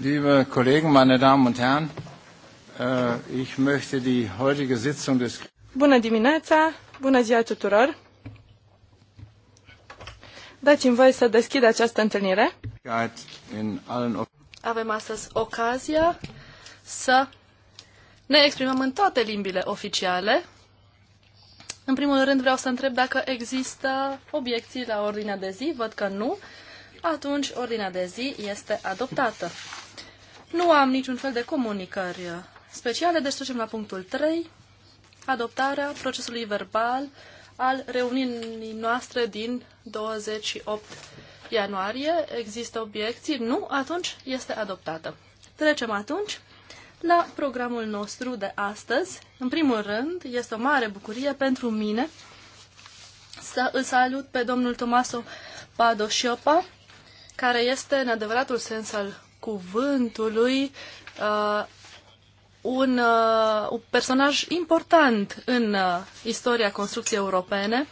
liebe Kollegen, meine Damen und Herren. Äh, ich möchte die heutige Sitzung des Bună dimineața, bună ziua tuturor. Dați-mi voie să deschid această întâlnire. Avem astăzi ocazia să ne exprimăm în toate limbile oficiale. În primul rând vreau să întreb dacă există obiecții la ordinea de zi. Văd că nu. Atunci ordinea de zi este adoptată. Nu am niciun fel de comunicări speciale, deci trecem la punctul 3, adoptarea procesului verbal al reuniunii noastre din 28 ianuarie. Există obiecții? Nu? Atunci este adoptată. Trecem atunci la programul nostru de astăzi. În primul rând, este o mare bucurie pentru mine să îl salut pe domnul Tomaso Padoșiopa, care este, în adevăratul sens al cuvântului uh, un, uh, un personaj important în uh, istoria construcției europene.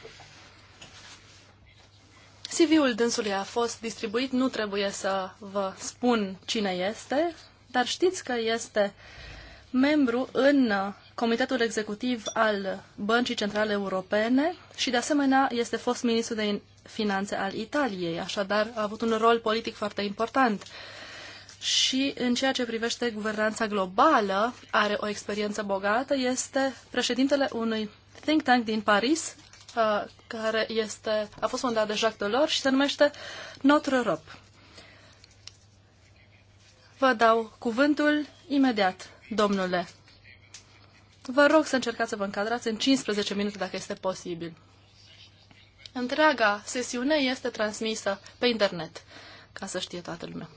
CV-ul dânsului a fost distribuit, nu trebuie să vă spun cine este, dar știți că este membru în uh, Comitetul Executiv al Băncii Centrale Europene și, de asemenea, este fost ministru de Finanțe al Italiei, așadar a avut un rol politic foarte important și în ceea ce privește guvernanța globală, are o experiență bogată, este președintele unui think tank din Paris, uh, care este, a fost fondat de Jacques Delors și se numește Notre Europe. Vă dau cuvântul imediat, domnule. Vă rog să încercați să vă încadrați în 15 minute, dacă este posibil. Întreaga sesiune este transmisă pe internet, ca să știe toată lumea.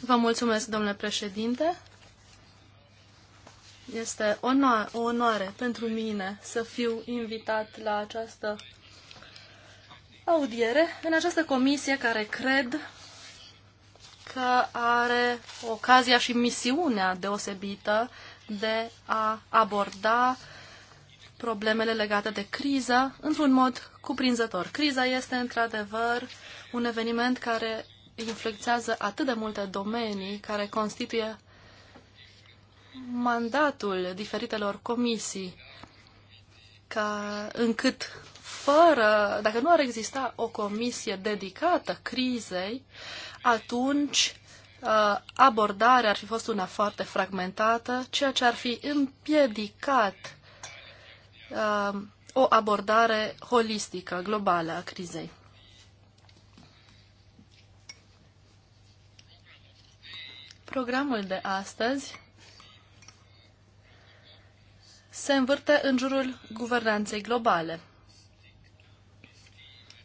Vă mulțumesc, domnule președinte. Este o onoare pentru mine să fiu invitat la această audiere, în această comisie care cred că are ocazia și misiunea deosebită de a aborda problemele legate de criză într-un mod cuprinzător. Criza este într-adevăr un eveniment care influențează atât de multe domenii care constituie mandatul diferitelor comisii, ca încât fără, dacă nu ar exista o comisie dedicată crizei, atunci uh, abordarea ar fi fost una foarte fragmentată, ceea ce ar fi împiedicat uh, o abordare holistică, globală a crizei. Programul de astăzi se învârte în jurul guvernanței globale.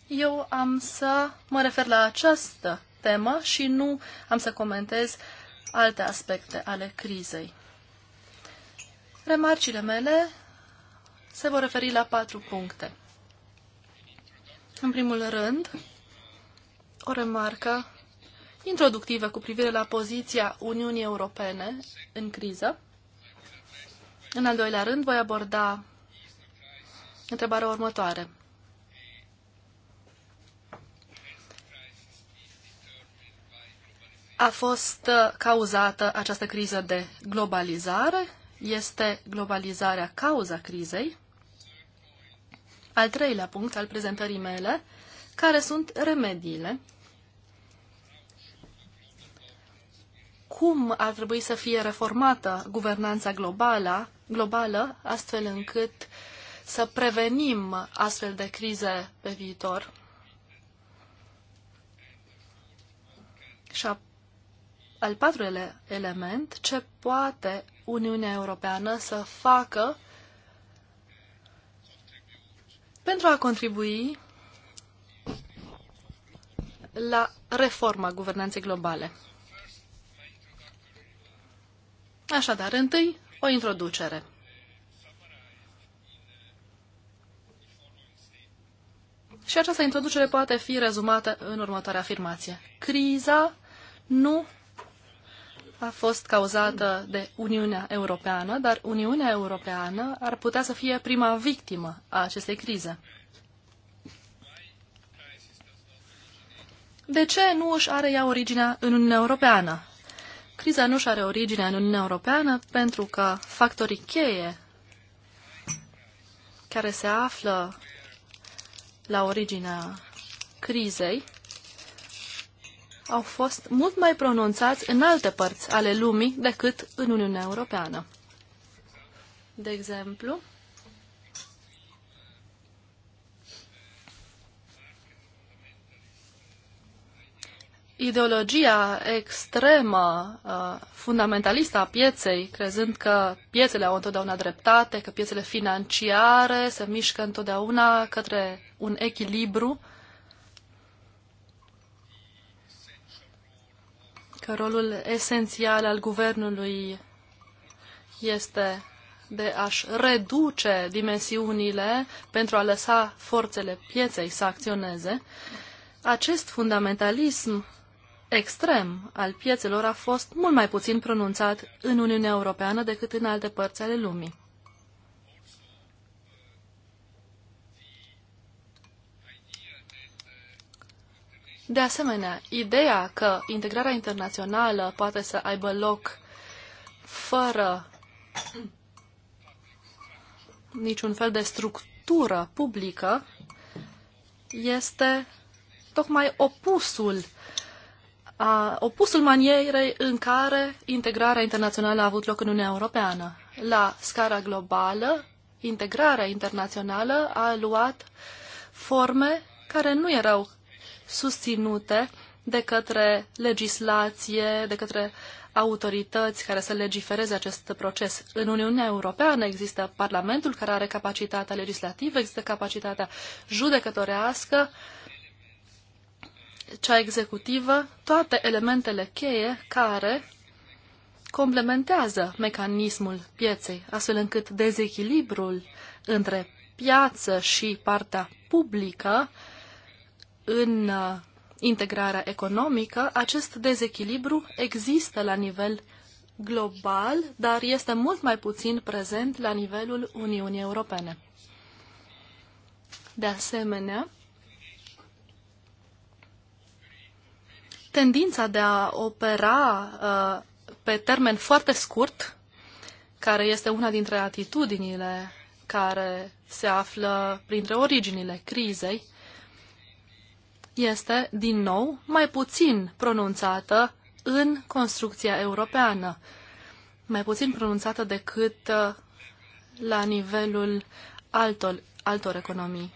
Eu am să mă refer la această temă și nu am să comentez alte aspecte ale crizei. Remarcile mele se vor referi la patru puncte. În primul rând, o remarcă introductive cu privire la poziția Uniunii Europene în criză. În al doilea rând, voi aborda întrebarea următoare. A fost uh, cauzată această criză de globalizare? Este globalizarea cauza crizei? Al treilea punct al prezentării mele, care sunt remediile cum ar trebui să fie reformată guvernanța globală, globală astfel încât să prevenim astfel de crize pe viitor. Și a, al patrulea element, ce poate Uniunea Europeană să facă pentru a contribui la reforma guvernanței globale. Așadar, întâi o introducere. Și această introducere poate fi rezumată în următoarea afirmație. Criza nu a fost cauzată de Uniunea Europeană, dar Uniunea Europeană ar putea să fie prima victimă a acestei crize. De ce nu își are ea originea în Uniunea Europeană? Criza nu și-are originea în Uniunea Europeană pentru că factorii cheie care se află la originea crizei au fost mult mai pronunțați în alte părți ale lumii decât în Uniunea Europeană. De exemplu, ideologia extremă, uh, fundamentalistă a pieței, crezând că piețele au întotdeauna dreptate, că piețele financiare se mișcă întotdeauna către un echilibru, că rolul esențial al guvernului este de a-și reduce dimensiunile pentru a lăsa forțele pieței să acționeze, acest fundamentalism extrem al piețelor a fost mult mai puțin pronunțat în Uniunea Europeană decât în alte părți ale lumii. De asemenea, ideea că integrarea internațională poate să aibă loc fără niciun fel de structură publică este tocmai opusul a, opusul manierei în care integrarea internațională a avut loc în Uniunea Europeană. La scara globală, integrarea internațională a luat forme care nu erau susținute de către legislație, de către autorități care să legifereze acest proces. În Uniunea Europeană există Parlamentul care are capacitatea legislativă, există capacitatea judecătorească, uh, cea executivă, toate elementele cheie care complementează mecanismul pieței, astfel încât dezechilibrul între piață și partea publică în uh, integrarea economică, acest dezechilibru există la nivel global, dar este mult mai puțin prezent la nivelul Uniunii Europene. De asemenea, tendința de a opera uh, pe termen foarte scurt, care este una dintre atitudinile care se află printre originile crizei, este, din nou, mai puțin pronunțată în construcția europeană, mai puțin pronunțată decât uh, la nivelul altor, altor economii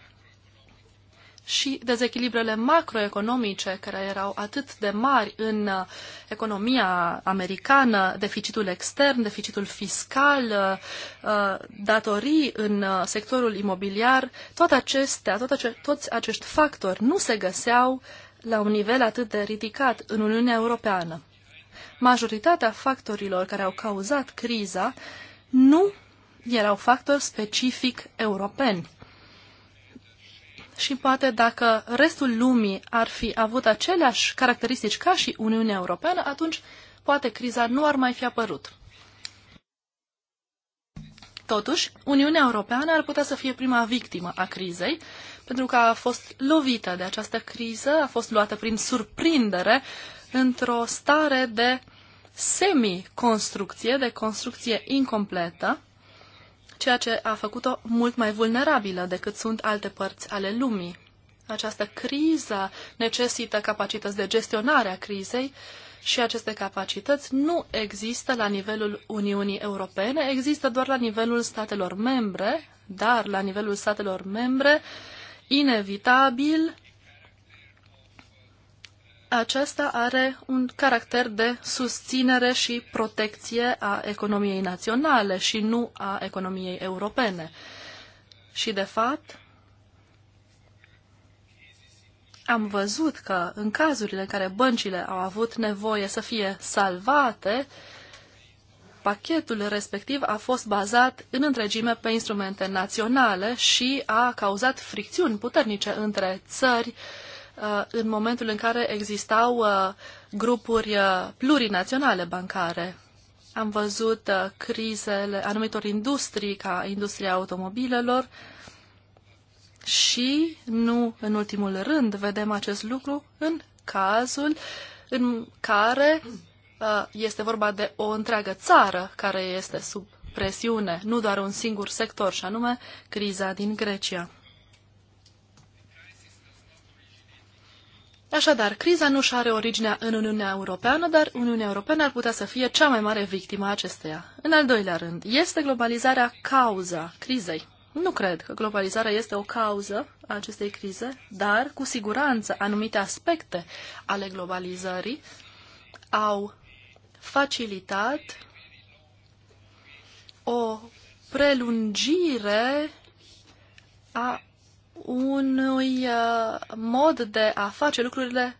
și dezechilibrele macroeconomice care erau atât de mari în uh, economia americană, deficitul extern, deficitul fiscal, uh, datorii în uh, sectorul imobiliar, toate acestea, toate, toți acești factori nu se găseau la un nivel atât de ridicat în Uniunea Europeană. Majoritatea factorilor care au cauzat criza nu erau factori specific europeni și poate dacă restul lumii ar fi avut aceleași caracteristici ca și Uniunea Europeană, atunci poate criza nu ar mai fi apărut. Totuși, Uniunea Europeană ar putea să fie prima victimă a crizei, pentru că a fost lovită de această criză, a fost luată prin surprindere într-o stare de semi-construcție, de construcție incompletă, ceea ce a făcut-o mult mai vulnerabilă decât sunt alte părți ale lumii. Această criză necesită capacități de gestionare a crizei și aceste capacități nu există la nivelul Uniunii Europene, există doar la nivelul statelor membre, dar la nivelul statelor membre, inevitabil, aceasta are un caracter de susținere și protecție a economiei naționale și nu a economiei europene. Și, de fapt, am văzut că în cazurile în care băncile au avut nevoie să fie salvate, pachetul respectiv a fost bazat în întregime pe instrumente naționale și a cauzat fricțiuni puternice între țări uh, Uh, în momentul în care existau uh, grupuri uh, plurinaționale bancare. Am văzut crizele anumitor industrii, ca industria automobilelor, și nu în ultimul rând vedem acest lucru în cazul în care este vorba de o întreagă țară care este sub presiune, nu doar un singur sector, și anume criza din Grecia. Așadar, criza nu și-are originea în Uniunea Europeană, dar Uniunea Europeană ar putea să fie cea mai mare victimă a acesteia. În al doilea rând, este globalizarea cauza crizei? Nu cred că globalizarea este o cauză a acestei crize, dar cu siguranță anumite aspecte ale globalizării au facilitat o prelungire a unui uh, mod de a face lucrurile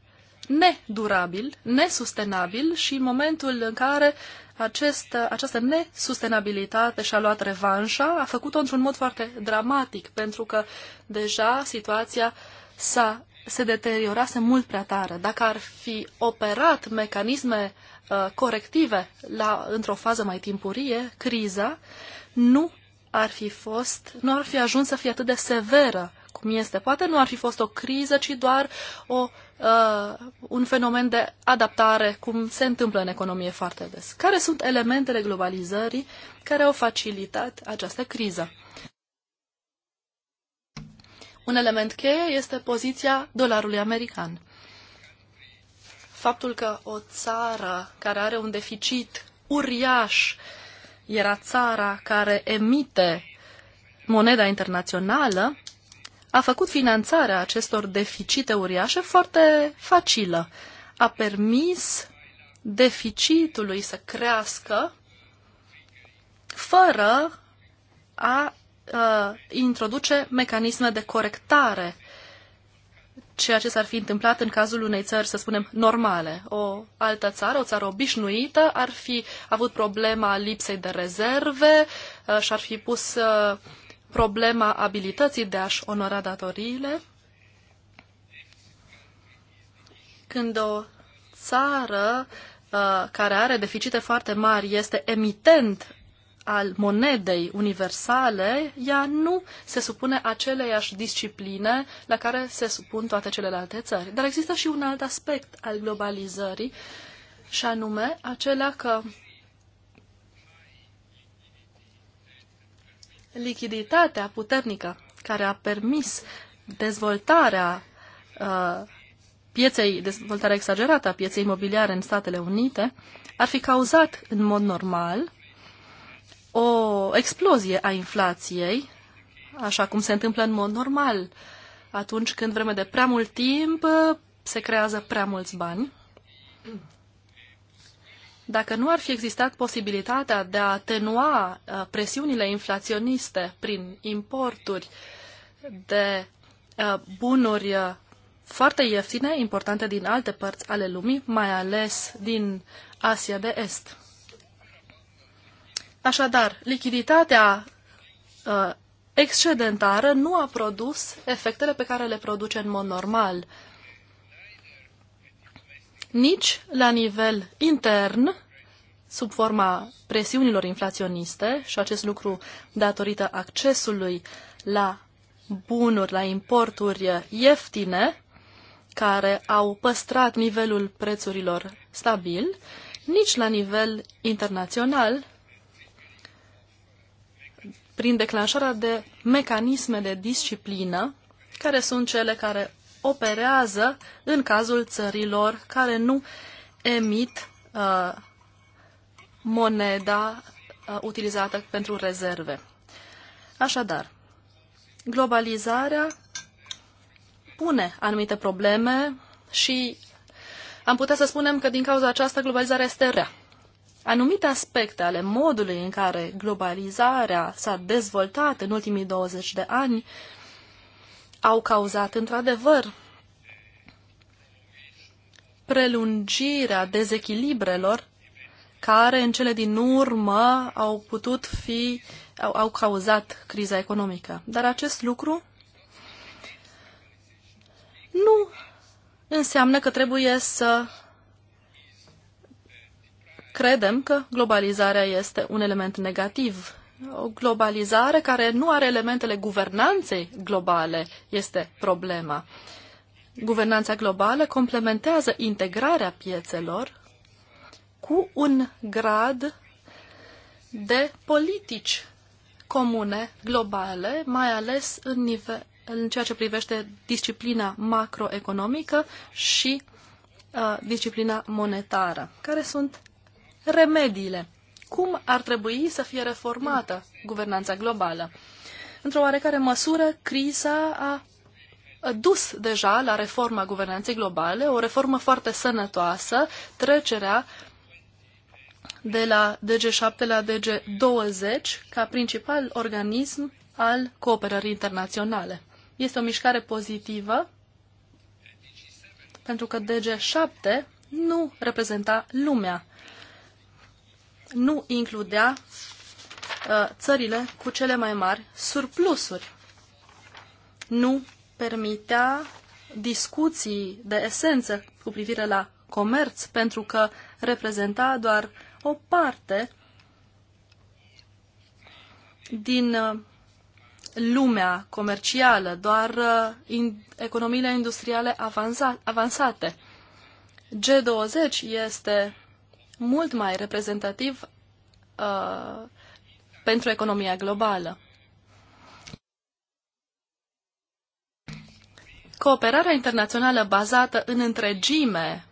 nedurabil, nesustenabil și în momentul în care acest, uh, această nesustenabilitate și-a luat revanșa, a făcut-o într-un mod foarte dramatic, pentru că deja situația s-a, se deteriorase mult prea tare. Dacă ar fi operat mecanisme uh, corective la, într-o fază mai timpurie, criza nu ar fi fost, nu ar fi ajuns să fie atât de severă cum este. Poate nu ar fi fost o criză, ci doar o, uh, un fenomen de adaptare, cum se întâmplă în economie foarte des. Care sunt elementele globalizării care au facilitat această criză? Un element cheie este poziția dolarului american. Faptul că o țară care are un deficit uriaș era țara care emite moneda internațională, a făcut finanțarea acestor deficite uriașe foarte facilă. A permis deficitului să crească fără a a introduce mecanisme de corectare, ceea ce s-ar fi întâmplat în cazul unei țări, să spunem, normale. O altă țară, o țară obișnuită, ar fi avut problema lipsei de rezerve și ar fi pus A, problema abilității de a-și onora datoriile. Când o țară uh, care are deficite foarte mari este emitent al monedei universale, ea nu se supune aceleiași discipline la care se supun toate celelalte țări. Dar există și un alt aspect al globalizării, și anume acela că lichiditatea puternică care a permis dezvoltarea uh, pieței, dezvoltarea exagerată a pieței imobiliare în Statele Unite, ar fi cauzat în mod normal o explozie a inflației, așa cum se întâmplă în mod normal atunci când vreme de prea mult timp uh, se creează prea mulți bani dacă nu ar fi existat posibilitatea de a atenua uh, presiunile inflaționiste prin importuri de uh, bunuri uh, foarte ieftine, importante din alte părți ale lumii, mai ales din Asia de Est. Așadar, lichiditatea excedentară nu a produs efectele pe care le produce în mod normal nici la nivel intern, sub forma presiunilor inflaționiste, și acest lucru datorită accesului la bunuri, la importuri ieftine, care au păstrat nivelul prețurilor stabil, nici la nivel internațional, prin declanșarea de mecanisme de disciplină, care sunt cele care operează în cazul țărilor care nu emit uh, moneda uh, utilizată pentru rezerve. Așadar, globalizarea pune anumite probleme și am putea să spunem că din cauza aceasta globalizarea este rea. Anumite aspecte ale modului în care globalizarea s-a dezvoltat în ultimii 20 de ani uh, au cauzat într-adevăr prelungirea dezechilibrelor care în cele din urmă au putut fi, au, au cauzat criza economică. Dar acest lucru nu înseamnă că trebuie să credem că globalizarea este un element negativ o globalizare care nu are elementele guvernanței globale este problema. Guvernanța globală complementează integrarea piețelor cu un grad de politici comune, globale, mai ales în, nivel, în ceea ce privește disciplina macroeconomică și uh, disciplina monetară, care sunt remediile cum ar trebui să fie reformată guvernanța globală. Într-o oarecare măsură, criza a dus deja la reforma guvernanței globale, o reformă foarte sănătoasă, trecerea de la DG7 la DG20 ca principal organism al cooperării internaționale. Este o mișcare pozitivă pentru că DG7 nu reprezenta lumea nu includea uh, țările cu cele mai mari surplusuri. Nu permitea discuții de esență cu privire la comerț, pentru că reprezenta doar o parte din uh, lumea comercială, doar uh, in, economiile industriale avansa, avansate. G20 este mult mai reprezentativ uh, pentru economia globală. Cooperarea internațională bazată în întregime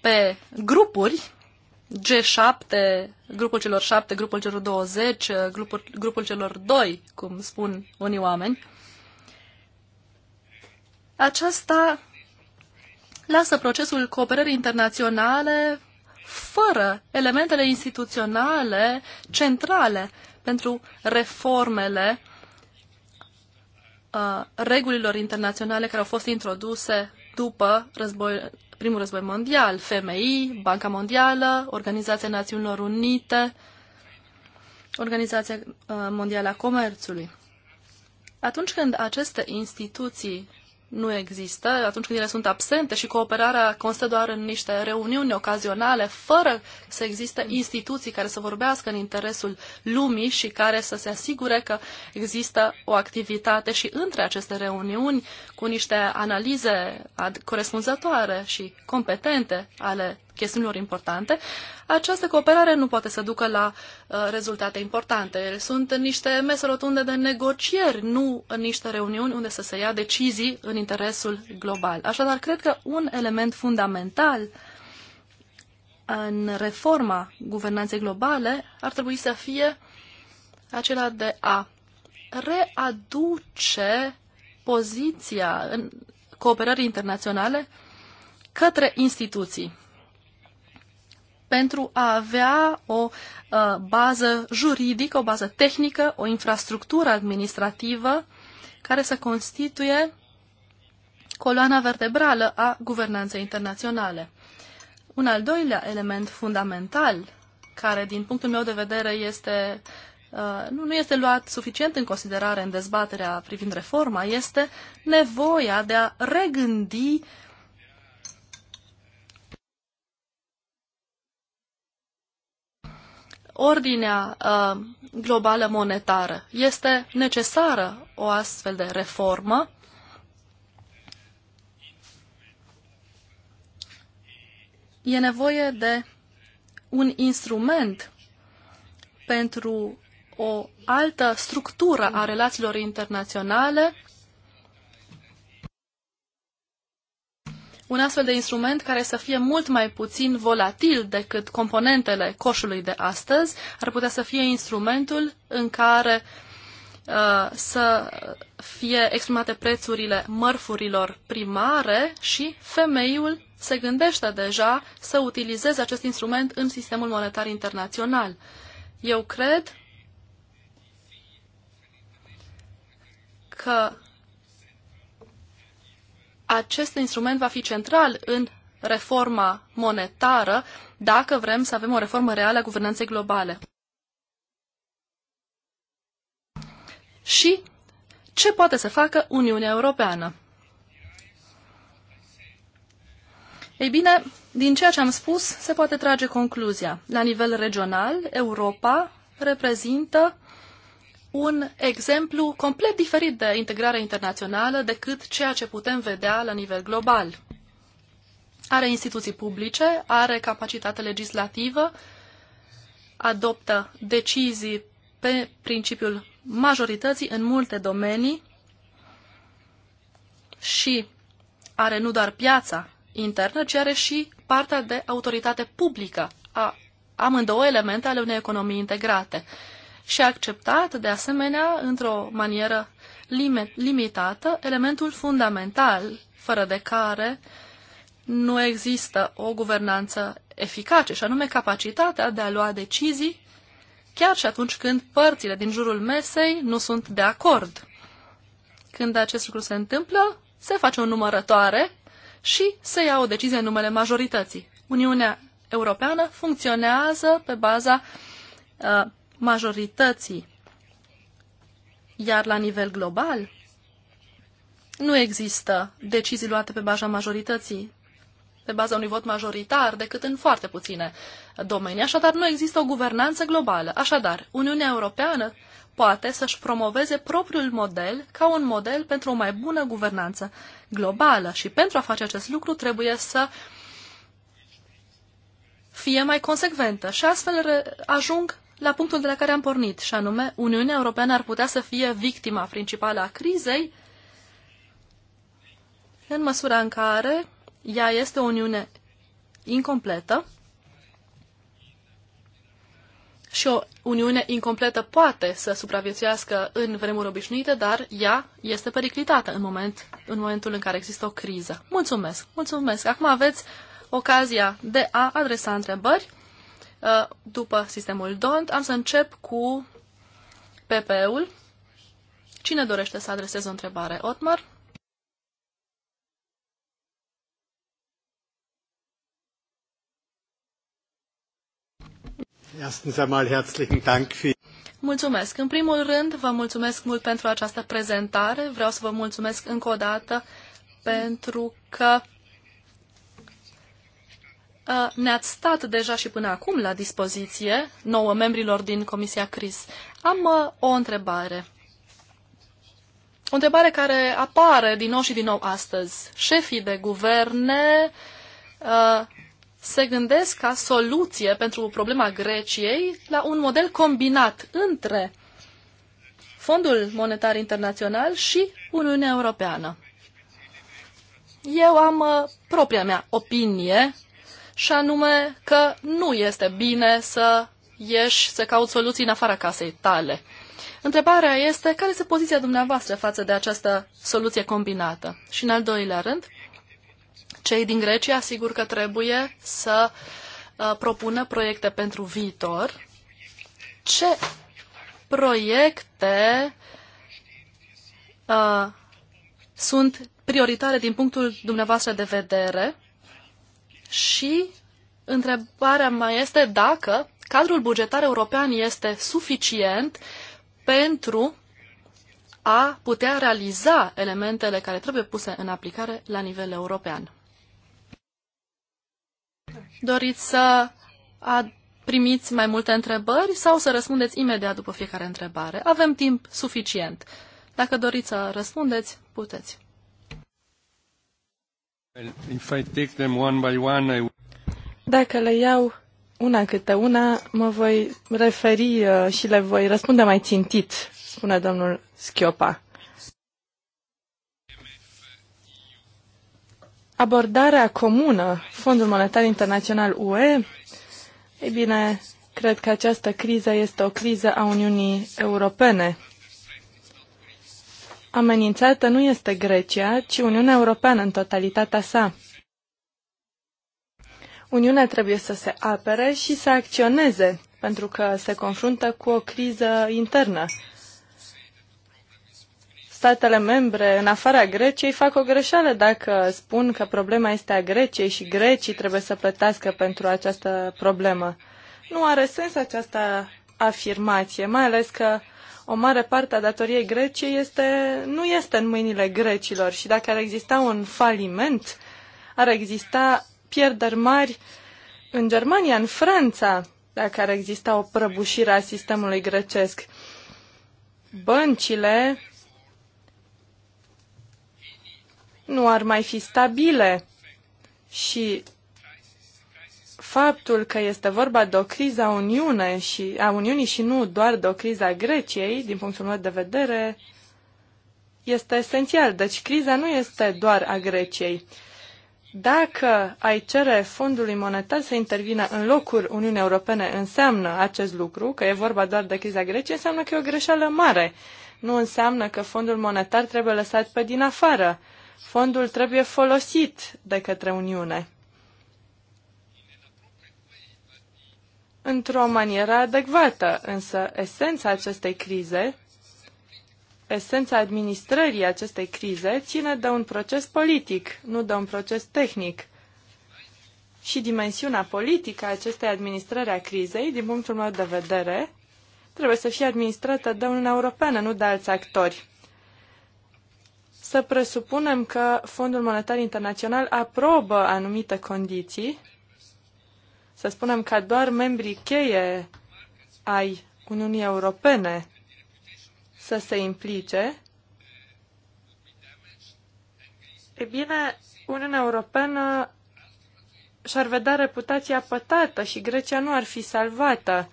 pe grupuri, G7, grupul celor 7, grupul celor 20, grupul, grupul celor 2, cum spun unii oameni, aceasta lasă procesul cooperării internaționale fără elementele instituționale centrale pentru reformele uh, regulilor internaționale care au fost introduse după război, primul război mondial, FMI, Banca Mondială, Organizația Națiunilor Unite, Organizația uh, Mondială a Comerțului. Atunci când aceste instituții nu există, atunci când ele sunt absente și cooperarea constă doar în niște reuniuni ocazionale, fără să existe instituții care să vorbească în interesul lumii și care să se asigure că există o activitate și între aceste reuniuni cu niște analize corespunzătoare și competente ale chestiunilor importante, această cooperare nu poate să ducă la uh, rezultate importante. Sunt niște mese rotunde de negocieri, nu niște reuniuni unde să se ia decizii în interesul global. Așadar, cred că un element fundamental în reforma guvernanței globale ar trebui să fie acela de a readuce poziția în cooperării internaționale către instituții pentru a avea o uh, bază juridică, o bază tehnică, o infrastructură administrativă care să constituie coloana vertebrală a guvernanței internaționale. Un al doilea element fundamental, care din punctul meu de vedere este, uh, nu, nu este luat suficient în considerare în dezbaterea privind reforma, este nevoia de a regândi uh, ordinea uh, globală monetară. Este necesară o astfel de reformă e nevoie de un instrument pentru o altă structură a relațiilor internaționale un astfel de instrument care să fie mult mai puțin volatil decât componentele coșului de astăzi, ar putea să fie instrumentul în care uh, să fie exprimate prețurile mărfurilor primare și femeiul se gândește deja să utilizeze acest instrument în sistemul monetar internațional. Eu cred că acest instrument va fi central în reforma monetară dacă vrem să avem o reformă reală a guvernanței globale. Și ce poate să facă Uniunea Europeană? Ei bine, din ceea ce am spus, se poate trage concluzia. La nivel regional, Europa reprezintă un exemplu complet diferit de integrare internațională decât ceea ce putem vedea la nivel global. Are instituții publice, are capacitate legislativă, adoptă decizii pe principiul majorității în multe domenii și are nu doar piața internă, ci are și partea de autoritate publică a amândouă elemente ale unei economii integrate și a acceptat, de asemenea, într-o manieră limitată, elementul fundamental fără de care nu există o guvernanță eficace, și anume capacitatea de a lua decizii chiar și atunci când părțile din jurul mesei nu sunt de acord. Când acest lucru se întâmplă, se face o numărătoare și se ia o decizie în numele majorității. Uniunea Europeană funcționează pe baza uh, majorității. Iar la nivel global, nu există decizii luate pe baza majorității, pe baza unui vot majoritar, decât în foarte puține domenii. Așadar, nu există o guvernanță globală. Așadar, Uniunea Europeană poate să-și promoveze propriul model ca un model pentru o mai bună guvernanță globală și pentru a face acest lucru trebuie să fie mai consecventă și astfel ajung la punctul de la care am pornit, și anume, Uniunea Europeană ar putea să fie victima principală a crizei în măsura în care ea este o Uniune incompletă și o Uniune incompletă poate să supraviețuiască în vremuri obișnuite, dar ea este periclitată în, moment, în momentul în care există o criză. Mulțumesc! Mulțumesc! Acum aveți ocazia de a adresa întrebări Uh, după sistemul DONT. Am să încep cu PP-ul. Cine dorește să adreseze o întrebare? Otmar? Mulțumesc. În primul rând, vă mulțumesc mult pentru această prezentare. Vreau să vă mulțumesc încă o dată pentru că Uh, ne-ați stat deja și până acum la dispoziție, nouă membrilor din Comisia CRIS. Am uh, o întrebare. O întrebare care apare din nou și din nou astăzi. Șefii de guverne uh, se gândesc ca soluție pentru problema Greciei la un model combinat între Fondul Monetar Internațional și Uniunea Europeană. Eu am uh, propria mea opinie și anume că nu este bine să ieși să cauți soluții în afara casei tale. Întrebarea este care este poziția dumneavoastră față de această soluție combinată. Și în al doilea rând, cei din Grecia sigur că trebuie să uh, propună proiecte pentru viitor. Ce proiecte uh, sunt prioritare din punctul dumneavoastră de vedere și întrebarea mai este dacă cadrul bugetar european este suficient pentru a putea realiza elementele care trebuie puse în aplicare la nivel european. Doriți să primiți mai multe întrebări sau să răspundeți imediat după fiecare întrebare? Avem timp suficient. Dacă doriți să răspundeți, puteți. Dacă le iau una câte una, mă voi referi uh, și le voi răspunde mai țintit, spune domnul Schiopa. Abordarea comună, Fondul Monetar Internațional UE, ei bine, cred că această criză este o criză a Uniunii Europene amenințată nu este Grecia, ci Uniunea Europeană în totalitatea sa. Uniunea trebuie să se apere și să acționeze, pentru că se confruntă cu o criză internă. Statele membre în afara Greciei fac o greșeală dacă spun că problema este a Greciei și grecii trebuie să plătească pentru această problemă. Nu are sens această afirmație, mai ales că uh, o mare parte a datoriei Greciei este, nu este în mâinile grecilor și dacă ar exista un faliment, ar exista pierderi mari în Germania, în Franța, dacă ar exista o prăbușire a sistemului grecesc. Băncile nu ar mai fi stabile și faptul că este vorba de o criză a, Uniune și, a Uniunii și nu doar de o criză a Greciei, din punctul meu de vedere, este esențial. Deci criza nu este doar a Greciei. Dacă ai cere fondului monetar să intervină în locul Uniunii Europene, înseamnă acest lucru, că e vorba doar de criza Greciei, înseamnă că e o greșeală mare. Nu înseamnă că fondul monetar trebuie lăsat pe din afară. Fondul trebuie folosit de către Uniune. într-o manieră adecvată, însă esența acestei crize, esența administrării acestei crize, ține de un proces politic, nu de un proces tehnic. Și dimensiunea politică a acestei administrări a crizei, din punctul meu de vedere, trebuie să fie administrată de Uniunea Europeană, nu de alți actori. Să presupunem că Fondul Monetar Internațional aprobă anumite condiții, să spunem ca doar membrii cheie ai Uniunii Europene să se implice, e bine, Uniunea Europeană și-ar vedea reputația pătată și Grecia nu ar fi salvată.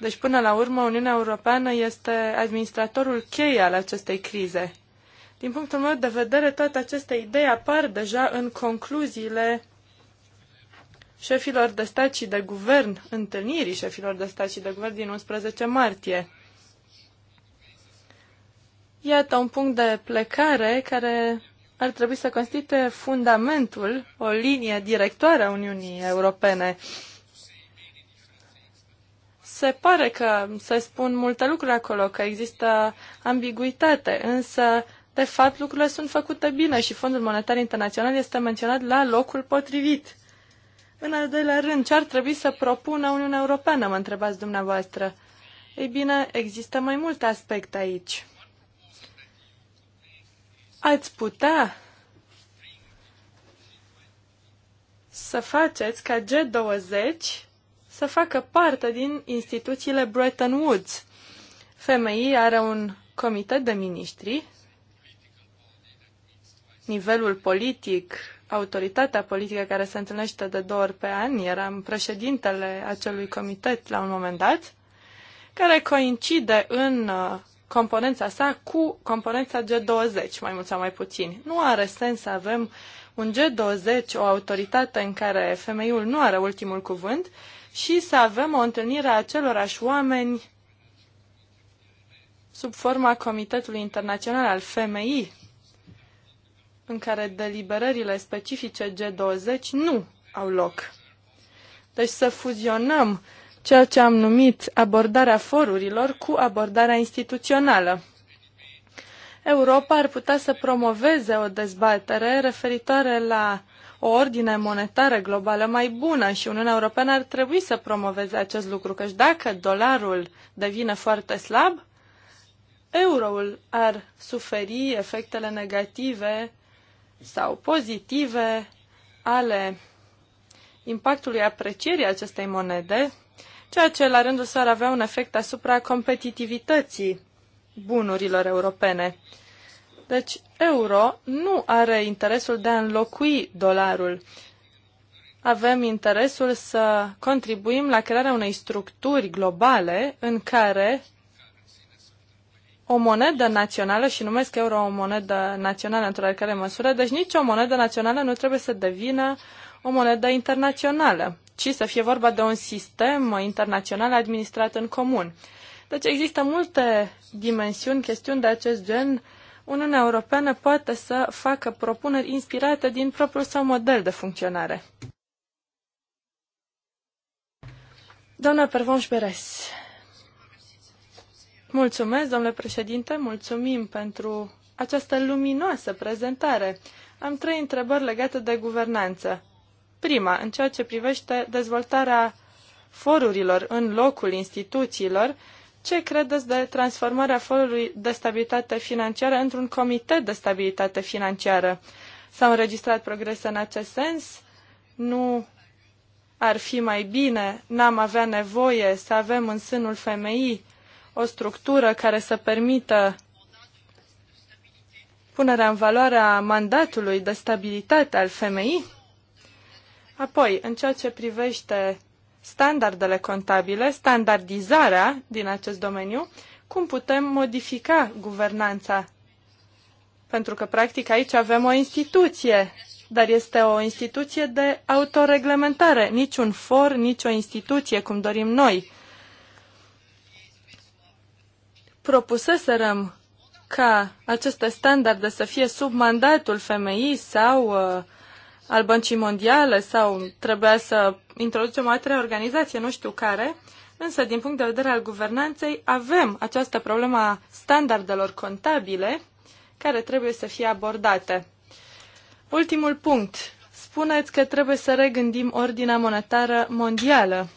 Deci, până la urmă, Uniunea Europeană este administratorul cheie al acestei crize. Din punctul meu de vedere, toate aceste idei apar deja în concluziile șefilor de stat și de guvern, întâlnirii șefilor de stat și de guvern din 11 martie. Iată un punct de plecare care ar trebui să constituie fundamentul, o linie directoare a Uniunii Europene. Se pare că se spun multe lucruri acolo, că există ambiguitate, însă, de fapt, lucrurile sunt făcute bine și Fondul Monetar Internațional este menționat la locul potrivit. În al doilea rând, ce ar trebui să propună Uniunea Europeană, mă întrebați dumneavoastră? Ei bine, există mai multe aspecte aici. Ați putea să faceți ca G20 să facă parte din instituțiile Bretton Woods. FMI are un comitet de miniștri, nivelul politic autoritatea politică care se întâlnește de două ori pe an, eram președintele acelui comitet la un moment dat, care coincide în uh, componența sa cu componența G20, mai mult sau mai puțin. Nu are sens să avem un G20, o autoritate în care femeiul nu are ultimul cuvânt, și să avem o întâlnire a acelorași oameni sub forma Comitetului Internațional al Femeii, în care deliberările specifice G20 nu au loc. Deci să fuzionăm ceea ce am numit abordarea forurilor cu abordarea instituțională. Europa ar putea să promoveze o dezbatere referitoare la o ordine monetară globală mai bună și Uniunea Europeană ar trebui să promoveze acest lucru, căci dacă dolarul devine foarte slab, euroul ar suferi efectele negative sau pozitive ale impactului aprecierii acestei monede, ceea ce la rândul său ar avea un efect asupra competitivității bunurilor europene. Deci, euro nu are interesul de a înlocui dolarul. Avem interesul să contribuim la crearea unei structuri globale în care o monedă națională și numesc euro o monedă națională într-o oarecare măsură, deci nici o monedă națională nu trebuie să devină o monedă internațională, ci să fie vorba de un sistem internațional administrat în comun. Deci există multe dimensiuni, chestiuni de acest gen. Uniunea Europeană poate să facă propuneri inspirate din propriul său model de funcționare. Doamna Pervonș Beres, Mulțumesc, domnule președinte, mulțumim pentru această luminoasă prezentare. Am trei întrebări legate de guvernanță. Prima, în ceea ce privește dezvoltarea forurilor în locul instituțiilor, ce credeți de transformarea forului de stabilitate financiară într-un comitet de stabilitate financiară? S-au înregistrat progrese în acest sens? Nu ar fi mai bine, n-am avea nevoie să avem în sânul femeii o structură care să permită punerea în valoare a mandatului de stabilitate al FMI. Apoi, în ceea ce privește standardele contabile, standardizarea din acest domeniu, cum putem modifica guvernanța? Pentru că, practic, aici avem o instituție, dar este o instituție de autoreglementare, niciun for, nicio instituție, cum dorim noi. propuseserăm ca aceste standarde să fie sub mandatul femeii sau uh, al Băncii Mondiale sau trebuia să introducem o altă organizație, nu știu care, însă din punct de vedere al guvernanței avem această problemă a standardelor contabile care trebuie să fie abordate. Ultimul punct. Spuneți că trebuie să regândim ordinea monetară mondială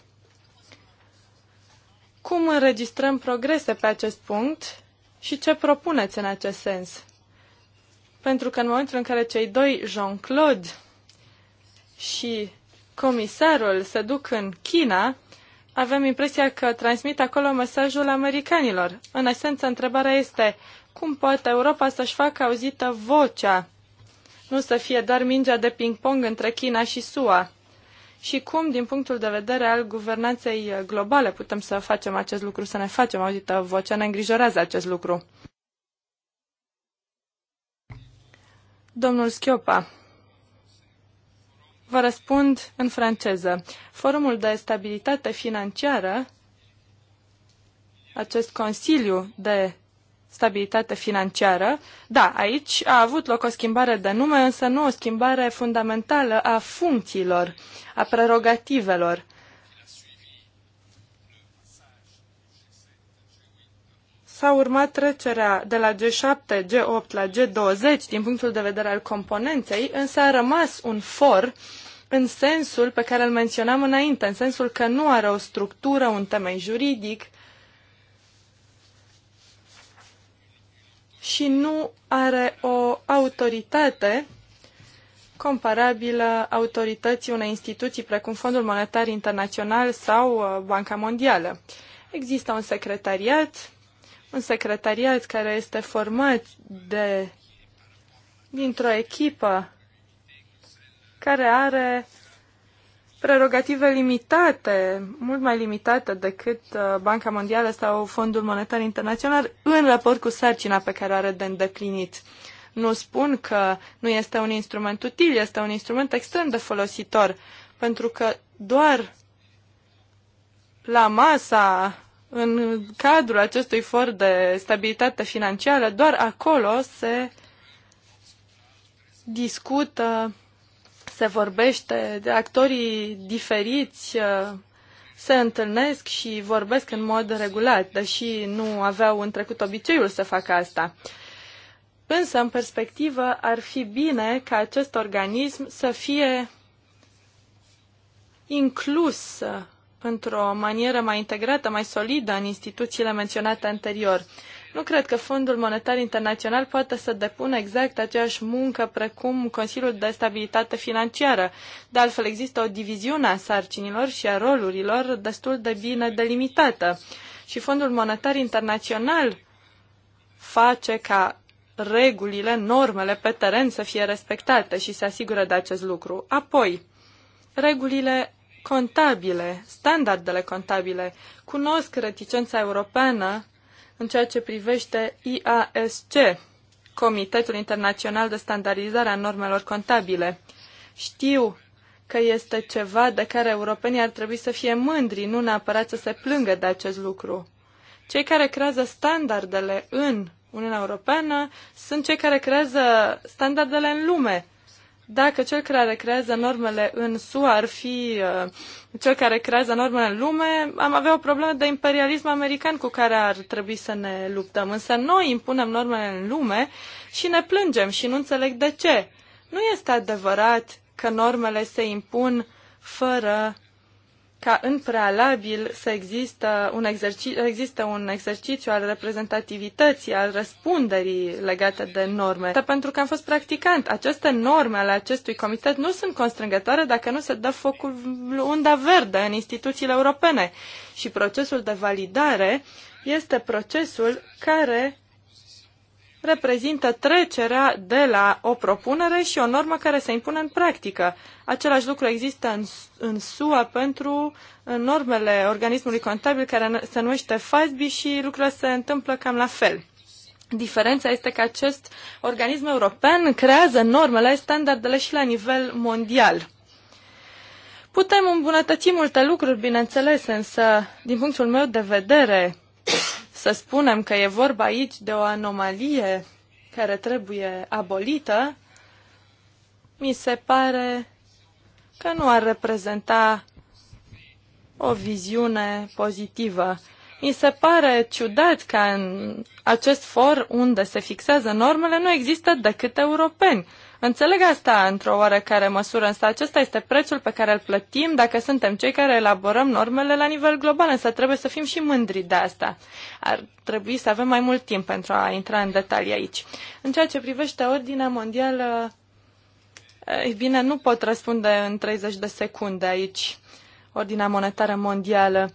cum înregistrăm progrese pe acest punct și ce propuneți în acest sens? Pentru că în momentul în care cei doi, Jean-Claude și comisarul, se duc în China, avem impresia că transmit acolo mesajul americanilor. În esență, întrebarea este cum poate Europa să-și facă auzită vocea, nu să fie doar mingea de ping-pong între China și SUA și cum, din punctul de vedere al guvernanței uh, globale, putem să facem acest lucru, să ne facem auzită vocea, ne îngrijorează acest lucru. Domnul Schiopa, vă răspund în franceză. Forumul de stabilitate financiară, acest Consiliu de stabilitate financiară. Da, aici a avut loc o schimbare de nume, însă nu o schimbare fundamentală a funcțiilor, a prerogativelor. S-a urmat trecerea de la G7, G8 la G20 din punctul de vedere al componenței, însă a rămas un for în sensul pe care îl menționam înainte, în sensul că nu are o structură, un temei juridic, și nu are o autoritate comparabilă autorității unei instituții precum Fondul Monetar Internațional sau uh, Banca Mondială. Există un secretariat, un secretariat care este format de dintr-o echipă care are prerogative limitate, mult mai limitate decât uh, Banca Mondială sau Fondul Monetar Internațional în raport cu sarcina pe care o are de îndeplinit. Nu spun că nu este un instrument util, este un instrument extrem de folositor, pentru că doar la masa, în cadrul acestui for de stabilitate financiară, doar acolo se discută se vorbește, de actorii diferiți uh, se întâlnesc și vorbesc în mod regulat, deși nu aveau în trecut obiceiul să facă asta. Însă, în perspectivă, ar fi bine ca acest organism să fie inclus uh, într-o manieră mai integrată, mai solidă în instituțiile menționate anterior. Nu cred că Fondul Monetar Internațional poate să depună exact aceeași muncă precum Consiliul de Stabilitate Financiară. De altfel, există o diviziune a sarcinilor și a rolurilor destul de bine delimitată. Și Fondul Monetar Internațional face ca regulile, normele pe teren să fie respectate și se asigură de acest lucru. Apoi, regulile contabile, standardele contabile. Cunosc reticența europeană în ceea ce privește IASC, Comitetul Internațional de Standardizare a Normelor Contabile. Știu că este ceva de care europenii ar trebui să fie mândri, nu neapărat să se plângă de acest lucru. Cei care creează standardele în Uniunea Europeană sunt cei care creează standardele în lume dacă cel care creează normele în SUA ar fi uh, cel care creează normele în lume, am avea o problemă de imperialism american cu care ar trebui să ne luptăm. Însă noi impunem normele în lume și ne plângem și nu înțeleg de ce. Nu este adevărat că normele se impun fără ca în prealabil să există un, exerci- există un exercițiu al reprezentativității, al răspunderii legate de norme. Dar pentru că am fost practicant, aceste norme ale acestui comitet nu sunt constrângătoare dacă nu se dă focul unda verde în instituțiile europene. Și procesul de validare este procesul care reprezintă trecerea de la o propunere și o normă care se impune în practică. Același lucru există în, în SUA pentru uh, normele organismului contabil care se numește FASB și lucrurile se întâmplă cam la fel. Diferența este că acest organism european creează normele, standardele și la nivel mondial. Putem îmbunătăți multe lucruri, bineînțeles, însă, din punctul meu de vedere, să spunem că e vorba aici de o anomalie care trebuie abolită, mi se pare că nu ar reprezenta o viziune pozitivă. Mi se pare ciudat că în acest for unde se fixează normele nu există decât europeni. Înțeleg asta într-o oarecare măsură, însă acesta este prețul pe care îl plătim dacă suntem cei care elaborăm normele la nivel global, însă trebuie să fim și mândri de asta. Ar trebui să avem mai mult timp pentru a intra în detalii aici. În ceea ce privește ordinea mondială, ei bine, nu pot răspunde în 30 de secunde aici. Ordinea monetară mondială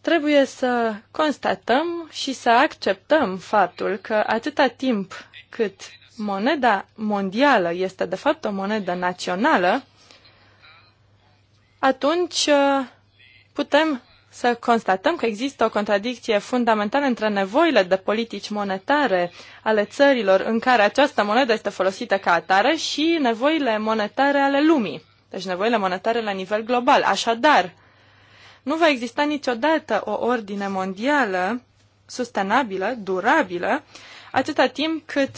trebuie să constatăm și să acceptăm faptul că atâta timp cât moneda mondială este de fapt o monedă națională, atunci uh, putem să constatăm că există o contradicție fundamentală între nevoile de politici monetare ale țărilor în care această monedă este folosită ca atare și nevoile monetare ale lumii, deci nevoile monetare la nivel global. Așadar, nu va exista niciodată o ordine mondială sustenabilă, durabilă, atâta timp cât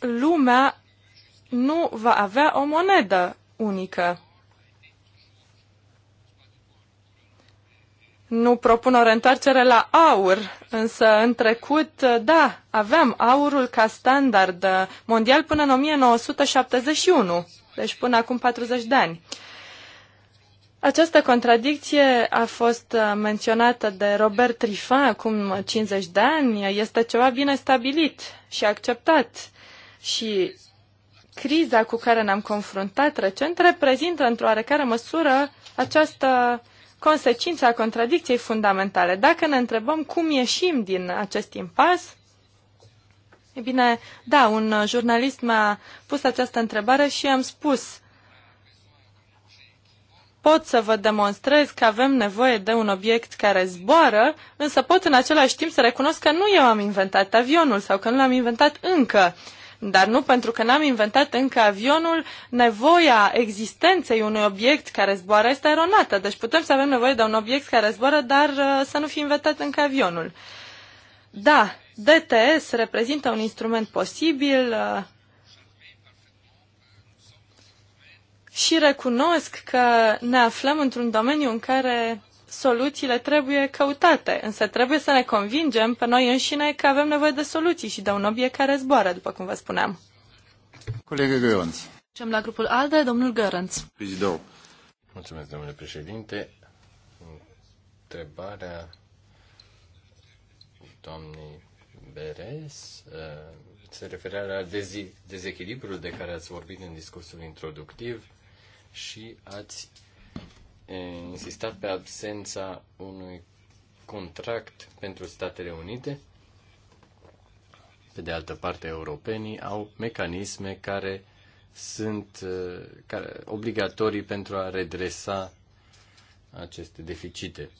lumea nu va avea o monedă unică. Nu propun o reîntoarcere la aur, însă în trecut, da, aveam aurul ca standard mondial până în 1971, deci până acum 40 de ani. Această contradicție a fost uh, menționată de Robert Trifa acum 50 de ani. Este ceva bine stabilit și acceptat. Și criza cu care ne-am confruntat recent reprezintă într-o oarecare măsură această consecință a contradicției fundamentale. Dacă ne întrebăm cum ieșim din acest impas, e bine, da, un jurnalist mi-a pus această întrebare și am spus pot să vă demonstrez că avem nevoie de un obiect care zboară, însă pot în același timp să recunosc că nu eu am inventat avionul sau că nu l-am inventat încă. Dar nu pentru că n-am inventat încă avionul, nevoia existenței unui obiect care zboară este eronată. Deci putem să avem nevoie de un obiect care zboară, dar uh, să nu fi inventat încă avionul. Da, DTS reprezintă un instrument posibil, uh, și recunosc că ne aflăm într-un domeniu în care soluțiile trebuie căutate, însă trebuie să ne convingem pe noi înșine că avem nevoie de soluții și de un obiect care zboară, după cum vă spuneam. Colegă Găionț. Cem la grupul ALDE, domnul Gărânț. Mulțumesc, domnule președinte. Întrebarea doamnei Beres uh, se referea la dezechilibrul de care ați vorbit în discursul introductiv și ați insistat pe absența unui contract pentru Statele Unite. Pe de altă parte, europenii au mecanisme care sunt care, obligatorii pentru a redresa aceste deficite.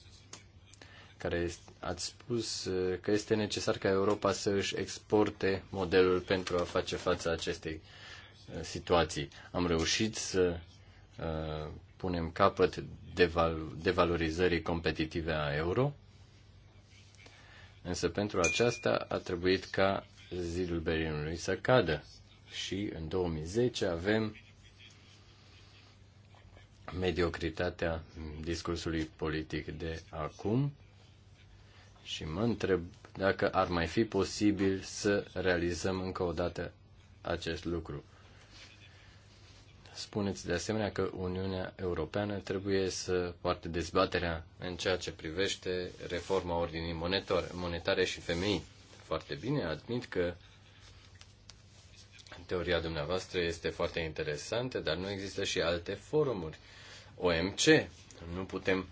Care ați spus că este necesar ca Europa să își exporte modelul pentru a face față acestei situații. Am reușit să Uh, punem capăt devalorizării competitive a euro, însă pentru aceasta a trebuit ca zidul Berlinului să cadă. Și în 2010 avem mediocritatea discursului politic de acum și mă întreb dacă ar mai fi posibil să realizăm încă o dată acest lucru. Spuneți de asemenea că Uniunea Europeană trebuie să poarte dezbaterea în ceea ce privește reforma ordinii monetare și femei. Foarte bine, admit că teoria dumneavoastră este foarte interesantă, dar nu există și alte forumuri. OMC, nu putem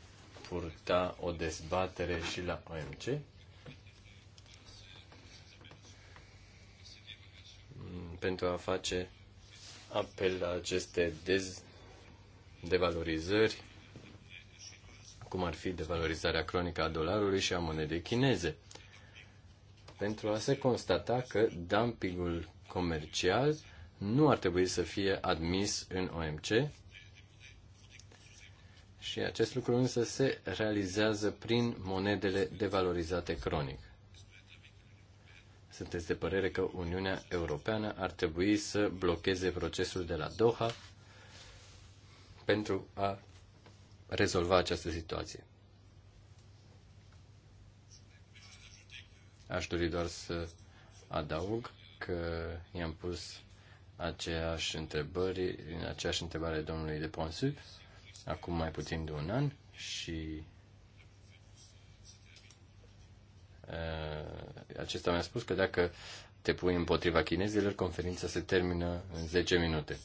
purta o dezbatere și la OMC? Pentru a face apel la aceste dez- devalorizări, cum ar fi devalorizarea cronică a dolarului și a monedei chineze, pentru a se constata că dumpingul comercial nu ar trebui să fie admis în OMC și acest lucru însă se realizează prin monedele devalorizate cronic. Sunteți de părere că Uniunea Europeană ar trebui să blocheze procesul de la Doha pentru a rezolva această situație. Aș dori doar să adaug că i-am pus aceeași întrebări, în aceeași întrebare domnului de Ponsu, acum mai puțin de un an și Eh, acesta mi-a spus că dacă te pui împotriva chinezilor, conferința se termină în 10 minute.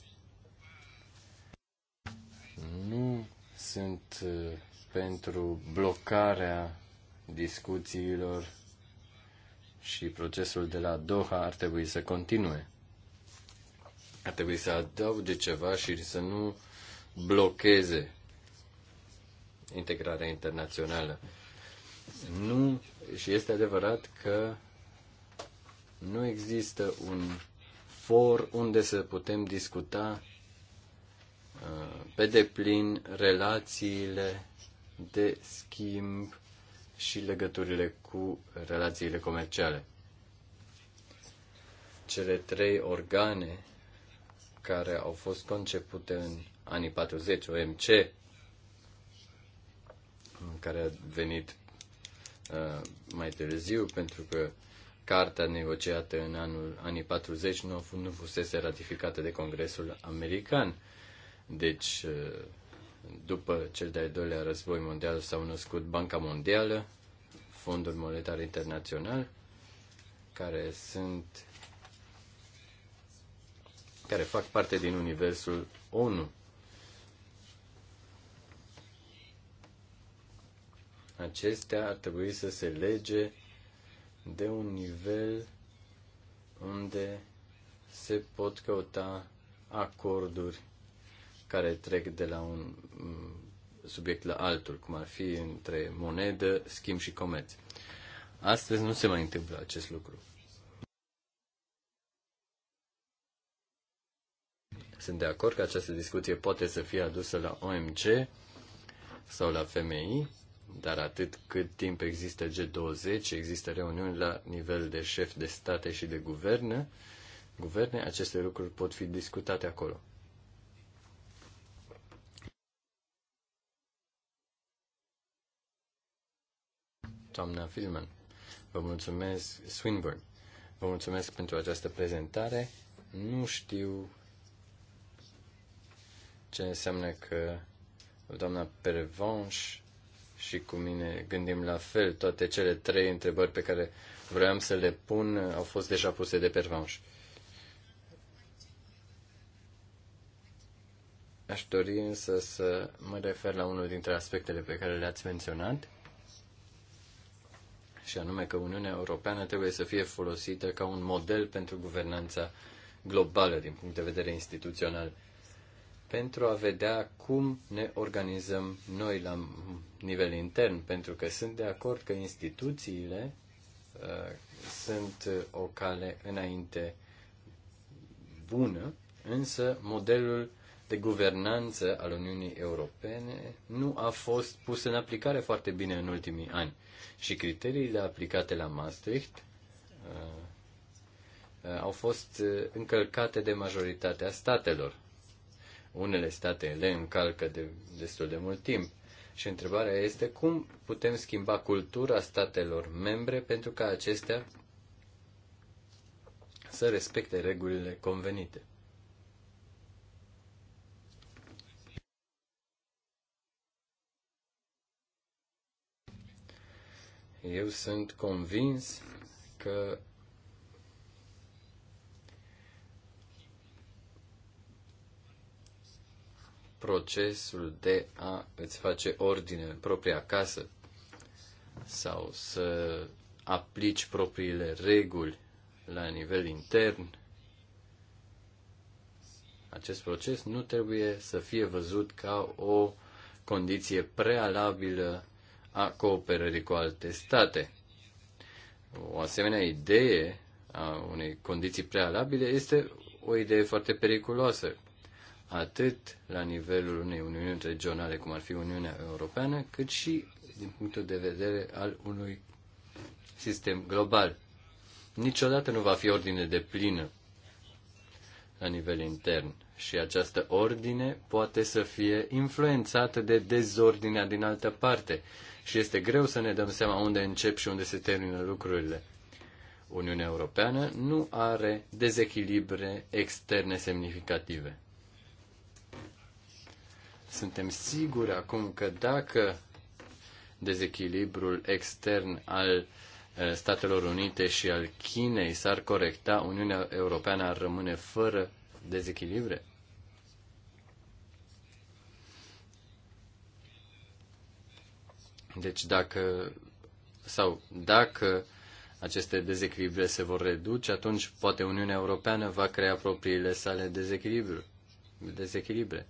Nu sunt eh, pentru blocarea discuțiilor și procesul de la Doha ar trebui să continue. Ar trebui să adauge ceva și să nu blocheze integrarea internațională. Nu și este adevărat că nu există un for unde să putem discuta uh, pe deplin relațiile de schimb și legăturile cu relațiile comerciale. Cele trei organe care au fost concepute în anii 40, OMC, care a venit Uh, mai târziu, pentru că cartea negociată în anul, anii 40 nu, nu fusese ratificată de Congresul American. Deci, uh, după cel de-al doilea război mondial s-au născut Banca Mondială, Fondul Monetar Internațional, care sunt care fac parte din universul ONU. acestea ar trebui să se lege de un nivel unde se pot căuta acorduri care trec de la un mm, subiect la altul, cum ar fi între monedă, schimb și comerț. Astăzi nu se mai întâmplă acest lucru. Sunt de acord că această discuție poate să fie adusă la OMC sau la FMI, dar atât cât timp există G20, există reuniuni la nivel de șef de state și de guverne, guverne, aceste lucruri pot fi discutate acolo. Doamna Filman, vă mulțumesc, Swinburne, vă mulțumesc pentru această prezentare. Nu știu ce înseamnă că doamna Pervanche și cu mine gândim la fel. Toate cele trei întrebări pe care vreau să le pun au fost deja puse de pervanș. Aș dori însă să mă refer la unul dintre aspectele pe care le-ați menționat, și anume că Uniunea Europeană trebuie să fie folosită ca un model pentru guvernanța globală din punct de vedere instituțional pentru a vedea cum ne organizăm noi la nivel intern, pentru că sunt de acord că instituțiile uh, sunt o cale înainte bună, însă modelul de guvernanță al Uniunii Europene nu a fost pus în aplicare foarte bine în ultimii ani și criteriile aplicate la Maastricht uh, uh au fost uh, încălcate de majoritatea statelor. Unele state le încalcă de destul de mult timp. Și întrebarea este cum putem schimba cultura statelor membre pentru ca acestea să respecte regulile convenite. Eu sunt convins că procesul de a îți face ordine în propria casă sau să aplici propriile reguli la nivel intern, acest proces nu trebuie să fie văzut ca o condiție prealabilă a cooperării cu alte state. O asemenea idee a unei condiții prealabile este o idee foarte periculoasă, atât la nivelul unei uniuni regionale, cum ar fi Uniunea Europeană, cât și din punctul de vedere al unui sistem global. Niciodată nu va fi ordine de plină la nivel intern și această ordine poate să fie influențată de dezordinea din altă parte și este greu să ne dăm seama unde încep și unde se termină lucrurile. Uniunea Europeană nu are dezechilibre externe semnificative. Suntem siguri acum că dacă dezechilibrul extern al eh, Statelor Unite și al Chinei s-ar corecta, Uniunea Europeană ar rămâne fără dezechilibre? Deci dacă sau dacă aceste dezechilibre se vor reduce, atunci poate Uniunea Europeană va crea propriile sale dezechilibre. dezechilibre.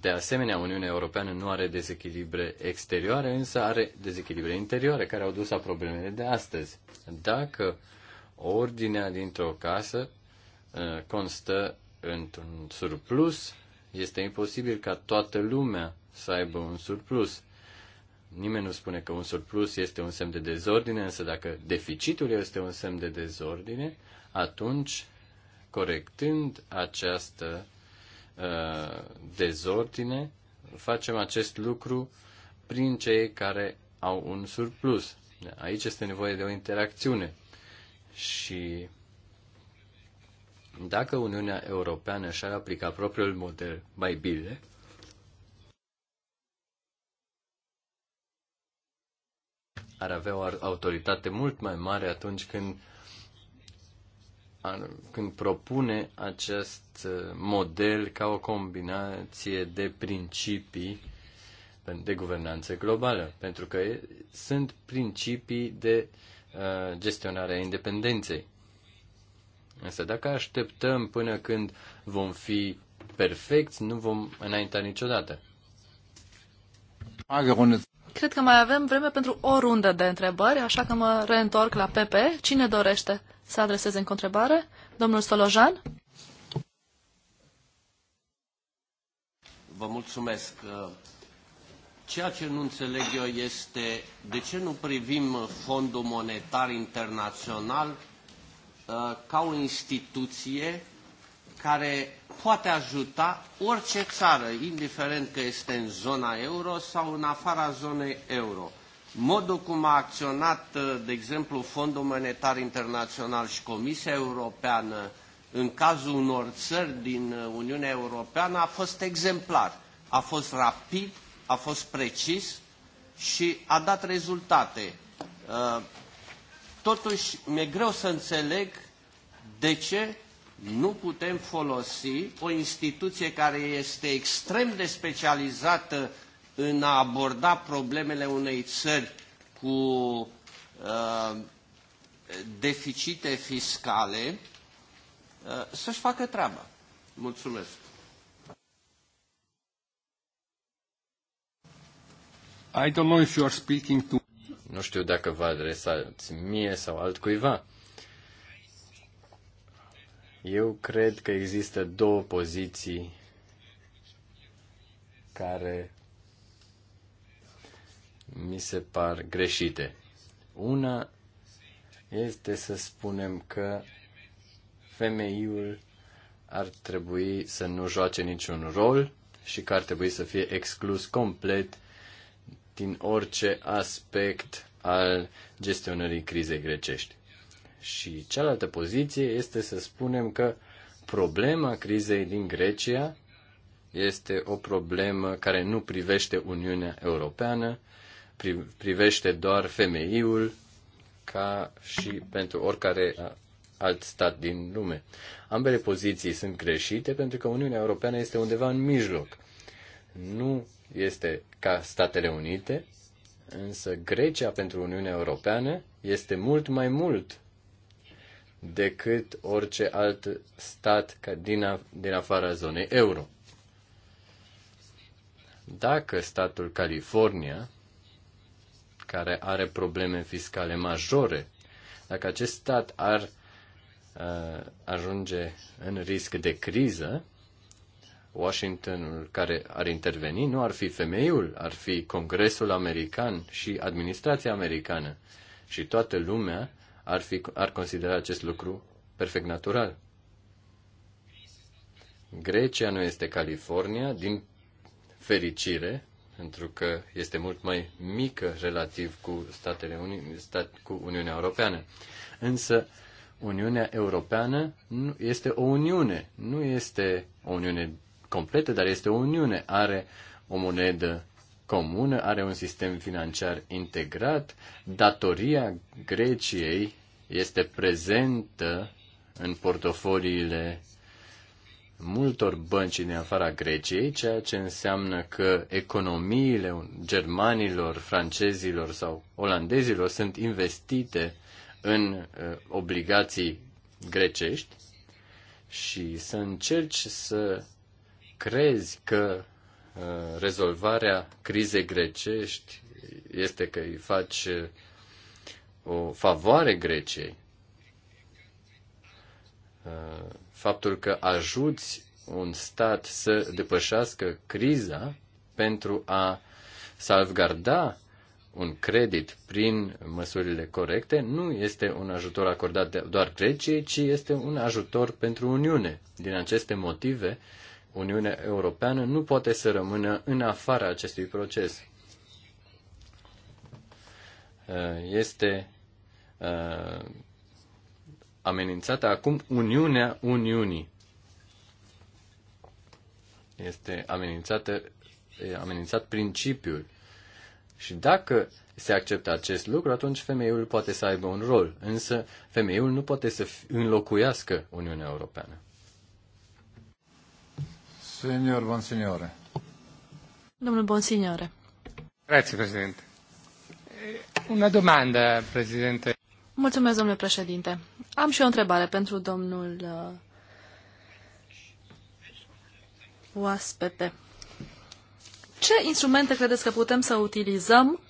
De asemenea, Uniunea Europeană nu are dezechilibre exterioare, însă are dezechilibre interioare care au dus la problemele de astăzi. Dacă ordinea dintr-o casă uh, constă într-un surplus, este imposibil ca toată lumea să aibă un surplus. Nimeni nu spune că un surplus este un semn de dezordine, însă dacă deficitul este un semn de dezordine, atunci, corectând această Uh, dezordine, facem acest lucru prin cei care au un surplus. Aici este nevoie de o interacțiune. Și dacă Uniunea Europeană și-ar aplica propriul model mai bine, ar avea o autoritate mult mai mare atunci când când propune acest uh, model ca o combinație de principii de guvernanță globală, pentru că sunt principii de uh, gestionare a independenței. Însă dacă așteptăm până când vom fi perfecți, nu vom înainta niciodată. Cred că mai avem vreme pentru o rundă de întrebări, așa că mă reîntorc la Pepe. Cine dorește? să adreseze în întrebare. Domnul Solojan? Vă mulțumesc. Ceea ce nu înțeleg eu este de ce nu privim Fondul Monetar Internațional uh, ca o instituție care poate ajuta orice țară, indiferent că este în zona euro sau în afara zonei euro modul cum a acționat, uh, de exemplu, Fondul Monetar Internațional și Comisia Europeană în cazul unor țări din uh, Uniunea Europeană a fost exemplar. A fost rapid, a fost precis și a dat rezultate. Uh, totuși, mi-e greu să înțeleg de ce nu putem folosi o instituție care este extrem de specializată în a aborda problemele unei țări cu uh, deficite fiscale uh, să-și facă treaba. Mulțumesc. I don't know if you are speaking to... Nu știu dacă vă adresați mie sau altcuiva. Eu cred că există două poziții care mi se par greșite. Una este să spunem că femeiul ar trebui să nu joace niciun rol și că ar trebui să fie exclus complet din orice aspect al gestionării crizei grecești. Și cealaltă poziție este să spunem că problema crizei din Grecia este o problemă care nu privește Uniunea Europeană, privește doar femeiul ca și pentru oricare alt stat din lume. Ambele poziții sunt greșite pentru că Uniunea Europeană este undeva în mijloc. Nu este ca Statele Unite, însă Grecia pentru Uniunea Europeană este mult mai mult decât orice alt stat din, din afara zonei euro. Dacă statul California care are probleme fiscale majore, dacă acest stat ar uh, ajunge în risc de criză, Washingtonul care ar interveni nu ar fi femeiul, ar fi Congresul american și administrația americană. Și toată lumea ar, fi, ar considera acest lucru perfect natural. Grecia nu este California, din fericire, pentru că este mult mai mică relativ cu Statele Uni- stat, cu Uniunea Europeană. Însă Uniunea Europeană nu este o uniune, nu este o uniune completă, dar este o uniune, are o monedă comună, are un sistem financiar integrat, datoria Greciei este prezentă în portofoliile multor bănci din afara Greciei, ceea ce înseamnă că economiile germanilor, francezilor sau olandezilor sunt investite în uh, obligații grecești și să încerci să crezi că uh, rezolvarea crizei grecești este că îi faci uh, o favoare Greciei. Uh, faptul că ajuți un stat să depășească criza pentru a salvgarda un credit prin măsurile corecte nu este un ajutor acordat de doar Greciei, ci este un ajutor pentru Uniune. Din aceste motive, Uniunea Europeană nu poate să rămână în afara acestui proces. Uh, este uh, amenințată acum Uniunea Uniunii. Este amenințată, amenințat principiul. Și dacă se acceptă acest lucru, atunci femeiul poate să aibă un rol. Însă femeiul nu poate să înlocuiască Uniunea Europeană. Senior, Bon signore. Domnul Bonsignore. Grazie, Presidente. Una domanda, Presidente. Mulțumesc, domnule președinte. Am și o întrebare pentru domnul uh, oaspete. Ce instrumente credeți că putem să utilizăm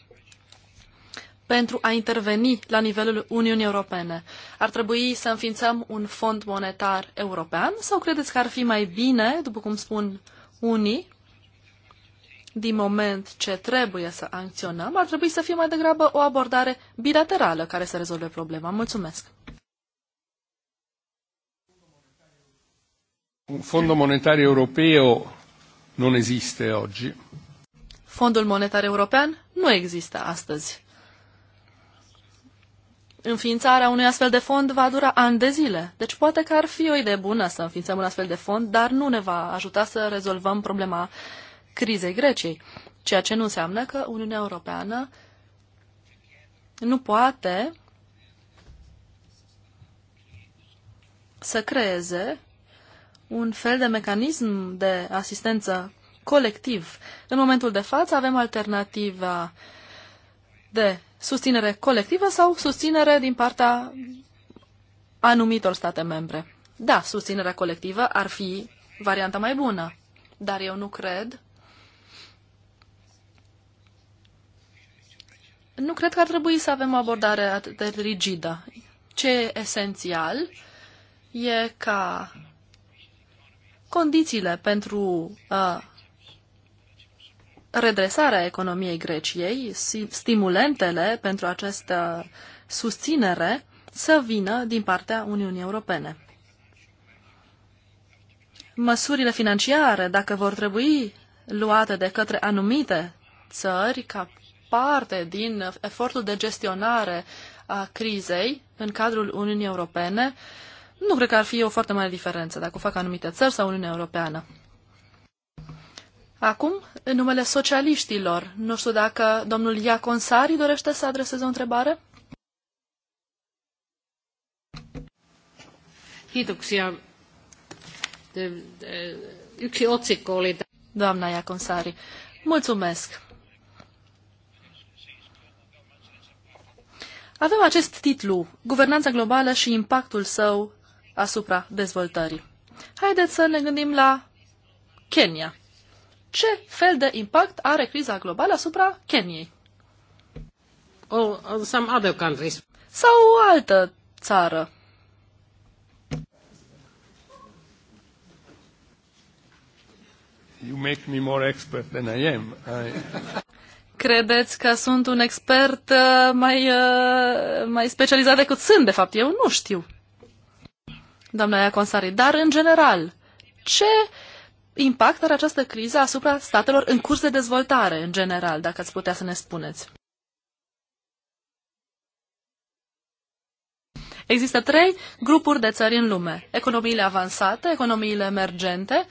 pentru a interveni la nivelul Uniunii Europene? Ar trebui să înființăm un fond monetar european sau credeți că ar fi mai bine, după cum spun unii, din moment ce trebuie să acționăm, ar trebui să fie mai degrabă o abordare bilaterală care să rezolve problema. Mulțumesc! Un fond monetar europeo nu există oggi. Fondul monetar european nu există astăzi. Înființarea unui astfel de fond va dura ani de zile, deci poate că ar fi o idee bună să înființăm un astfel de fond, dar nu ne va ajuta să rezolvăm problema crizei Greciei, ceea ce nu înseamnă că Uniunea Europeană nu poate să creeze un fel de mecanism de asistență colectiv. În momentul de față avem alternativa de susținere colectivă sau susținere din partea anumitor state membre. Da, susținerea colectivă ar fi varianta mai bună, dar eu nu cred nu cred că ar trebui să avem o abordare atât de rigidă. Ce e esențial e ca condițiile pentru uh, redresarea economiei Greciei, stimulentele pentru această susținere, să vină din partea Uniunii Europene. Măsurile financiare, dacă vor trebui luate de către anumite țări ca parte din efortul de gestionare a crizei în cadrul Uniunii Europene, nu cred că ar fi o foarte mare diferență dacă o fac anumite țări sau Uniunea Europeană. Acum, în numele socialiștilor, nu știu dacă domnul Sari dorește să adreseze o întrebare? Kiitoksia. Yksi otsikko oli... Doamna Iaconsari, mulțumesc. Avem acest titlu, Guvernanța globală și impactul său asupra dezvoltării. Haideți să ne gândim la Kenya. Ce fel de impact are criza globală asupra Keniei? Or some other countries. Sau o altă țară. You make me more expert than I am. I credeți că sunt un expert uh, mai, uh, mai specializat decât sunt, de fapt. Eu nu știu, doamna Consari. Dar, în general, ce impact are această criză asupra statelor în curs de dezvoltare, în general, dacă ați putea să ne spuneți? Există trei grupuri de țări în lume. Economiile avansate, economiile emergente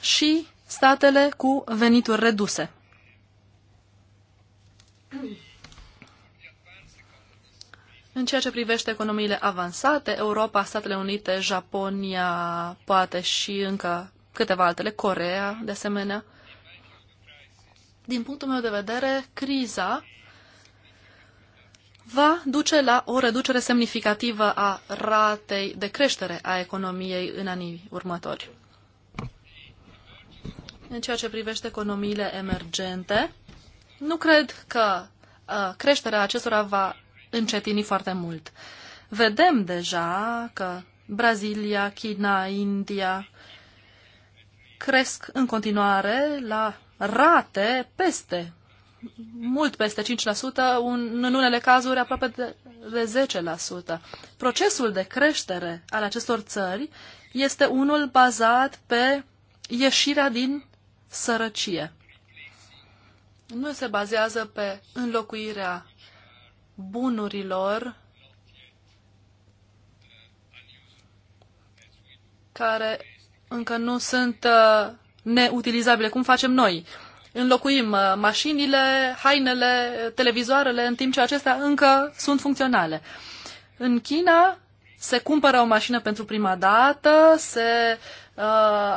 și statele cu venituri reduse. În ceea ce privește economiile avansate, Europa, Statele Unite, Japonia, poate și încă câteva altele, Corea, de asemenea. Din punctul meu de vedere, criza va duce la o reducere semnificativă a ratei de creștere a economiei în anii următori. În ceea ce privește economiile emergente, nu cred că uh, creșterea acestora va încetini foarte mult. Vedem deja că Brazilia, China, India cresc în continuare la rate peste, mult peste 5%, un, în unele cazuri aproape de, de 10%. Procesul de creștere al acestor țări este unul bazat pe ieșirea din sărăcie nu se bazează pe înlocuirea bunurilor care încă nu sunt uh, neutilizabile, cum facem noi. Înlocuim uh, mașinile, hainele, televizoarele, în timp ce acestea încă sunt funcționale. În China se cumpără o mașină pentru prima dată, se uh,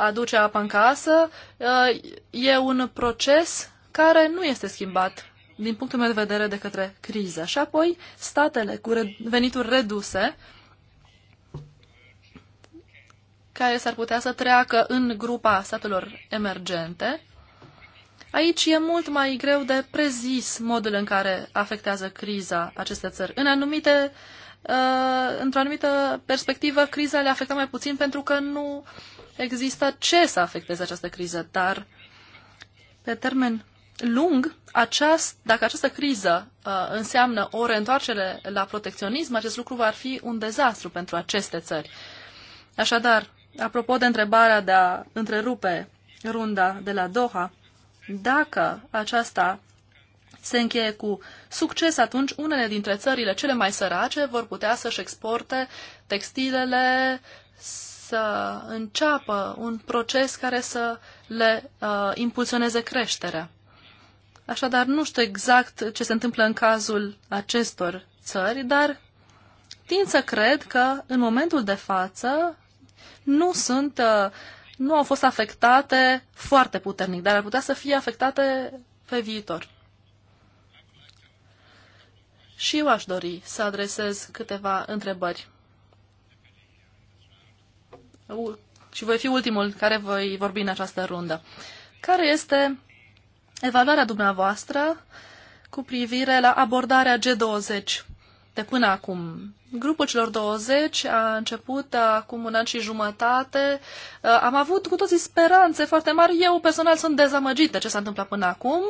aduce apă în casă, uh, e un proces care nu este schimbat din punctul meu de vedere de către criză. Și apoi statele cu venituri reduse care s-ar putea să treacă în grupa statelor emergente. Aici e mult mai greu de prezis modul în care afectează criza aceste țări. În anumite, uh, într-o anumită perspectivă, criza le afectează mai puțin pentru că nu există ce să afecteze această criză, dar pe termen lung, aceast, dacă această criză uh, înseamnă o reîntoarcere la protecționism, acest lucru va fi un dezastru pentru aceste țări. Așadar, apropo de întrebarea de a întrerupe runda de la Doha, dacă aceasta se încheie cu succes, atunci unele dintre țările cele mai sărace vor putea să-și exporte textilele, să înceapă un proces care să le uh, impulsioneze creșterea. Așadar, nu știu exact ce se întâmplă în cazul acestor țări, dar tind să cred că în momentul de față nu sunt, uh, nu au fost afectate foarte puternic, dar ar putea să fie afectate pe viitor. Și eu aș dori să adresez câteva întrebări. Și voi fi ultimul care voi vorbi în această rundă. Care este evaluarea dumneavoastră cu privire la abordarea G20 de până acum. Grupul celor 20 a început acum un an și jumătate. Uh, am avut cu toții speranțe foarte mari. Eu personal sunt dezamăgit de ce s-a întâmplat până acum.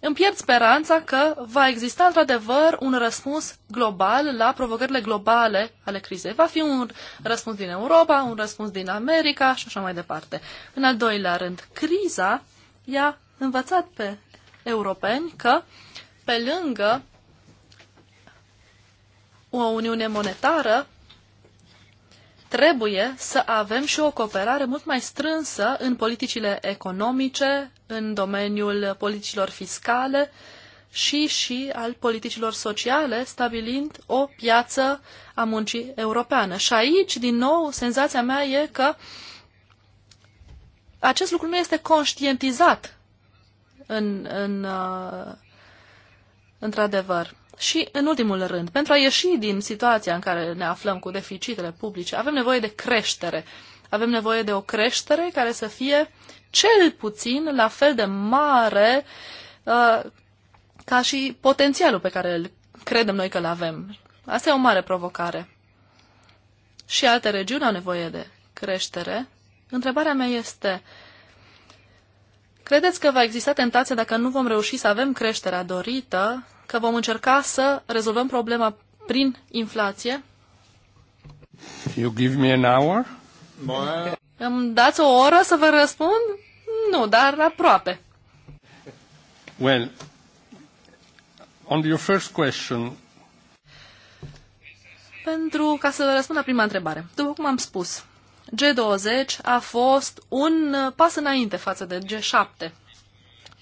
Îmi pierd speranța că va exista într-adevăr un răspuns global la provocările globale ale crizei. Va fi un răspuns din Europa, un răspuns din America și așa mai departe. În al doilea rând, criza ea învățat pe europeni că pe lângă o uniune monetară trebuie să avem și o cooperare mult mai strânsă în politicile economice, în domeniul politicilor fiscale și și al politicilor sociale, stabilind o piață a muncii europeană. Și aici, din nou, senzația mea e că acest lucru nu este conștientizat în, în, uh, într-adevăr. Și, în ultimul rând, pentru a ieși din situația în care ne aflăm cu deficitele publice, avem nevoie de creștere. Avem nevoie de o creștere care să fie cel puțin la fel de mare uh, ca și potențialul pe care îl credem noi că îl avem. Asta e o mare provocare. Și alte regiuni au nevoie de creștere. Întrebarea mea este, uh, Credeți că va exista tentația dacă nu vom reuși să avem creșterea dorită, că vom încerca să rezolvăm problema prin inflație? You give me an hour? Îmi dați o oră să vă răspund? Nu, dar aproape. Well, on your first question, pentru ca să răspund la prima întrebare. După cum am spus, G20 a fost un uh, pas înainte față de G7.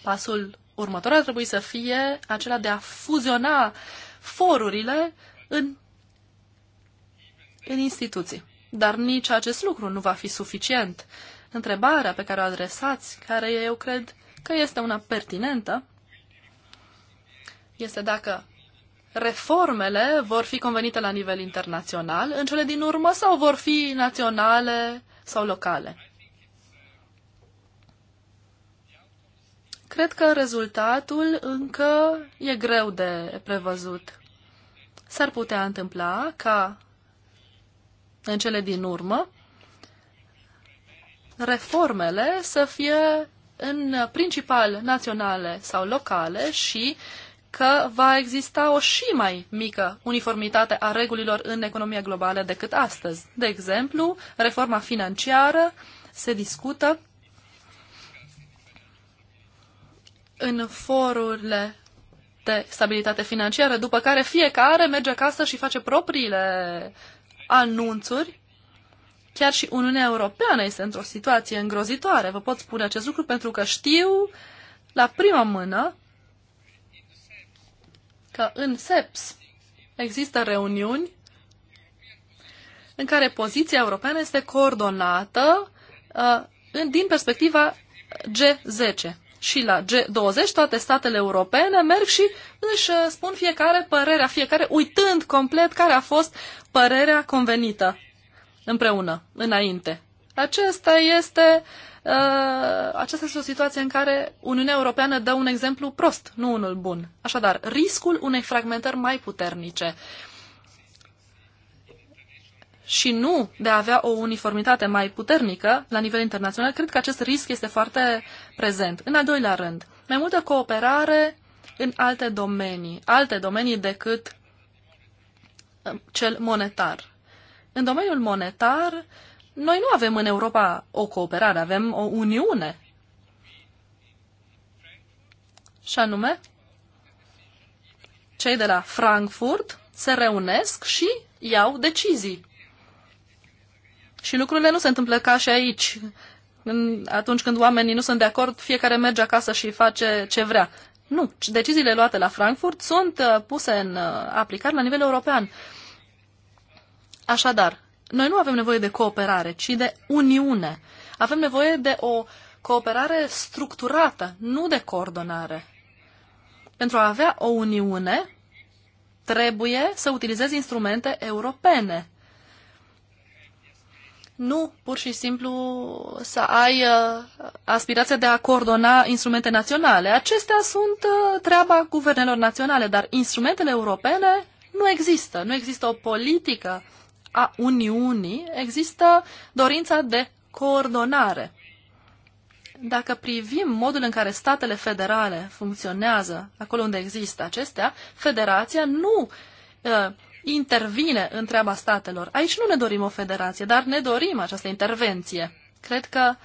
Pasul următor ar trebui să fie acela de a fuziona forurile în, în instituții. Dar nici acest lucru nu va fi suficient. Întrebarea pe care o adresați, care eu cred că este una pertinentă, este dacă reformele vor fi convenite la nivel internațional în cele din urmă sau vor fi naționale sau locale? Cred că rezultatul încă e greu de prevăzut. S-ar putea întâmpla ca în cele din urmă reformele să fie în principal naționale sau locale și că va exista o și mai mică uniformitate a regulilor în economia globală decât astăzi. De exemplu, reforma financiară se discută în forurile de stabilitate financiară, după care fiecare merge acasă și face propriile anunțuri. Chiar și Uniunea Europeană este într-o situație îngrozitoare. Vă pot spune acest lucru pentru că știu la prima mână că în SEPS există reuniuni în care poziția europeană este coordonată uh, din perspectiva G10. Și la G20 toate statele europene merg și își uh, spun fiecare părerea, fiecare uitând complet care a fost părerea convenită împreună, înainte. Acesta este Uh, aceasta este o situație în care Uniunea Europeană dă un exemplu prost, nu unul bun. Așadar, riscul unei fragmentări mai puternice și nu de a avea o uniformitate mai puternică la nivel internațional, cred că acest risc este foarte prezent. În al doilea rând, mai multă cooperare în alte domenii, alte domenii decât uh, cel monetar. În domeniul monetar, uh, noi nu avem în Europa o cooperare, avem o uniune. Și anume, cei de la Frankfurt se reunesc și iau decizii. Și lucrurile nu se întâmplă ca și aici. Atunci când oamenii nu sunt de acord, fiecare merge acasă și face ce vrea. Nu, deciziile luate la Frankfurt sunt uh, puse în uh, aplicare la nivel european. Așadar, noi nu avem nevoie de cooperare, ci de uniune. Avem nevoie de o cooperare structurată, nu de coordonare. Pentru a avea o uniune, trebuie să utilizezi instrumente europene. Nu pur și simplu să ai uh, aspirația de a coordona instrumente naționale. Acestea sunt uh, treaba guvernelor naționale, dar instrumentele europene nu există. Nu există o politică uh, a Uniunii există dorința de coordonare. Dacă privim modul în care statele federale funcționează, acolo unde există acestea, federația nu uh, intervine în treaba statelor. Aici nu ne dorim o federație, dar ne dorim această intervenție. Cred că uh,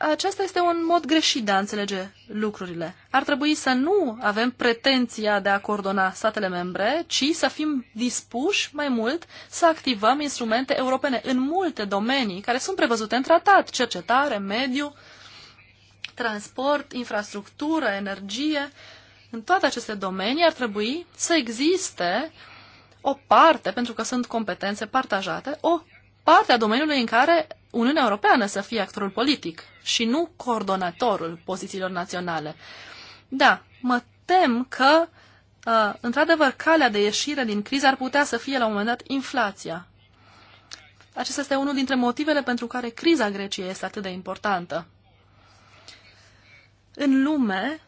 aceasta este un mod greșit de a înțelege lucrurile. Ar trebui să nu avem pretenția de a coordona statele membre, ci să fim dispuși mai mult să activăm instrumente europene în multe domenii care sunt prevăzute în tratat, cercetare, mediu, transport, infrastructură, energie. În toate aceste domenii ar trebui să existe o parte, pentru că sunt competențe partajate, o parte a domeniului în care Uniunea Europeană să fie actorul politic și nu coordonatorul pozițiilor naționale. Da, mă tem că, uh, într-adevăr, calea de ieșire din criză ar putea să fie, la un moment dat, inflația. Acesta este unul dintre motivele pentru care criza Greciei este atât de importantă. În lume,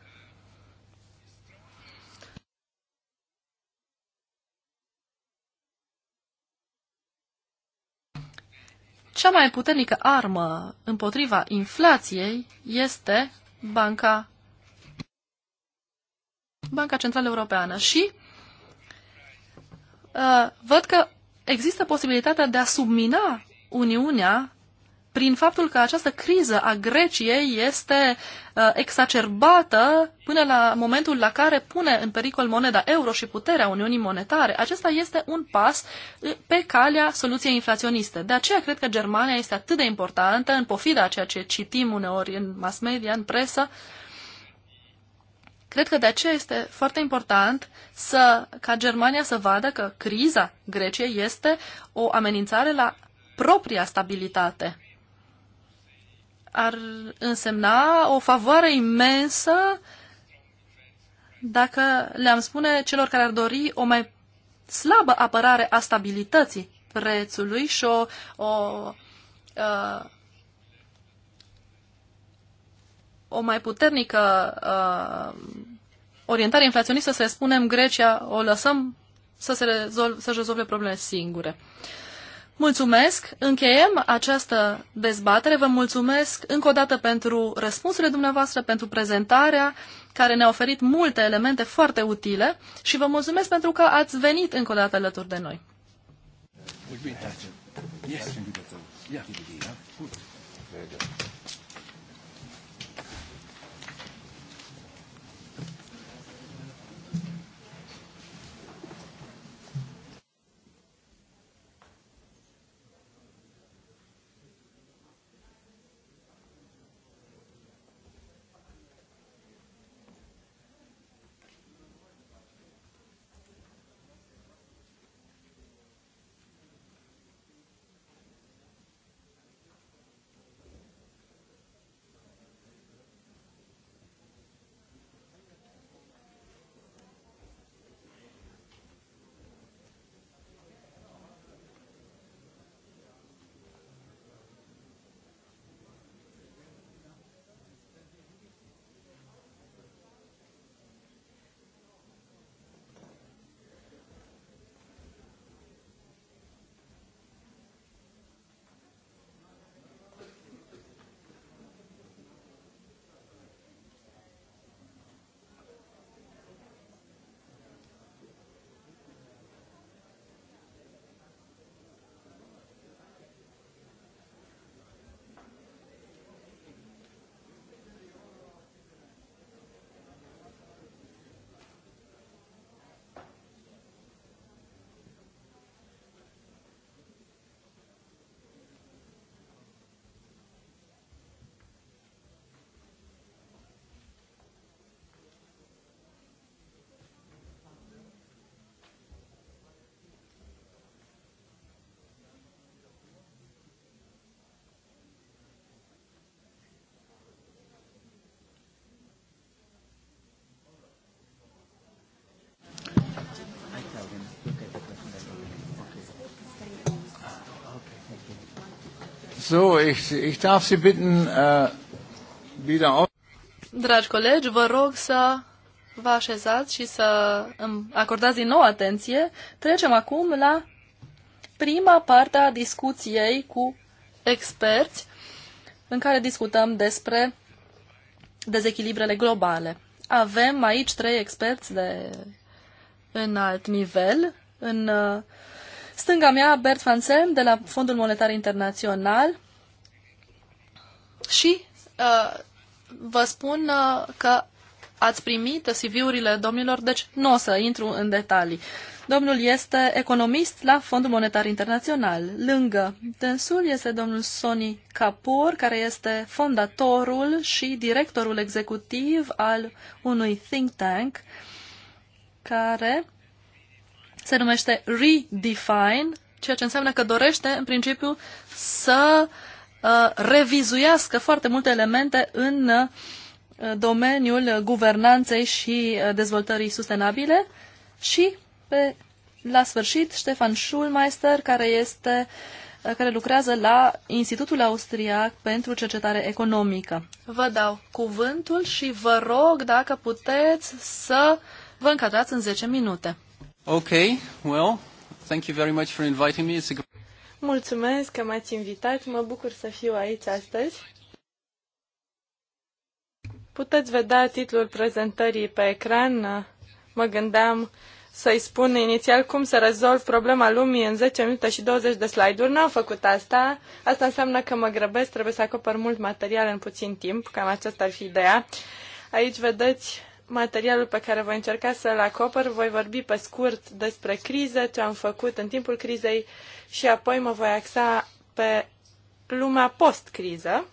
Cea mai puternică armă împotriva inflației este Banca, Banca Centrală Europeană și uh, văd că există posibilitatea de a submina Uniunea prin faptul că această criză a Greciei este uh, exacerbată până la momentul la care pune în pericol moneda euro și puterea Uniunii Monetare. Acesta este un pas uh, pe calea soluției inflaționiste. De aceea cred că Germania este atât de importantă, în pofida ceea ce citim uneori în mass media, în presă, Cred că de aceea este foarte important să, ca Germania să vadă că criza Greciei este o amenințare la propria stabilitate ar însemna o favoare imensă dacă le-am spune celor care ar dori o mai slabă apărare a stabilității prețului și o, o, uh, o mai puternică uh, orientare inflaționistă, să spunem Grecia, o lăsăm să se rezolv, să rezolve probleme singure. Uh, Mulțumesc, încheiem această dezbatere, vă mulțumesc încă o dată pentru răspunsurile dumneavoastră, pentru prezentarea care ne-a oferit multe elemente foarte utile și vă mulțumesc pentru că ați venit încă o dată alături de noi. Yes. So, ich, ich darf Sie bitten, uh, wieder auf... Dragi colegi, vă rog să vă așezați și să îmi acordați din nou atenție. Trecem acum la prima parte a discuției cu experți în care discutăm despre dezechilibrele globale. Avem aici trei experți de înalt nivel în uh, Stânga mea, Bert Van Selm, de la Fondul Monetar Internațional. Și uh, vă spun uh, că ați primit CV-urile domnilor, deci nu o să intru în detalii. Domnul este economist la Fondul Monetar Internațional. Lângă dânsul este domnul Sony Kapoor, care este fondatorul și directorul executiv al unui think tank care se numește Redefine, ceea ce înseamnă că dorește, în principiu, să uh, revizuiască foarte multe elemente în uh, domeniul guvernanței și uh, dezvoltării sustenabile și, pe, la sfârșit, Stefan Schulmeister, care este uh, care lucrează la Institutul Austriac pentru Cercetare Economică. Vă dau cuvântul și vă rog dacă puteți să vă încadrați în 10 minute. Okay, well, thank you very much for inviting me. It's a... Mulțumesc că m-ați invitat, mă bucur să fiu aici astăzi. Puteți vedea titlul prezentării pe ecran. Mă gândeam să-i spun inițial cum să rezolv problema lumii în 10 minute și 20 de slide-uri. N-am făcut asta. Asta înseamnă că mă grăbesc, trebuie să acopăr mult material în puțin timp, cam aceasta ar fi ideea. Aici vedeți materialul pe care voi încerca să-l acopăr, voi vorbi pe scurt despre criză, ce am făcut în timpul crizei și apoi mă voi axa pe lumea post-criză.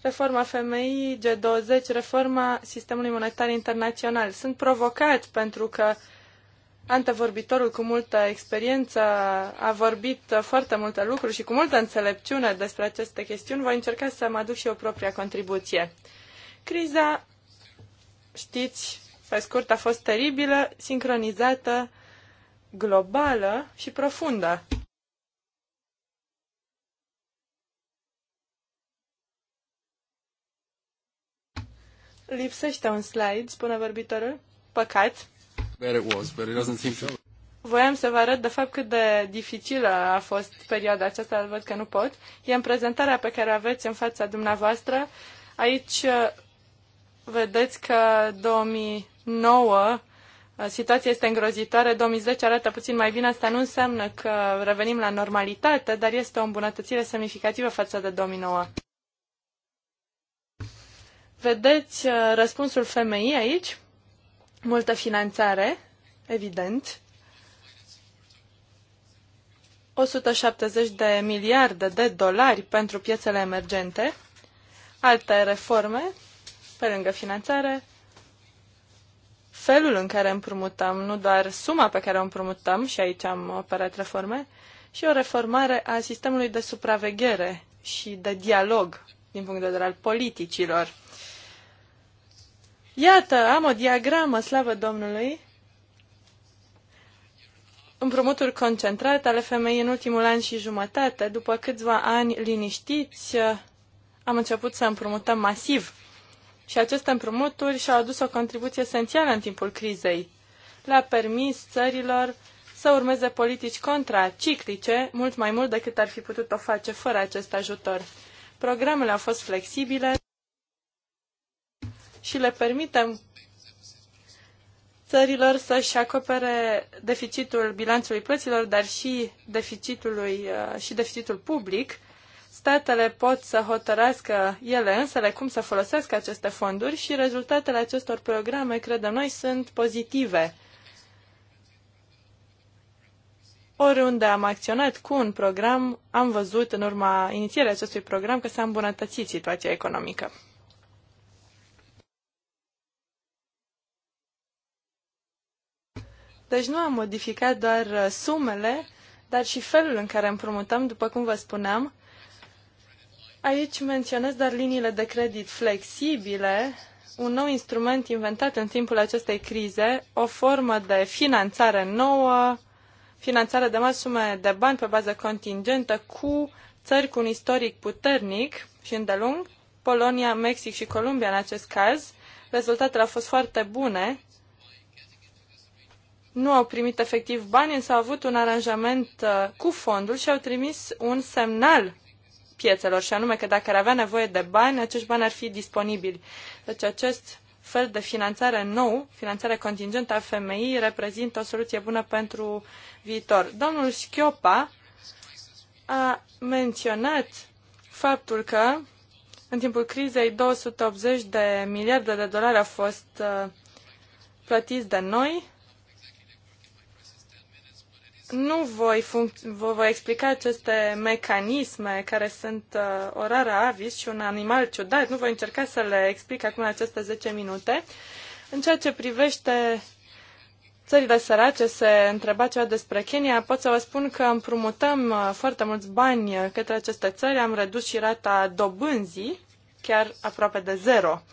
Reforma FMI, G20, reforma sistemului monetar internațional. Sunt provocat pentru că antevorbitorul cu multă experiență a vorbit foarte multe lucruri și cu multă înțelepciune despre aceste chestiuni. Voi încerca să mă aduc și eu propria contribuție. Criza, știți, pe scurt, a fost teribilă, sincronizată, globală și profundă. Lipsește un slide, spune vorbitorul. Păcat. It was, but it doesn't seem to... Voiam să vă arăt de fapt cât de dificilă a fost perioada aceasta, văd că nu pot. E în prezentarea pe care o aveți în fața dumneavoastră. Aici vedeți că 2009 uh, situația este îngrozitoare, 2010 arată puțin mai bine, asta nu înseamnă că revenim la normalitate, dar este o îmbunătățire semnificativă față de 2009. Vedeți uh, răspunsul femeii aici? Multă finanțare, evident. 170 de miliarde de dolari pentru piețele emergente, alte reforme, pe lângă finanțare, felul în care împrumutăm, nu doar suma pe care o împrumutăm, și aici am operat reforme, și o reformare a sistemului de supraveghere și de dialog din punct de vedere al politicilor. Iată, am o diagramă, slavă Domnului, împrumuturi concentrate ale femeii în ultimul an și jumătate, după câțiva ani liniștiți, am început să împrumutăm masiv și aceste împrumuturi și-au adus o contribuție esențială în timpul crizei. Le-a permis țărilor să urmeze politici contraciclice mult mai mult decât ar fi putut o face fără acest ajutor. Programele au fost flexibile și le permitem țărilor să-și acopere deficitul bilanțului plăților, dar și, deficitului, uh, și deficitul public, statele pot să hotărască ele însele cum să folosească aceste fonduri și rezultatele acestor programe, credem noi, sunt pozitive. Oriunde am acționat cu un program, am văzut în urma inițierii acestui program că s-a îmbunătățit situația economică. Deci nu am modificat doar sumele, dar și felul în care împrumutăm, după cum vă spuneam, Aici menționez doar liniile de credit flexibile, un nou instrument inventat în timpul acestei crize, o formă de finanțare nouă, finanțare de mari sume de bani pe bază contingentă cu țări cu un istoric puternic și îndelung, Polonia, Mexic și Columbia în acest caz. Rezultatele au fost foarte bune. Nu au primit efectiv bani, însă au avut un aranjament uh, cu fondul și au trimis un semnal piețelor, și anume că dacă ar avea nevoie de bani, acești bani ar fi disponibili. Deci acest fel de finanțare nou, finanțare contingentă a FMI, reprezintă o soluție bună pentru viitor. Domnul Schiopa a menționat faptul că în timpul crizei 280 de miliarde de dolari au fost uh, plătiți de noi nu voi vă voi explica aceste mecanisme care sunt uh, o rară avis și un animal ciudat. Nu voi încerca să le explic acum în aceste 10 minute. În ceea ce privește țările sărace, se întreba ceva despre Kenya, pot să vă spun că împrumutăm uh, foarte mulți bani uh, către aceste țări, am redus și rata dobânzii, chiar aproape de zero. Uh,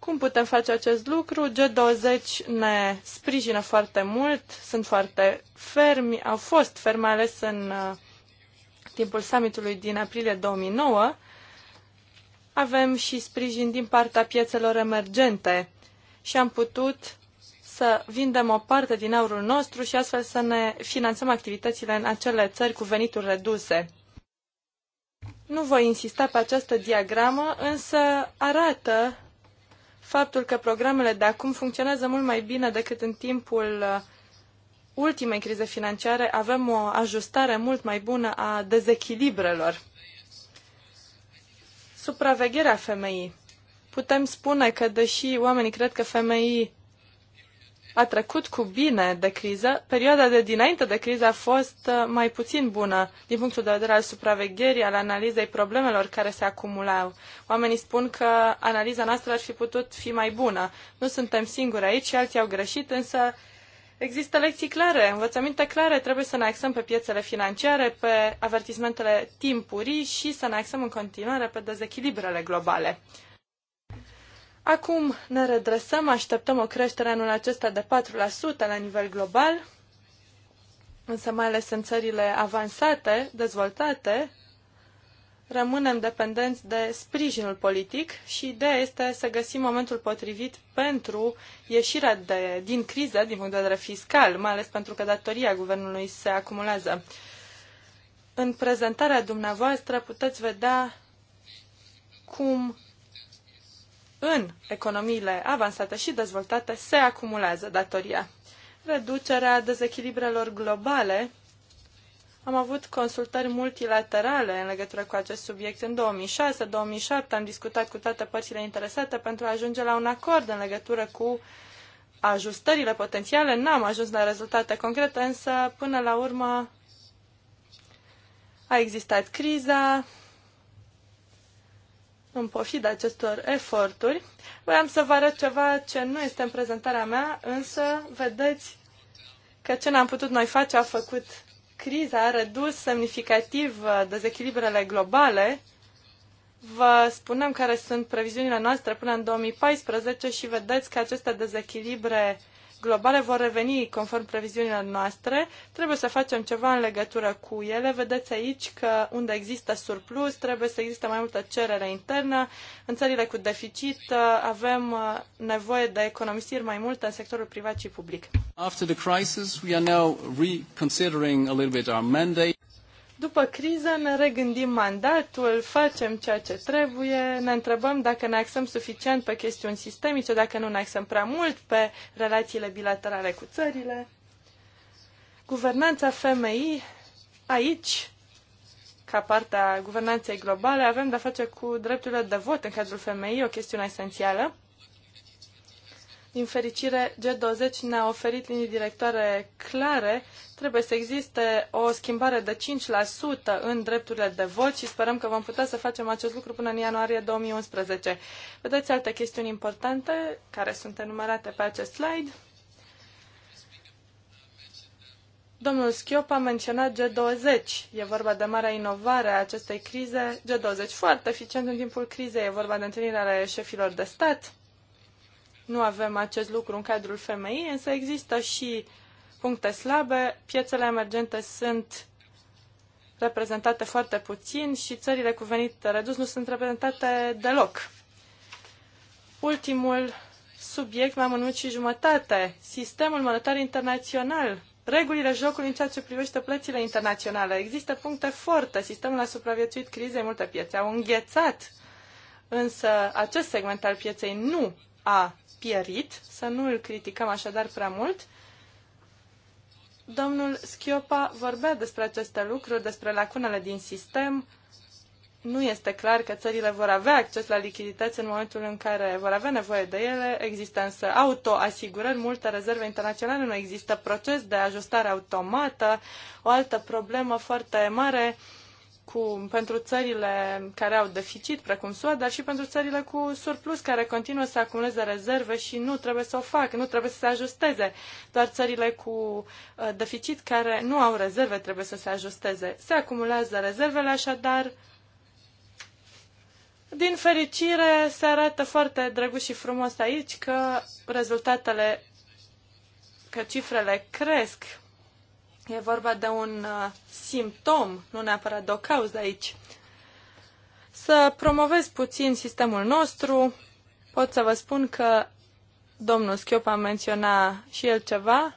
cum putem face acest lucru? G20 ne sprijină foarte mult, sunt foarte fermi, au fost fermi, mai ales în uh, timpul summitului din aprilie 2009. Avem și sprijin din partea piețelor emergente și am putut să vindem o parte din aurul nostru și astfel să ne finanțăm activitățile în acele țări cu venituri reduse. Nu voi insista pe această diagramă, însă arată faptul că programele de acum funcționează mult mai bine decât în timpul uh, ultimei crize financiare, avem o ajustare mult mai bună a dezechilibrelor. Supravegherea femeii. Putem spune că, deși oamenii cred că femeii a trecut cu bine de criză. Perioada de dinainte de criză a fost uh, mai puțin bună din punctul de vedere al supravegherii, al analizei problemelor care se acumulau. Oamenii spun că analiza noastră ar fi putut fi mai bună. Nu suntem singuri aici și alții au greșit, însă există lecții clare, învățăminte clare. Trebuie să ne axăm pe piețele financiare, pe avertismentele timpurii și să ne axăm în continuare pe dezechilibrele globale. Acum ne redresăm, așteptăm o creștere anul acesta de 4% la nivel global, însă mai ales în țările avansate, dezvoltate, rămânem dependenți de sprijinul politic și ideea este să găsim momentul potrivit pentru ieșirea de, din criză din punct de vedere fiscal, mai ales pentru că datoria guvernului se acumulează. În prezentarea dumneavoastră puteți vedea cum în economiile avansate și dezvoltate se acumulează datoria. Reducerea dezechilibrelor globale. Am avut consultări multilaterale în legătură cu acest subiect în 2006-2007. Am discutat cu toate părțile interesate pentru a ajunge la un acord în legătură cu ajustările potențiale. N-am ajuns la rezultate concrete, însă până la urmă a existat criza, în pofida acestor eforturi, voiam să vă arăt ceva ce nu este în prezentarea mea, însă vedeți că ce n-am putut noi face a făcut criza, a redus semnificativ uh, dezechilibrele globale. Vă spunem care sunt previziunile noastre până în 2014 și vedeți că aceste dezechilibre globale vor reveni conform previziunilor noastre. Trebuie să facem ceva în legătură cu ele. Vedeți aici că unde există surplus, trebuie să existe mai multă cerere internă. În țările cu deficit uh, avem uh, nevoie de economisiri mai multe în sectorul privat și public. After the crisis, we are now reconsidering a little bit our mandate. După criză ne regândim mandatul, facem ceea ce trebuie, ne întrebăm dacă ne axăm suficient pe chestiuni sistemice, dacă nu ne axăm prea mult pe relațiile bilaterale cu țările. Guvernanța FMI, aici, ca parte a guvernanței globale, avem de-a face cu drepturile de vot în cadrul femeii, o chestiune esențială. Din fericire, G20 ne-a oferit linii directoare clare. Trebuie să existe o schimbare de 5% în drepturile de vot și sperăm că vom putea să facem acest lucru până în ianuarie 2011. Vedeți alte chestiuni importante care sunt enumerate pe acest slide. Domnul Schiop a menționat G20. E vorba de marea inovare a acestei crize. G20 foarte eficient în timpul crizei. E vorba de întâlnirea ale șefilor de stat nu avem acest lucru în cadrul FMI, însă există și puncte slabe. Piețele emergente sunt reprezentate foarte puțin și țările cu venit redus nu sunt reprezentate deloc. Ultimul subiect, mai mult și jumătate, sistemul monetar internațional, regulile jocului în ceea ce privește plățile internaționale. Există puncte forte, sistemul a supraviețuit crizei, multe piețe au înghețat, însă acest segment al pieței nu a pierit, să nu îl criticăm așadar prea mult. Domnul Schiopa vorbea despre aceste lucruri, despre lacunele din sistem. Nu este clar că țările vor avea acces la lichidități în momentul în care vor avea nevoie de ele. Există însă autoasigurări, multe rezerve internaționale, nu există proces de ajustare automată. O altă problemă foarte mare uh, cu, pentru țările care au deficit, precum SUA, dar și pentru țările cu surplus, care continuă să acumuleze rezerve și nu trebuie să o facă, nu trebuie să se ajusteze. Doar țările cu uh, deficit care nu au rezerve trebuie să se ajusteze. Se acumulează rezervele, așadar, din fericire, se arată foarte drăguț și frumos aici că rezultatele, că cifrele cresc E vorba de un uh, simptom, nu neapărat de o cauză aici. Să promovez puțin sistemul nostru, pot să vă spun că domnul Schiopa menționa și el ceva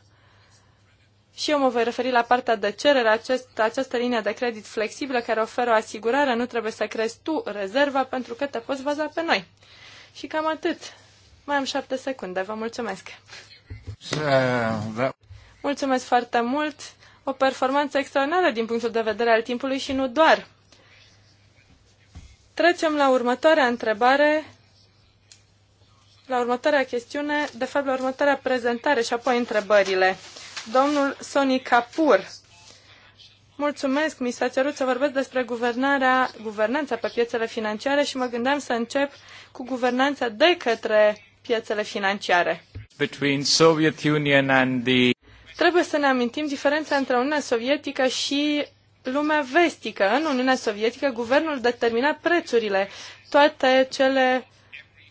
și eu mă voi referi la partea de cerere, acest, această linie de credit flexibilă care oferă o asigurare, nu trebuie să crezi tu rezerva pentru că te poți baza pe noi. Și cam atât. Mai am șapte secunde, vă mulțumesc. Mulțumesc foarte mult o performanță extraordinară din punctul de vedere al timpului și nu doar. Trecem la următoarea întrebare, la următoarea chestiune, de fapt la următoarea prezentare și apoi întrebările. Domnul Soni Kapur. Mulțumesc, mi s-a cerut să vorbesc despre guvernarea, guvernanța pe piețele financiare și mă gândeam să încep cu guvernanța de către piețele financiare. Between Soviet Union and the trebuie să ne amintim diferența între Uniunea Sovietică și lumea vestică. În Uniunea Sovietică, guvernul determina prețurile. Toate cele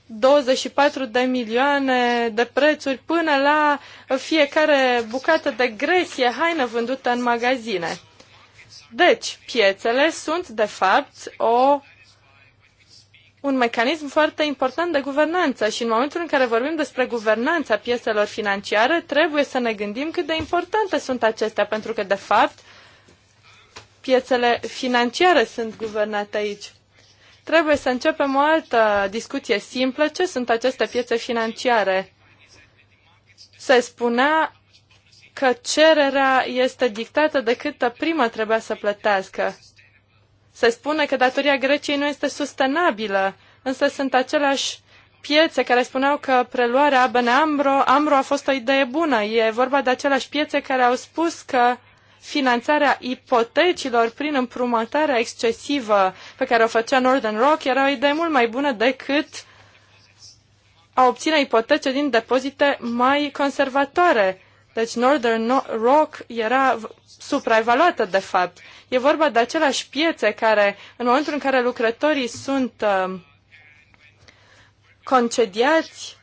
24 de milioane de prețuri până la fiecare bucată de gresie, haină vândută în magazine. Deci, piețele sunt, de fapt, o un mecanism foarte important de guvernanță și în momentul în care vorbim despre guvernanța pieselor financiare, trebuie să ne gândim cât de importante sunt acestea, pentru că, de fapt, piețele financiare sunt guvernate aici. Trebuie să începem o altă discuție simplă. Ce sunt aceste piețe financiare? Se spunea că cererea este dictată de câtă primă trebuia să plătească. Se spune că datoria Greciei nu este sustenabilă, însă sunt aceleași piețe care spuneau că preluarea ABN Ambro, Ambro a fost o idee bună. E vorba de aceleași piețe care au spus că finanțarea ipotecilor prin împrumutarea excesivă pe care o făcea Northern Rock era o idee mult mai bună decât a obține ipotece din depozite mai conservatoare. Deci Northern Rock era supraevaluată, de fapt. E vorba de aceleași piețe care, în momentul în care lucrătorii sunt uh, concediați,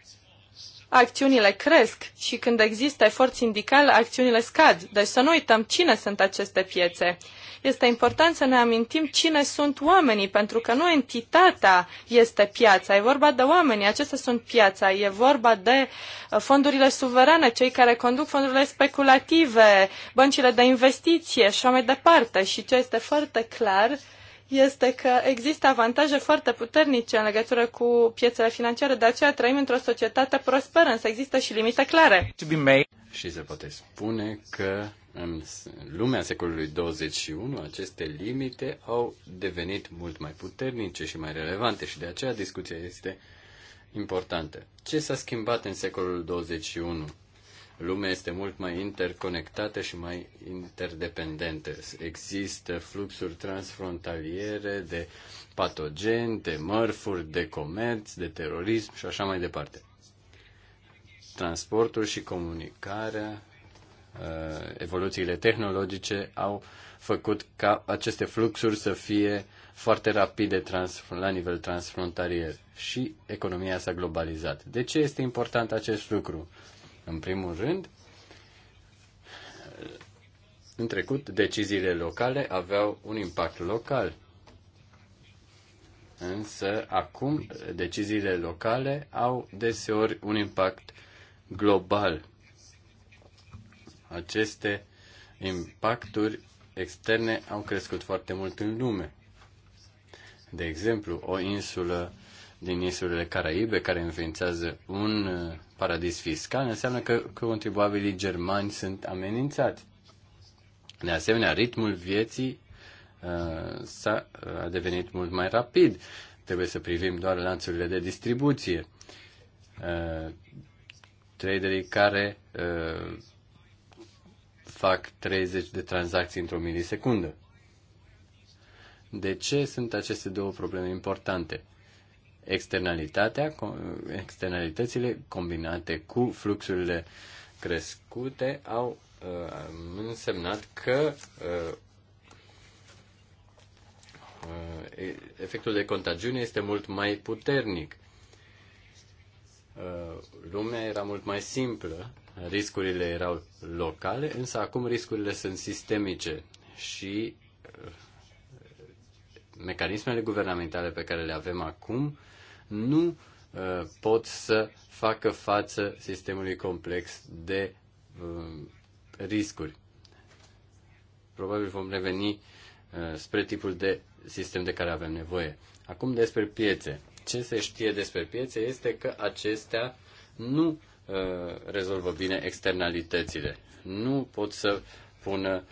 acțiunile cresc și când există efort sindical, acțiunile scad. Deci să nu uităm cine sunt aceste piețe este important să ne amintim cine sunt oamenii, pentru că nu entitatea este piața, e vorba de oameni, acestea sunt piața, e vorba de uh, fondurile suverane, cei care conduc fondurile speculative, băncile de investiție și mai departe. Și ce este foarte clar este că există avantaje foarte puternice în legătură cu piețele financiare, de aceea trăim într-o societate prosperă, însă există și limite clare. Și se poate spune că în lumea secolului 21 aceste limite au devenit mult mai puternice și mai relevante și de aceea discuția este importantă. Ce s-a schimbat în secolul 21? lumea este mult mai interconectată și mai interdependentă. Există fluxuri transfrontaliere de patogeni, de mărfuri, de comerț, de terorism și așa mai departe. Transportul și comunicarea, uh, evoluțiile tehnologice au făcut ca aceste fluxuri să fie foarte rapide trans, la nivel transfrontalier și economia s-a globalizat. De ce este important acest lucru? În primul rând, în trecut, deciziile locale aveau un impact local. Însă, acum, deciziile locale au deseori un impact global. Aceste impacturi externe au crescut foarte mult în lume. De exemplu, o insulă din insulele Caraibe care înființează un uh, paradis fiscal, înseamnă că contribuabilii germani sunt amenințați. De asemenea, ritmul vieții uh, s-a, uh, a devenit mult mai rapid. Trebuie să privim doar lanțurile de distribuție. Uh, traderii care uh, fac 30 de tranzacții într-o milisecundă. De ce sunt aceste două probleme importante? externalitatea, externalitățile combinate cu fluxurile crescute au uh, însemnat că uh, uh efectul de contagiune este mult mai puternic. Uh, lumea era mult mai simplă, riscurile erau locale, însă acum riscurile sunt sistemice și uh, mecanismele guvernamentale pe care le avem acum uh, nu uh, pot să facă față sistemului complex de uh, riscuri. Probabil vom reveni uh, spre tipul de sistem de care avem nevoie. Acum despre piețe. Ce se știe despre piețe este că acestea nu rezolvă bine externalitățile. Nu pot să pună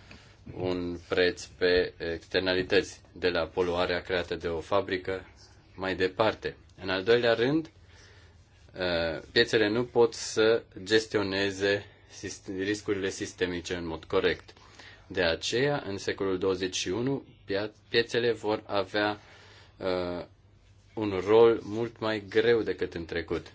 un preț pe externalități, de la poluarea creată de o fabrică mai departe. În al doilea rând, uh, piețele nu pot să gestioneze riscurile sistemice în mod corect. De aceea, în secolul 21, piețele vor avea uh, un rol mult mai greu decât în trecut.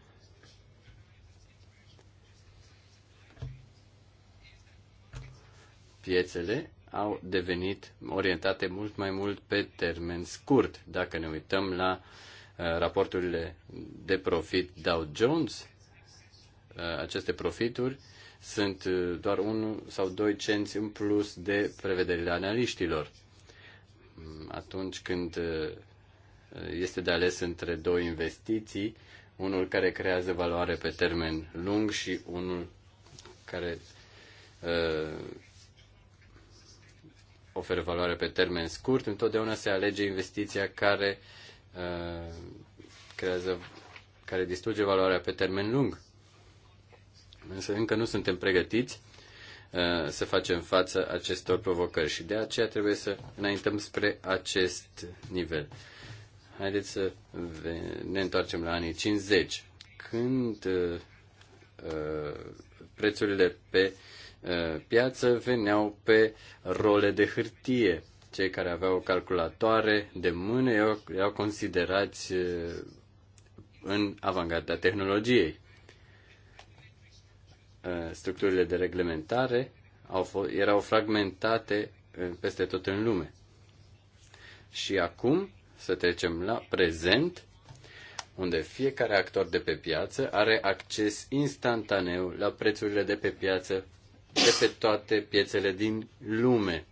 Piețele au devenit orientate mult mai mult pe termen scurt. Dacă ne uităm la uh, Uh, raporturile de profit Dow Jones, uh, aceste profituri sunt uh, doar 1 sau 2 cenți în plus de prevederile analiștilor. Mm, atunci când este de ales între două investiții, unul care creează valoare pe termen lung și unul care uh, oferă valoare pe termen scurt, întotdeauna se alege investiția care uh, Uh, creează, care distruge valoarea pe termen lung. Însă încă nu suntem pregătiți uh, să facem față acestor provocări și de aceea trebuie să înaintăm spre acest nivel. Haideți să ne întoarcem la anii 50, când uh, prețurile pe piață veneau pe role de hârtie cei care aveau calculatoare de mână erau, erau considerați în avangarda tehnologiei. Structurile de reglementare au fost, erau fragmentate peste tot în lume. Și acum să trecem la prezent, unde fiecare actor de pe piață are acces instantaneu la prețurile de pe piață de pe toate piețele din lume.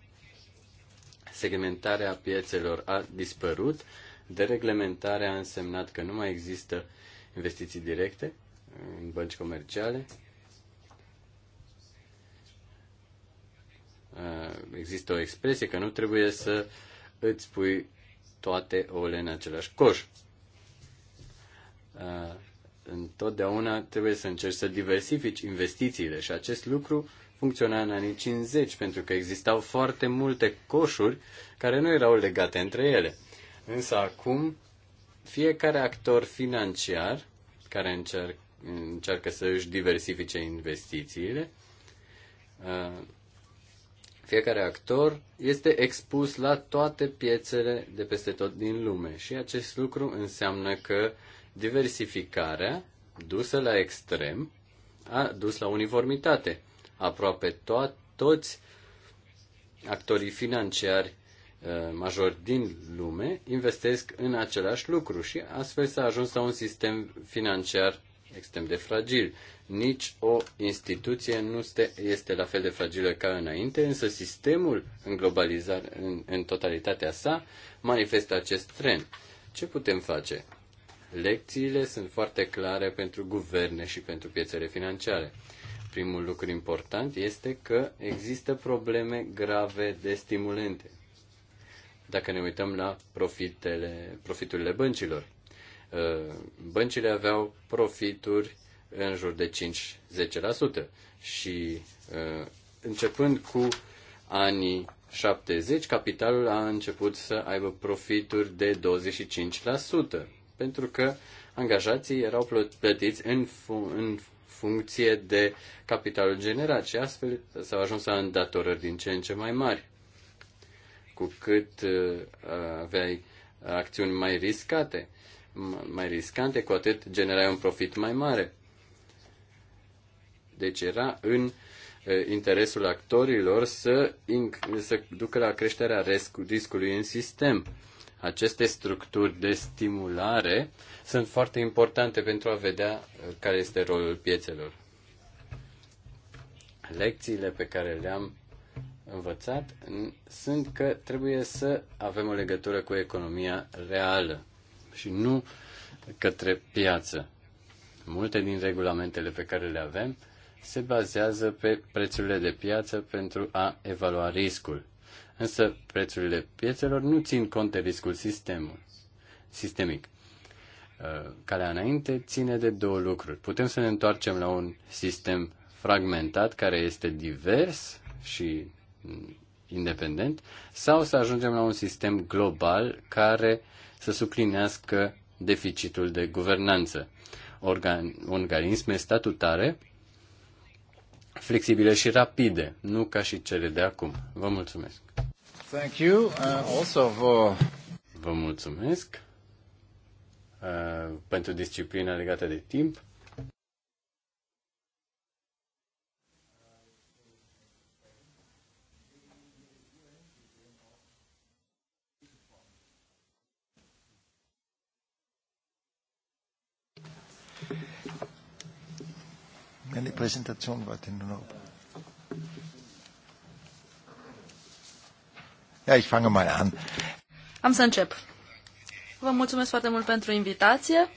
Segmentarea piețelor a dispărut, dereglementarea a însemnat că nu mai există investiții directe în bănci comerciale, uh, există o expresie că nu trebuie să îți pui toate ouăle în același coș. Uh, întotdeauna trebuie să încerci să diversifici investițiile și acest lucru funcționa în anii 50, pentru că existau foarte multe coșuri care nu erau legate între ele. Însă acum, fiecare actor financiar care încearcă, încearcă să își diversifice investițiile, uh, fiecare actor este expus la toate piețele de peste tot din lume și acest lucru înseamnă că diversificarea dusă la extrem a dus la uniformitate aproape to- toți actorii financiari uh, majori din lume investesc în același lucru și astfel s-a ajuns la un sistem financiar extrem de fragil. Nici o instituție nu este la fel de fragilă ca înainte, însă sistemul în globalizare, în, în totalitatea sa, manifestă acest trend. Ce putem face? Lecțiile sunt foarte clare pentru guverne și pentru piețele financiare. Primul lucru important este că există probleme grave de stimulente. Dacă ne uităm la profitele, profiturile băncilor, uh, băncile aveau profituri în jur de 5-10% și uh, începând cu anii 70, capitalul a început să aibă profituri de 25%, pentru că angajații erau plătiți în, în funcție de capitalul generat și astfel s-au ajuns la îndatorări din ce în ce mai mari. Cu cât uh, aveai acțiuni mai riscate, mai riscante, cu atât generai un profit mai mare. Deci era în uh, interesul actorilor să, să ducă la creșterea riscului în sistem aceste structuri de stimulare sunt foarte importante pentru a vedea uh, care este rolul piețelor. Lecțiile pe care le-am învățat sunt că trebuie să avem o legătură cu economia reală și nu către piață. Multe din regulamentele pe care le avem se bazează pe prețurile de piață pentru a evalua riscul însă prețurile piețelor nu țin cont de riscul sistemul, sistemic. Uh, calea înainte ține de două lucruri. Putem să ne întoarcem la un sistem fragmentat care este divers și independent sau să ajungem la un sistem global care să suplinească deficitul de guvernanță. Organ, organisme statutare flexibile și rapide, nu ca și cele de acum. Vă mulțumesc. Thank you. Uh, also for... Vă mulțumesc uh, pentru disciplina legată de timp. Eine Präsentation war denn nur noch. Ja, ich fange mal an. Am să încep. Vă mulțumesc foarte mult pentru invitație.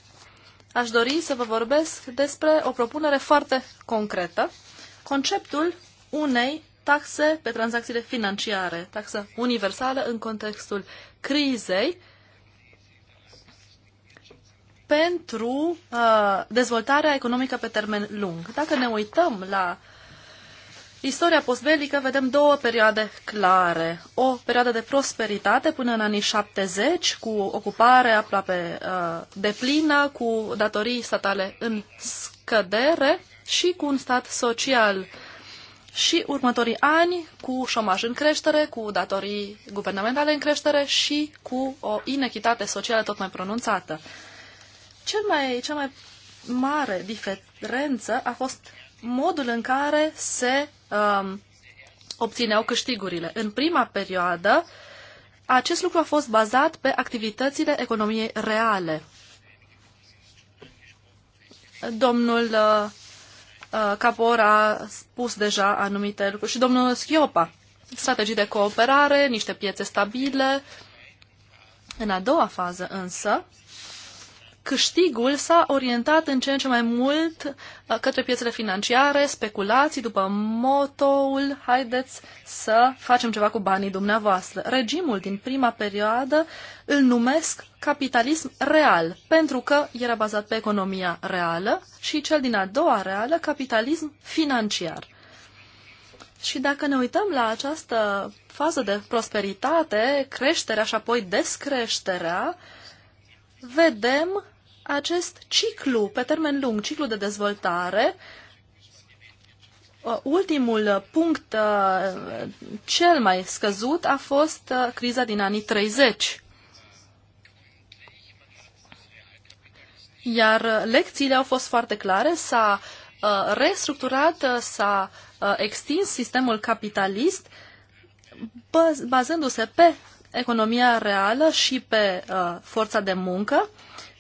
Aș dori să vă vorbesc despre o propunere foarte concretă, conceptul unei taxe pe tranzacțiile financiare, taxă universală în contextul crizei pentru uh, dezvoltarea economică pe termen lung. Dacă ne uităm la uh, istoria postbelică vedem două perioade clare. O perioadă de prosperitate până în anii 70, cu ocupare aproape uh, deplină, cu datorii statale în scădere și cu un stat social. Și următorii ani cu șomaj în creștere, cu datorii guvernamentale în creștere și cu o inechitate socială tot mai pronunțată. Cel mai, cea mai mare diferență a fost modul în care se um, obțineau câștigurile. În prima perioadă, acest lucru a fost bazat pe activitățile economiei reale. Domnul uh, uh Capor a spus deja anumite lucruri și domnul Schiopa. Strategii de cooperare, niște piețe stabile. În a doua fază însă, câștigul s-a orientat în ce în ce mai mult uh, către piețele financiare, speculații, după motoul haideți să facem ceva cu banii dumneavoastră. Regimul din prima perioadă îl numesc capitalism real, pentru că era bazat pe economia reală și cel din a doua reală, capitalism financiar. Și dacă ne uităm la această fază de prosperitate, creșterea și apoi descreșterea, vedem acest ciclu pe termen lung, ciclu de dezvoltare, uh, ultimul punct uh, cel mai scăzut a fost uh, criza din anii 30. Iar lecțiile au fost foarte clare, s-a restructurat, s-a extins sistemul capitalist bazându-se pe economia reală și pe forța de muncă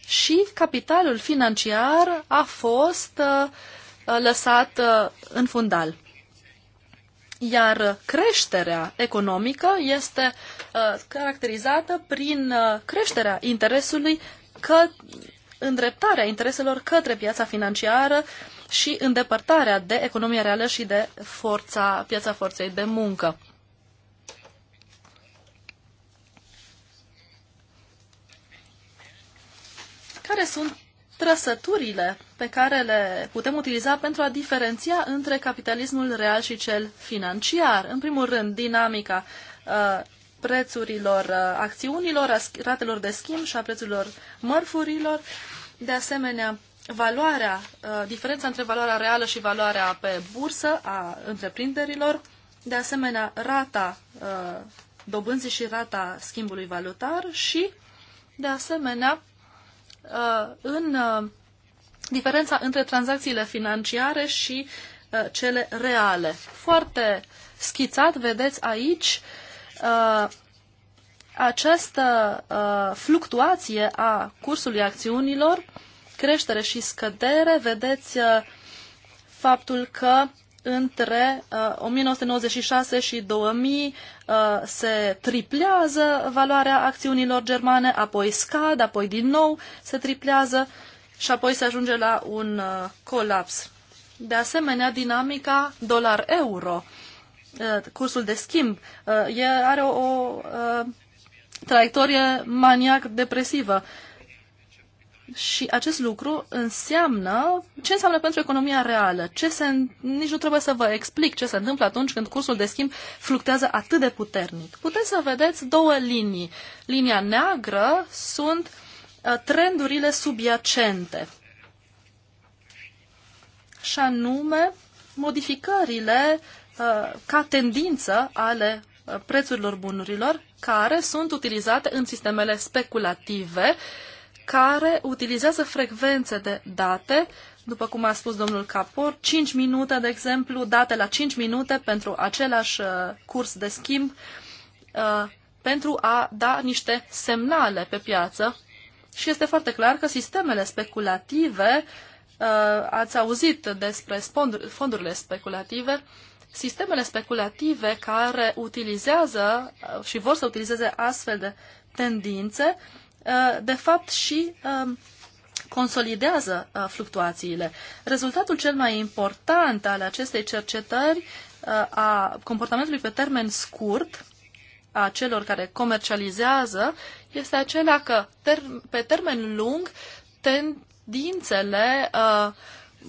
și capitalul financiar a fost uh, uh, lăsat uh, în fundal. Iar creșterea economică este caracterizată prin creșterea interesului că îndreptarea intereselor către piața financiară și îndepărtarea de economia reală și de forța, piața forței de muncă. care sunt trăsăturile pe care le putem utiliza pentru a diferenția între capitalismul real și cel financiar. În primul rând, dinamica uh, prețurilor uh, acțiunilor, a ratelor de schimb și a prețurilor mărfurilor, de asemenea, valoarea, uh, diferența între valoarea reală și valoarea pe bursă a întreprinderilor, de asemenea, rata dobânzii și rata schimbului valutar și, de asemenea, Uh, în uh, diferența între tranzacțiile financiare și uh, cele reale. Foarte schițat, vedeți aici, această fluctuație a cursului acțiunilor, creștere și scădere, vedeți faptul că între uh, 1996 și 2000 uh, se triplează valoarea acțiunilor germane, apoi scad, apoi din nou se triplează și apoi se ajunge la un uh, colaps. De asemenea, dinamica dolar-euro, uh, cursul de schimb, uh, e, are o, o uh, traiectorie maniac-depresivă. Uh, și acest lucru înseamnă ce înseamnă pentru economia reală. Ce se, nici nu trebuie să vă explic ce se întâmplă atunci când cursul de schimb fluctuează atât de puternic. Puteți să vedeți două linii. Linia neagră sunt uh, trendurile subiacente. Și anume modificările uh, ca tendință ale uh, prețurilor bunurilor care sunt utilizate în sistemele speculative uh, care utilizează frecvențe de date, după cum a spus domnul Capor, 5 minute, de exemplu, date la 5 minute pentru același uh, curs de schimb, uh, pentru a da niște semnale pe piață. Și este foarte clar că sistemele speculative, uh, ați auzit despre fondurile speculative, sistemele speculative care utilizează și vor să utilizeze astfel de tendințe, uh, Uh, de fapt și um, consolidează uh, fluctuațiile. Rezultatul cel mai important al acestei cercetări uh, a comportamentului pe termen scurt a celor care comercializează este acela că ter- pe termen lung tendințele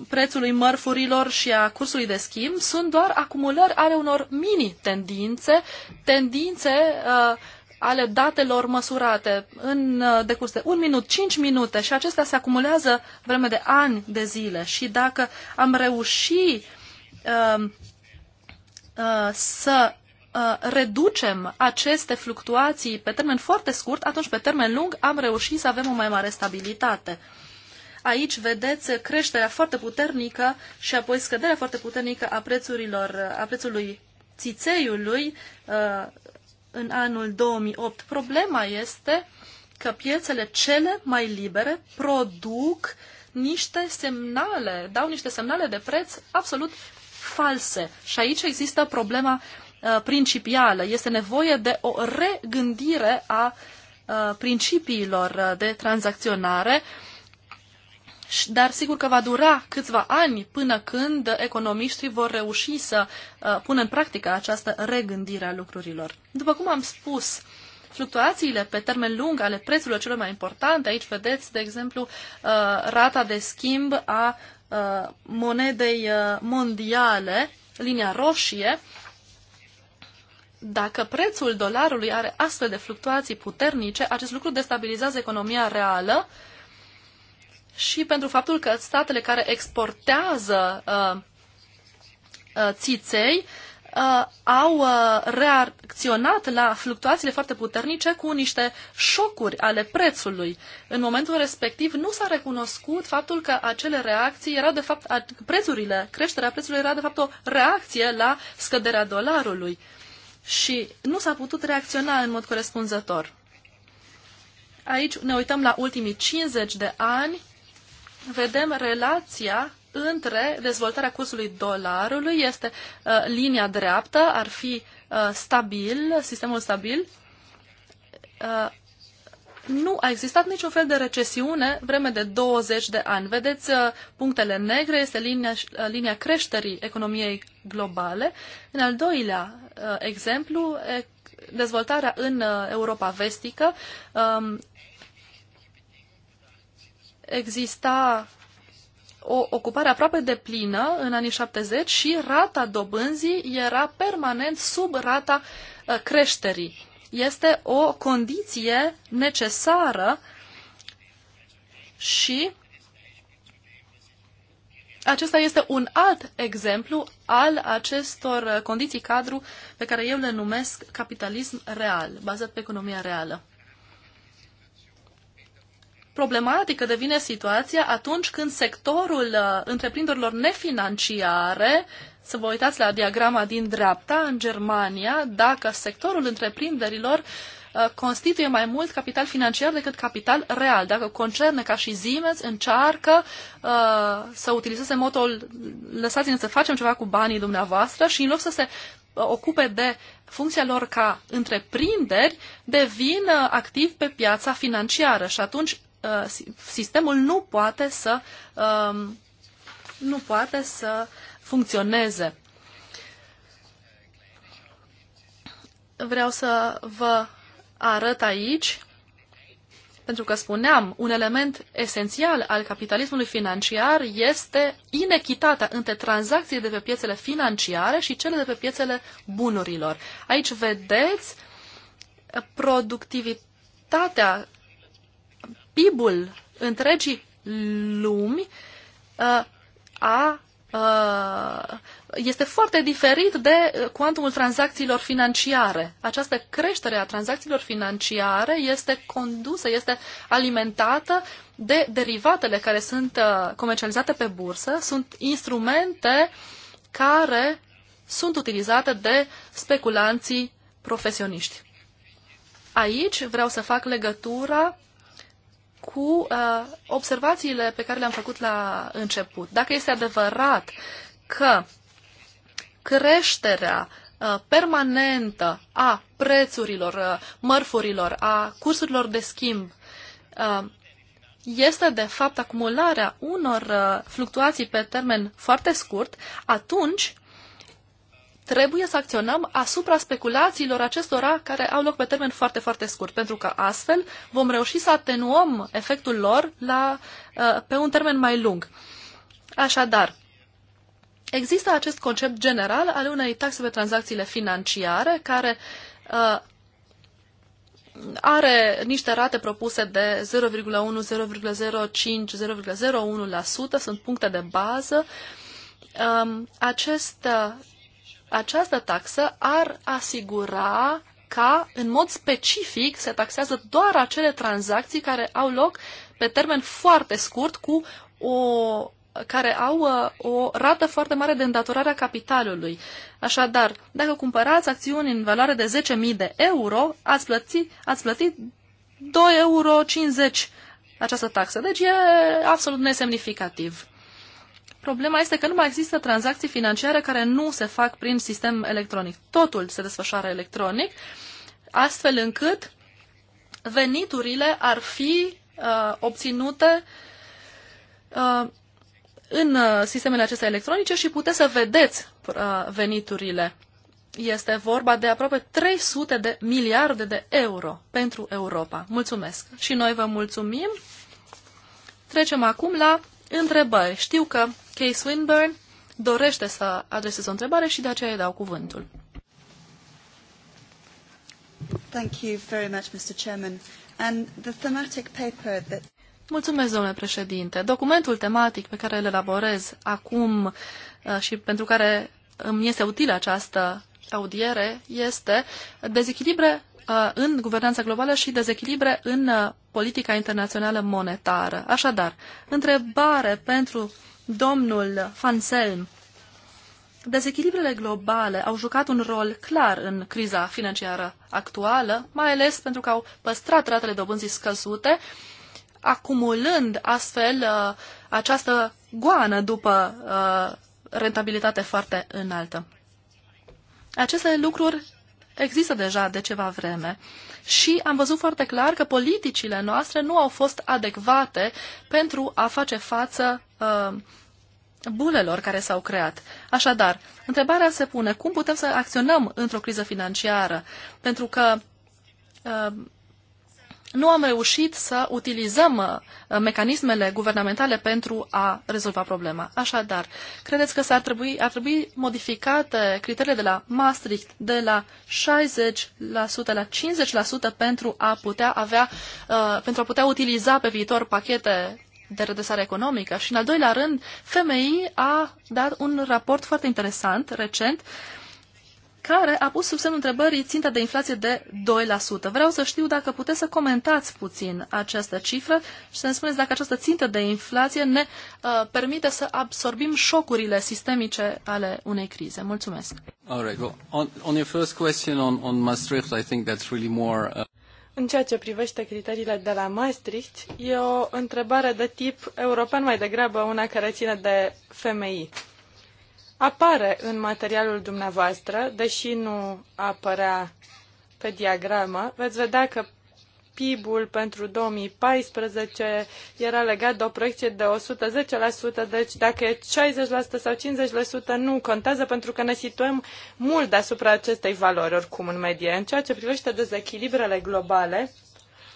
prețului mărfurilor și a cursului de schimb sunt doar acumulări ale unor mini-tendințe, tendințe uh, ale datelor măsurate în uh, decurs de un minut, cinci minute și acestea se acumulează vreme de ani de zile și dacă am reușit uh, uh, să uh, reducem aceste fluctuații pe termen foarte scurt, atunci pe termen lung am reușit să avem o mai mare stabilitate. Aici vedeți creșterea foarte puternică și apoi scăderea foarte puternică a prețurilor, a prețului țițeiului uh, în anul 2008. Problema este că piețele cele mai libere produc niște semnale, dau niște semnale de preț absolut false. Și aici există problema uh, principială. Este nevoie de o regândire a uh, principiilor uh, de tranzacționare uh, dar sigur că va dura câțiva ani până când economiștii vor reuși să uh, pună în practică această regândire a lucrurilor. După cum am spus, fluctuațiile pe termen lung ale prețurilor cele mai importante, aici vedeți, de exemplu, uh, rata de schimb a uh, monedei mondiale, linia roșie, dacă prețul dolarului are astfel de fluctuații puternice, acest lucru destabilizează economia reală uh, și pentru faptul că statele care exportează uh, uh, țiței uh, au reacționat la fluctuațiile foarte puternice cu niște șocuri ale prețului. În momentul respectiv nu s-a recunoscut faptul că acele reacții erau de fapt, prețurile, creșterea prețului era de fapt o reacție la scăderea dolarului și nu s-a putut reacționa în mod corespunzător. Aici ne uităm la ultimii 50 de ani vedem relația între dezvoltarea cursului dolarului, este uh, linia dreaptă, ar fi uh, stabil, sistemul stabil. Uh, nu a existat niciun fel de recesiune vreme de 20 de ani. Vedeți, uh, punctele negre este linia, uh, linia creșterii economiei globale. În al doilea uh, exemplu, dezvoltarea în Europa vestică, um, exista o ocupare aproape de plină în anii 70 și rata dobânzii era permanent sub rata uh, creșterii. Este o condiție necesară și acesta este un alt exemplu al acestor uh, condiții cadru pe care eu le numesc capitalism real, bazat pe economia reală problematică devine situația atunci când sectorul uh, întreprinderilor nefinanciare, să vă uitați la diagrama din dreapta, în Germania, dacă sectorul întreprinderilor uh, constituie mai mult capital financiar decât capital real. Dacă concerne ca și Siemens încearcă uh, să utilizeze motul lăsați-ne să facem ceva cu banii dumneavoastră și în loc să se uh, ocupe de funcția lor ca întreprinderi, devin activ pe piața financiară și atunci Uh, sistemul nu poate să um, nu poate să funcționeze. Vreau să vă arăt aici pentru că spuneam, un element esențial al capitalismului financiar este inechitatea între tranzacțiile de pe piețele financiare și cele de pe piețele bunurilor. Aici vedeți productivitatea PIB-ul întregii lumi uh, a uh, este foarte diferit de cuantumul tranzacțiilor financiare. Această creștere a tranzacțiilor financiare este condusă, este alimentată de derivatele care sunt uh, comercializate pe bursă, sunt instrumente care sunt utilizate de speculanții profesioniști. Aici vreau să fac legătura cu uh, observațiile pe care le-am făcut la început. Dacă este adevărat că creșterea uh, permanentă a prețurilor, uh, mărfurilor, a cursurilor de schimb uh, este de fapt acumularea unor uh, fluctuații pe termen foarte scurt, atunci trebuie să acționăm asupra speculațiilor acestora care au loc pe termen foarte, foarte scurt, pentru că astfel vom reuși să atenuăm efectul lor la, uh, pe un termen mai lung. Așadar, există acest concept general al unei taxe pe tranzacțiile financiare care uh, are niște rate propuse de 0,1, 0,05, 0,01%, sunt puncte de bază. Um, acest uh, această taxă ar asigura ca, în mod specific, se taxează doar acele tranzacții care au loc pe termen foarte scurt cu o care au uh, o rată foarte mare de îndatorare a capitalului. Așadar, dacă cumpărați acțiuni în valoare de 10.000 de euro, ați plătit, ați plătit 2,50 euro această taxă. Deci e absolut nesemnificativ. Problema este că nu mai există tranzacții financiare care nu se fac prin sistem electronic. Totul se desfășoară electronic, astfel încât veniturile ar fi uh, obținute uh, în uh, sistemele acestea electronice și puteți să vedeți uh, veniturile. Este vorba de aproape 300 de miliarde de euro pentru Europa. Mulțumesc! Și noi vă mulțumim! Trecem acum la întrebări. Știu că Kay Swinburne dorește să adreseze o întrebare și de aceea îi dau cuvântul. Thank you very much, Mr. Chairman. And the thematic paper that... Mulțumesc, domnule președinte. Documentul tematic pe care îl elaborez acum uh, și pentru care îmi este utilă această audiere este dezechilibre uh, în guvernanța globală și dezechilibre în uh, politica internațională monetară. Așadar, întrebare pentru domnul Fanselm. Dezechilibrele globale au jucat un rol clar în criza financiară actuală, mai ales pentru că au păstrat ratele dobânzii scăzute, acumulând astfel uh, această goană după uh, rentabilitate foarte înaltă. Aceste lucruri există deja de ceva vreme și am văzut foarte clar că politicile noastre nu au fost adecvate pentru a face față uh, bulelor care s-au creat. Așadar, întrebarea se pune, cum putem să acționăm într-o criză financiară? Pentru că uh, nu am reușit să utilizăm uh, mecanismele guvernamentale pentru a rezolva problema. Așadar, credeți că s-ar trebui, ar trebui modificate criteriile de la Maastricht de la 60% la 50% pentru a putea avea, uh, pentru a putea utiliza pe viitor pachete de redresare economică. Și în al doilea rând, FMI a dat un raport foarte interesant, recent, care a pus sub semnul întrebării ținta de inflație de 2%. Vreau să știu dacă puteți să comentați puțin această cifră și să ne spuneți dacă această țintă de inflație ne uh, permite să absorbim șocurile sistemice ale unei crize. Mulțumesc. on, your first question on, on Maastricht, I think that's really more... Uh, În ceea ce privește criteriile de la Maastricht, e o întrebare de tip european mai degrabă una care ține de FMI apare în materialul dumneavoastră, deși nu apărea pe diagramă, veți vedea că PIB-ul pentru 2014 era legat de o proiecție de 110%, deci dacă e 60% sau 50% nu contează pentru că ne situăm mult deasupra acestei valori oricum în medie. În ceea ce privește dezechilibrele globale,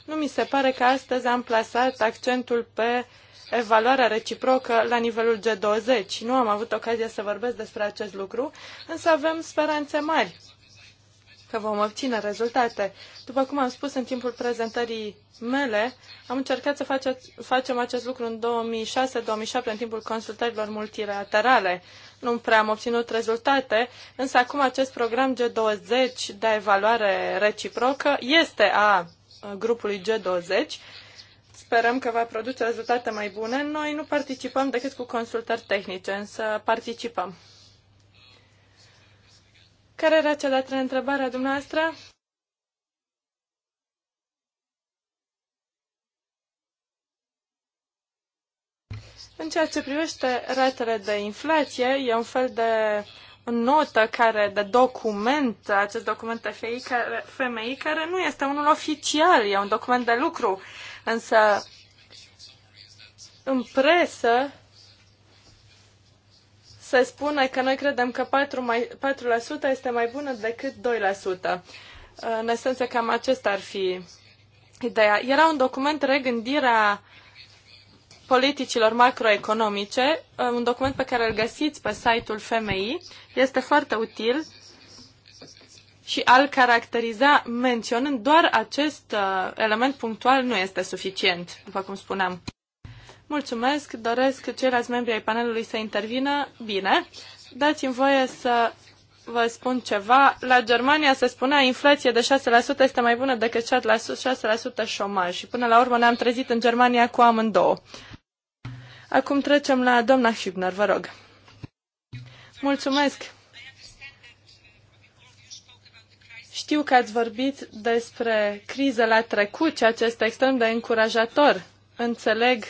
nu mi se pare că astăzi am plasat accentul pe uh, evaluarea reciprocă la nivelul G20. Nu am avut ocazia să vorbesc despre acest lucru, însă avem speranțe mari că vom obține rezultate. După cum am spus în timpul prezentării mele, am încercat să face, facem acest lucru în 2006-2007 în timpul consultărilor multilaterale. Nu prea am obținut rezultate, însă acum acest program G20 de evaluare reciprocă este a grupului G20 sperăm că va produce rezultate mai bune. Noi nu participăm decât cu consultări tehnice, însă participăm. Care era cea de-a treia întrebare a dumneavoastră? În ceea ce privește ratele de inflație, e un fel de notă care de document, acest document FMI care, care nu este unul oficial, e un document de lucru Însă, în presă, se spune că noi credem că 4%, mai, 4% este mai bună decât 2%. În esență, cam acesta ar fi ideea. Era un document regândirea politicilor macroeconomice, un document pe care îl găsiți pe site-ul FMI. Este foarte util și a-l caracteriza menționând doar acest uh, element punctual nu este suficient, după cum spuneam. Mulțumesc, doresc ceilalți membri ai panelului să intervină. Bine, dați-mi voie să vă spun ceva. La Germania se spunea inflație de 6% este mai bună decât 6% șomaj și până la urmă ne-am trezit în Germania cu amândouă. Acum trecem la doamna Hübner, vă rog. Mulțumesc! Știu că ați vorbit despre criza la trecut, ceea ce este extrem de încurajator. Înțeleg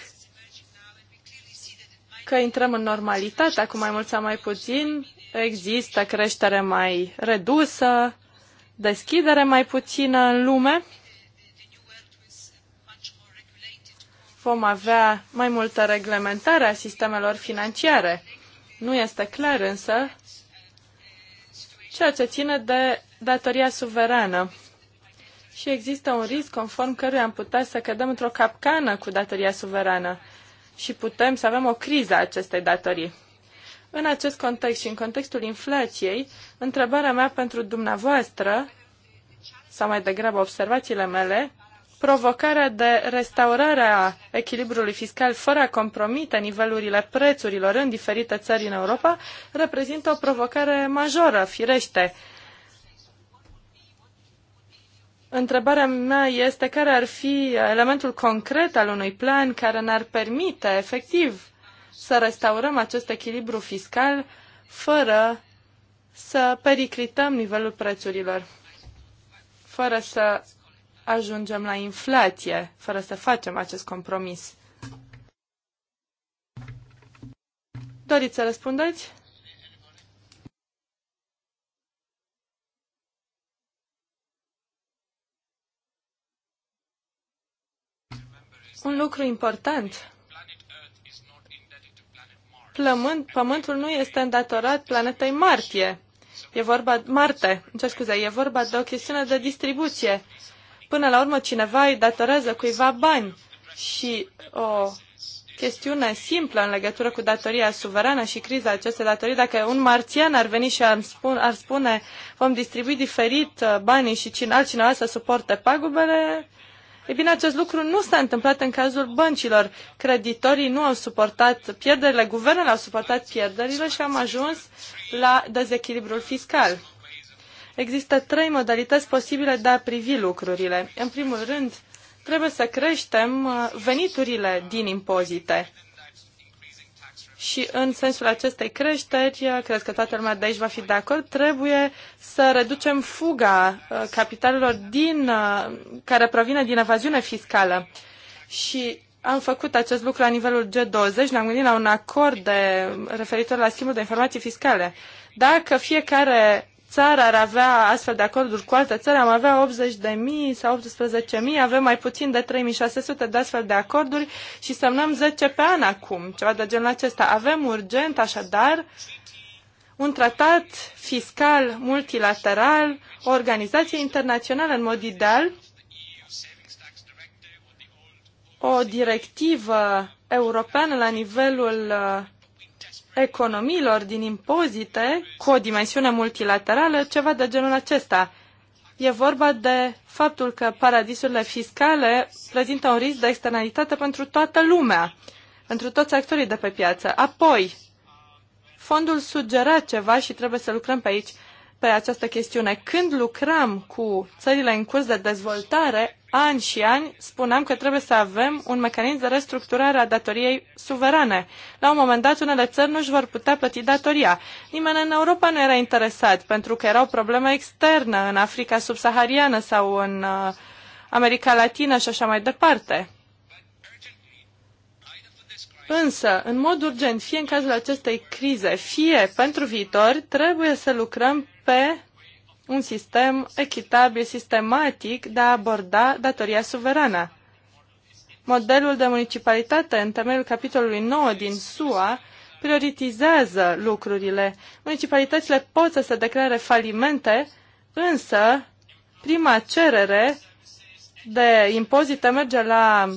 că intrăm în normalitate, acum mai mult sau mai puțin, există creștere mai redusă, deschidere mai puțină în lume. Vom avea mai multă reglementare a sistemelor financiare. Nu este clar însă ceea ce ține de datoria suverană. Și există un risc conform căruia am putea să cădem într-o capcană cu datoria suverană și putem să avem o criză a acestei datorii. În acest context și în contextul inflației, întrebarea mea pentru dumneavoastră, sau mai degrabă observațiile mele, provocarea de restaurare a echilibrului fiscal fără a compromite nivelurile prețurilor în diferite țări în Europa reprezintă o provocare majoră, firește, Întrebarea mea este care ar fi elementul concret al unui plan care ne-ar permite efectiv să restaurăm acest echilibru fiscal fără să periclităm nivelul prețurilor, fără să ajungem la inflație, fără să facem acest compromis. Doriți să răspundeți? un lucru important. Plământ, pământul nu este îndatorat planetei Martie. E vorba, Marte, ce scuze, e vorba de o chestiune de distribuție. Până la urmă, cineva îi datorează cuiva bani și o chestiune simplă în legătură cu datoria suverană și criza acestei datorii. Dacă un marțian ar veni și ar, spun, ar spune vom distribui diferit uh, banii și cine altcineva să suporte pagubele, ei bine, acest lucru nu s-a întâmplat în cazul băncilor. Creditorii nu au suportat pierderile, guvernele au suportat pierderile și am ajuns la dezechilibrul fiscal. Există trei modalități posibile de a privi lucrurile. În primul rând, trebuie să creștem uh, veniturile din impozite și în sensul acestei creșteri, uh, cred că toată lumea de aici va fi de acord, trebuie să reducem fuga uh, capitalelor din, uh, care provine din evaziune fiscală. Și am făcut acest lucru la nivelul G20, ne-am gândit la un acord de, referitor la schimbul de informații fiscale. Dacă fiecare țară ar avea astfel de acorduri cu alte țări, am avea 80.000 sau 18.000, avem mai puțin de 3.600 de astfel de acorduri și semnăm 10 pe an acum, ceva de genul acesta. Avem urgent, așadar, un tratat fiscal multilateral, o organizație internațională în mod ideal, o directivă europeană la nivelul uh, economiilor din impozite cu o dimensiune multilaterală, ceva de genul acesta. E vorba de faptul că paradisurile fiscale prezintă un risc de externalitate pentru toată lumea, pentru toți actorii de pe piață. Apoi, fondul sugera ceva și trebuie să lucrăm pe aici pe această chestiune. Când lucram cu țările în curs de dezvoltare, ani și ani, spuneam că trebuie să avem un mecanism de restructurare a datoriei suverane. La un moment dat, unele țări nu își vor putea plăti datoria. Nimeni în Europa nu era interesat, pentru că erau probleme externe în Africa subsahariană sau în uh, America Latină și așa mai departe. Însă, în mod urgent, fie în cazul acestei crize, fie pentru viitor, trebuie să lucrăm pe un sistem echitabil, sistematic de a aborda datoria suverană. Modelul de municipalitate în temelul capitolului 9 din SUA prioritizează lucrurile. Municipalitățile pot să se declare falimente, însă prima cerere de impozite merge la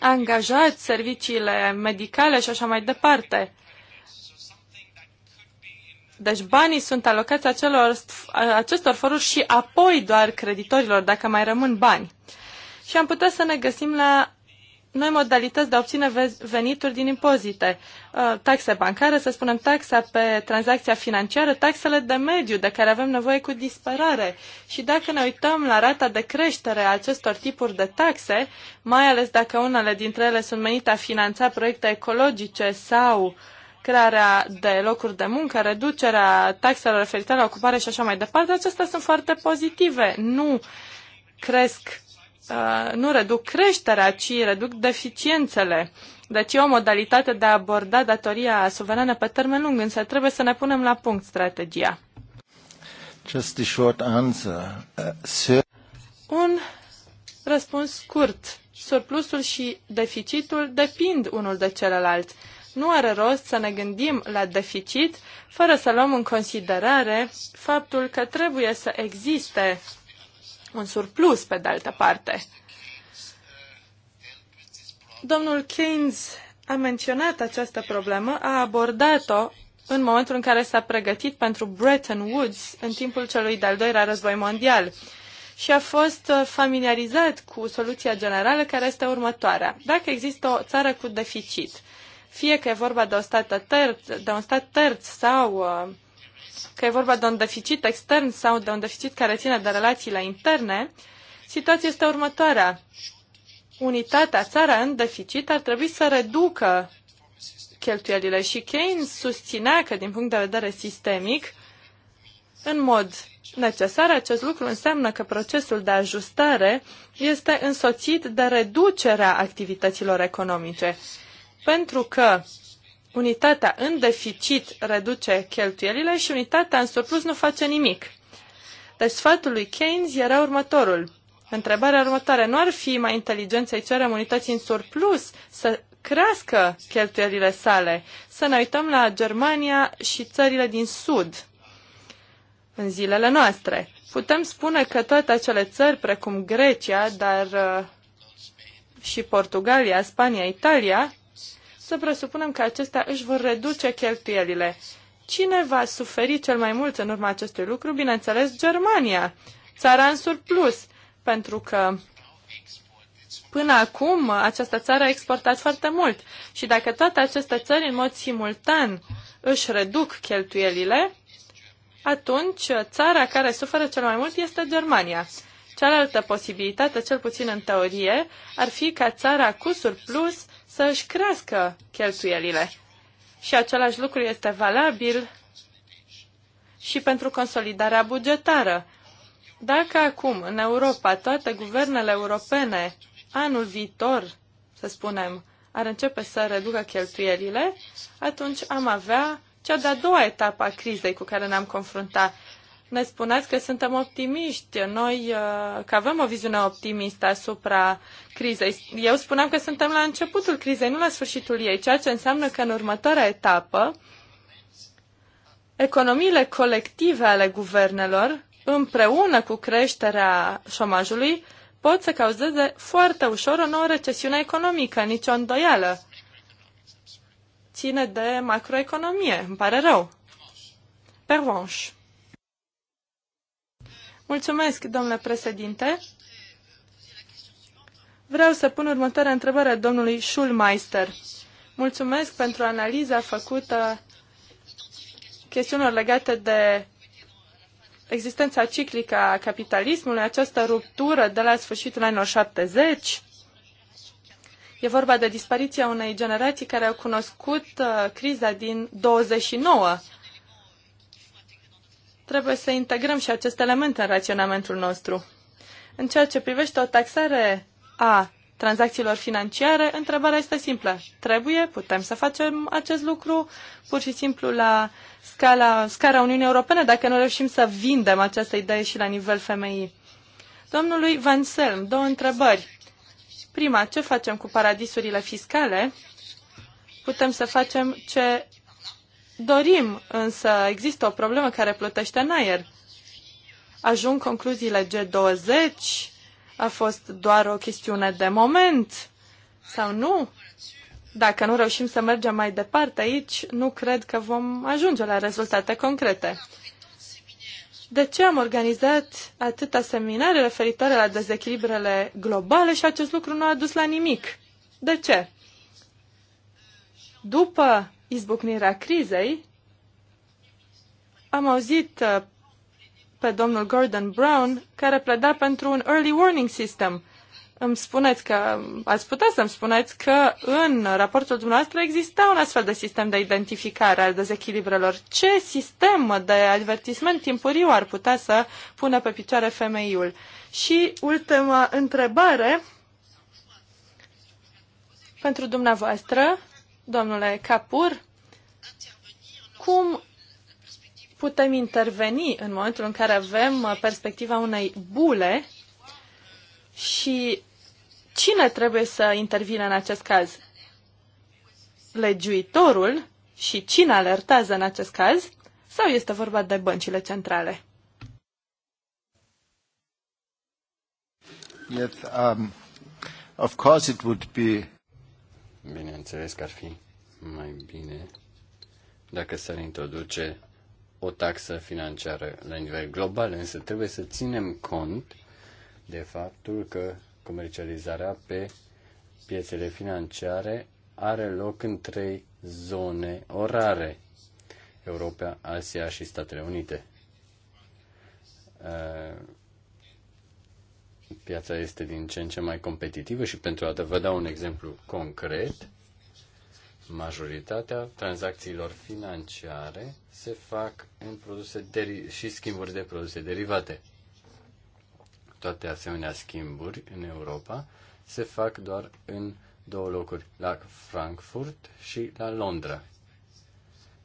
angajați, serviciile medicale și așa mai departe. Deci banii sunt alocați acelor, acestor foruri și apoi doar creditorilor, dacă mai rămân bani. Și am putea să ne găsim la noi modalități de a obține venituri din impozite, uh, taxe bancare, să spunem taxa pe tranzacția financiară, taxele de mediu de care avem nevoie cu disperare. Și dacă ne uităm la rata de creștere a acestor tipuri de taxe, mai ales dacă unele dintre ele sunt menite a finanța proiecte ecologice sau uh, crearea de locuri de muncă, reducerea taxelor referitoare la ocupare și așa mai departe, acestea sunt foarte pozitive. Nu cresc, uh, nu reduc creșterea, ci reduc deficiențele. Deci e o modalitate de a aborda datoria suverană pe termen lung, însă trebuie să ne punem la punct strategia. Just a short answer. Uh, Un răspuns scurt. Surplusul și deficitul depind unul de celălalt. Nu are rost să ne gândim la deficit fără să luăm în considerare faptul că trebuie să existe un surplus pe de altă parte. Domnul Keynes a menționat această problemă, a abordat-o în momentul în care s-a pregătit pentru Bretton Woods în timpul celui de-al doilea război mondial și a fost uh, familiarizat cu soluția generală care este următoarea. Dacă există o țară cu deficit fie că e vorba de, o stat terț, de un stat terț sau uh, că e vorba de un deficit extern sau de un deficit care ține de relațiile interne, situația este următoarea. Unitatea, țara în deficit, ar trebui să reducă cheltuielile și Keynes susținea că, din punct de vedere sistemic, în mod necesar, acest lucru înseamnă că procesul de ajustare este însoțit de reducerea activităților economice pentru că unitatea în deficit reduce cheltuielile și unitatea în surplus nu face nimic. Deci sfatul lui Keynes era următorul. Întrebarea următoare, nu ar fi mai inteligent să-i cerem unității în surplus să crească cheltuielile sale? Să ne uităm la Germania și țările din Sud în zilele noastre. Putem spune că toate acele țări, precum Grecia, dar uh, și Portugalia, Spania, Italia, să presupunem că acestea își vor reduce cheltuielile. Cine va suferi cel mai mult în urma acestui lucru? Bineînțeles, Germania, țara în surplus, pentru că Până acum, această țară a exportat foarte mult și dacă toate aceste țări în mod simultan își reduc cheltuielile, atunci țara care suferă cel mai mult este Germania. Cealaltă posibilitate, cel puțin în teorie, ar fi ca țara cu surplus să își crească cheltuielile. Și același lucru este valabil și pentru consolidarea bugetară. Dacă acum în Europa toate guvernele europene anul viitor, să spunem, ar începe să reducă cheltuielile, atunci am avea cea de-a doua etapă a crizei cu care ne-am confruntat ne spuneați că suntem optimiști, noi uh, că avem o viziune optimistă asupra crizei. Eu spuneam că suntem la începutul crizei, nu la sfârșitul ei, ceea ce înseamnă că în următoarea etapă economiile colective ale guvernelor, împreună cu creșterea șomajului, pot să cauzeze foarte ușor o nouă recesiune economică, nicio îndoială. Ține de macroeconomie, îmi pare rău. Pervanche. Mulțumesc, domnule președinte. Vreau să pun următoarea întrebare domnului Schulmeister. Mulțumesc pentru analiza făcută chestiunilor legate de existența ciclică a capitalismului, această ruptură de la sfârșitul anilor 70. E vorba de dispariția unei generații care au cunoscut uh, criza din 29 trebuie să integrăm și acest element în raționamentul nostru. În ceea ce privește o taxare a tranzacțiilor financiare, întrebarea este simplă. Trebuie, putem să facem acest lucru pur și simplu la scala, scara Uniunii Europene, dacă nu reușim să vindem această idee și la nivel femeii. Domnului Van Selm, două întrebări. Prima, ce facem cu paradisurile fiscale? Putem să facem ce dorim, însă există o problemă care plutește în aer. Ajung concluziile G20, a fost doar o chestiune de moment sau nu? Dacă nu reușim să mergem mai departe aici, nu cred că vom ajunge la rezultate concrete. De ce am organizat atâta seminare referitoare la dezechilibrele globale și acest lucru nu a dus la nimic? De ce? După izbucnirea crizei, am auzit uh, pe domnul Gordon Brown, care pleda pentru un early warning system. Îmi spuneți că, ați putea să-mi spuneți că în raportul dumneavoastră exista un astfel de sistem de identificare al dezechilibrelor. Ce sistem de avertisment timpuriu ar putea să pună pe picioare femeiul? Și ultima întrebare pentru dumneavoastră domnule Capur, cum putem interveni în momentul în care avem uh, perspectiva unei bule și cine trebuie să intervină în acest caz? Legiuitorul și cine alertează în acest caz? Sau este vorba de băncile centrale? Yes, um, of course it would be Bineînțeles că ar fi mai bine dacă s-ar introduce o taxă financiară la nivel global, însă trebuie să ținem cont de faptul că comercializarea pe piețele financiare are loc în trei zone orare, Europa, Asia și Statele Unite. Uh, piața este din ce în ce mai competitivă și pentru a vă da un exemplu concret, majoritatea tranzacțiilor financiare se fac în produse deri- și schimburi de produse derivate. Toate asemenea schimburi în Europa se fac doar în două locuri, la Frankfurt și la Londra.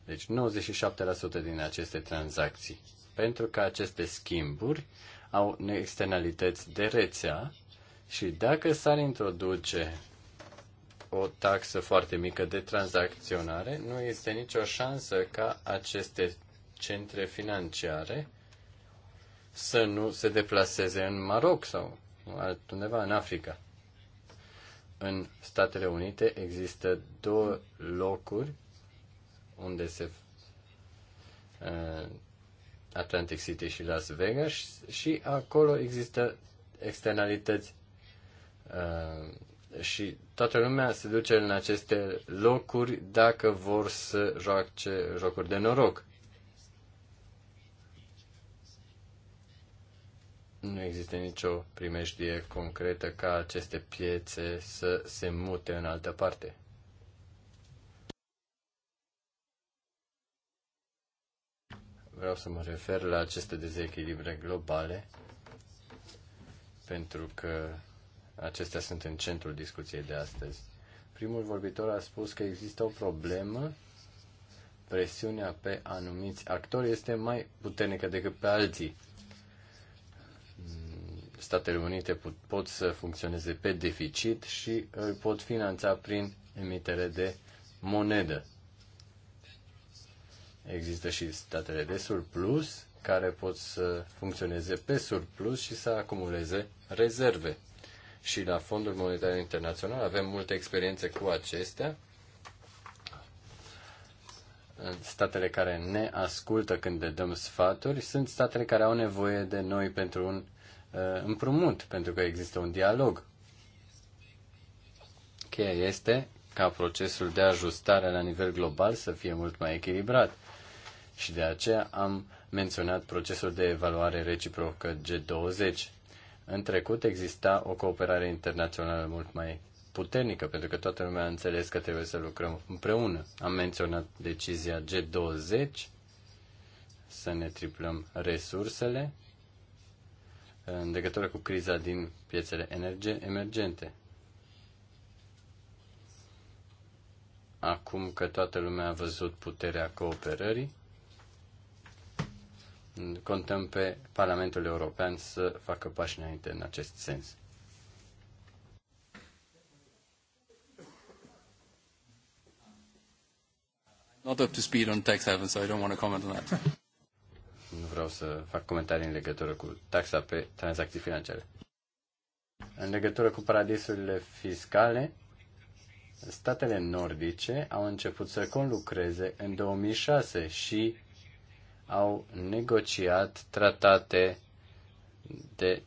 Deci 97% din aceste tranzacții. Pentru că aceste schimburi au externalități de rețea și dacă s-ar introduce o taxă foarte mică de tranzacționare, nu este nicio șansă ca aceste centre financiare să nu se deplaseze în Maroc sau altundeva în Africa. În Statele Unite există două locuri unde se uh, Atlantic City și Las Vegas și acolo există externalități uh, și toată lumea se duce în aceste locuri dacă vor să joace jocuri de noroc. Nu există nicio primejdie concretă ca aceste piețe să se mute în altă parte. Vreau să mă refer la aceste dezechilibre globale, pentru că acestea sunt în centrul discuției de astăzi. Primul vorbitor a spus că există o problemă, presiunea pe anumiți actori este mai puternică decât pe alții. Statele Unite pot să funcționeze pe deficit și îl pot finanța prin emitere de monedă. Există și statele de surplus care pot să funcționeze pe surplus și să acumuleze rezerve. Și la Fondul Monetar Internațional avem multe experiențe cu acestea. Statele care ne ascultă când le dăm sfaturi sunt statele care au nevoie de noi pentru un uh, împrumut, pentru că există un dialog. Cheia este ca procesul de ajustare la nivel global să fie mult mai echilibrat și de aceea am menționat procesul de evaluare reciprocă G20. În trecut exista o cooperare internațională mult mai puternică, pentru că toată lumea a înțeles că trebuie să lucrăm împreună. Am menționat decizia G20, să ne triplăm resursele în legătură cu criza din piețele energe- emergente. Acum că toată lumea a văzut puterea cooperării, contăm pe Parlamentul European să facă pași înainte în acest sens. Not up to speed on tax haven, so I don't want to comment on that. Nu vreau să fac comentarii în legătură cu taxa pe tranzacții financiare. În legătură cu paradisurile fiscale, statele nordice au început să conlucreze în 2006 și au negociat tratate de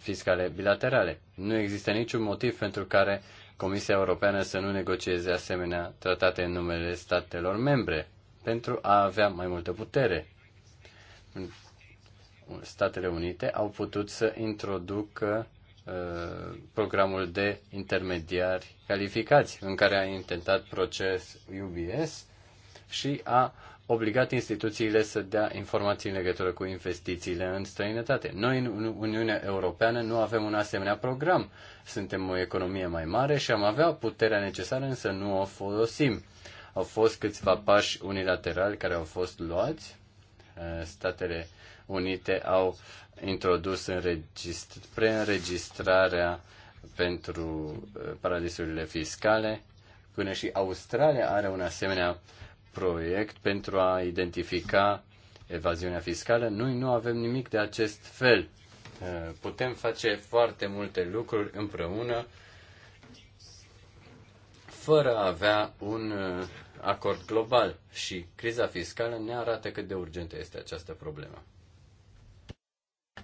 fiscale bilaterale. Nu există niciun motiv pentru care Comisia Europeană să nu negocieze asemenea tratate în numele statelor membre pentru a avea mai multă putere. Statele Unite au putut să introducă uh, programul de intermediari calificați, în care a intentat proces UBS și a obligat instituțiile să dea informații în legătură cu investițiile în străinătate. Noi, în Uniunea Europeană, nu avem un asemenea program. Suntem o economie mai mare și am avea puterea necesară, însă nu o folosim. Au fost câțiva pași unilaterali care au fost luați. Eh, Statele Unite au introdus înregistr- preînregistrarea pentru eh, paradisurile fiscale. Până și Australia are un asemenea uh, proiect pentru a identifica evaziunea fiscală. Noi nu avem nimic de acest fel. Uh, putem face foarte multe lucruri împreună fără a avea un uh, acord global și criza fiscală ne arată cât de urgentă este această problemă.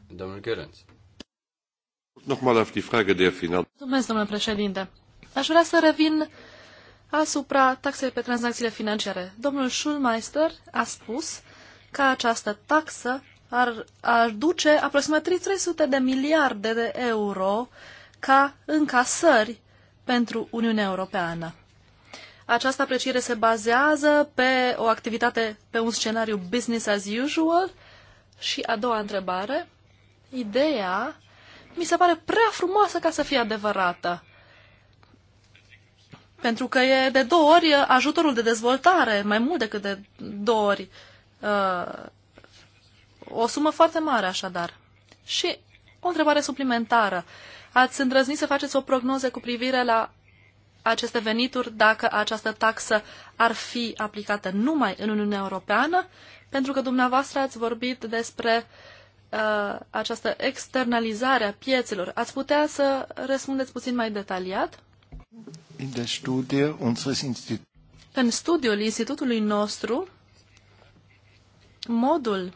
Domnul Gărânț. Mulțumesc, domnule președinte. Aș vrea să revin asupra taxei pe tranzacțiile financiare. Domnul Schulmeister a spus că această taxă ar, ar duce aproximativ 300 de miliarde de euro ca încasări pentru Uniunea Europeană. Această apreciere se bazează pe o activitate, pe un scenariu business as usual. Și a doua întrebare, ideea mi se pare prea frumoasă ca să fie adevărată. Pentru că e de două ori ajutorul de dezvoltare, mai mult decât de două ori. Uh, o sumă foarte mare, așadar. Și o întrebare suplimentară. Ați îndrăznit să faceți o prognoză cu privire la aceste venituri dacă această taxă ar fi aplicată numai în Uniunea Europeană? Pentru că dumneavoastră ați vorbit despre uh, această externalizare a piețelor. Ați putea să răspundeți puțin mai detaliat? În studiul institutului nostru, modul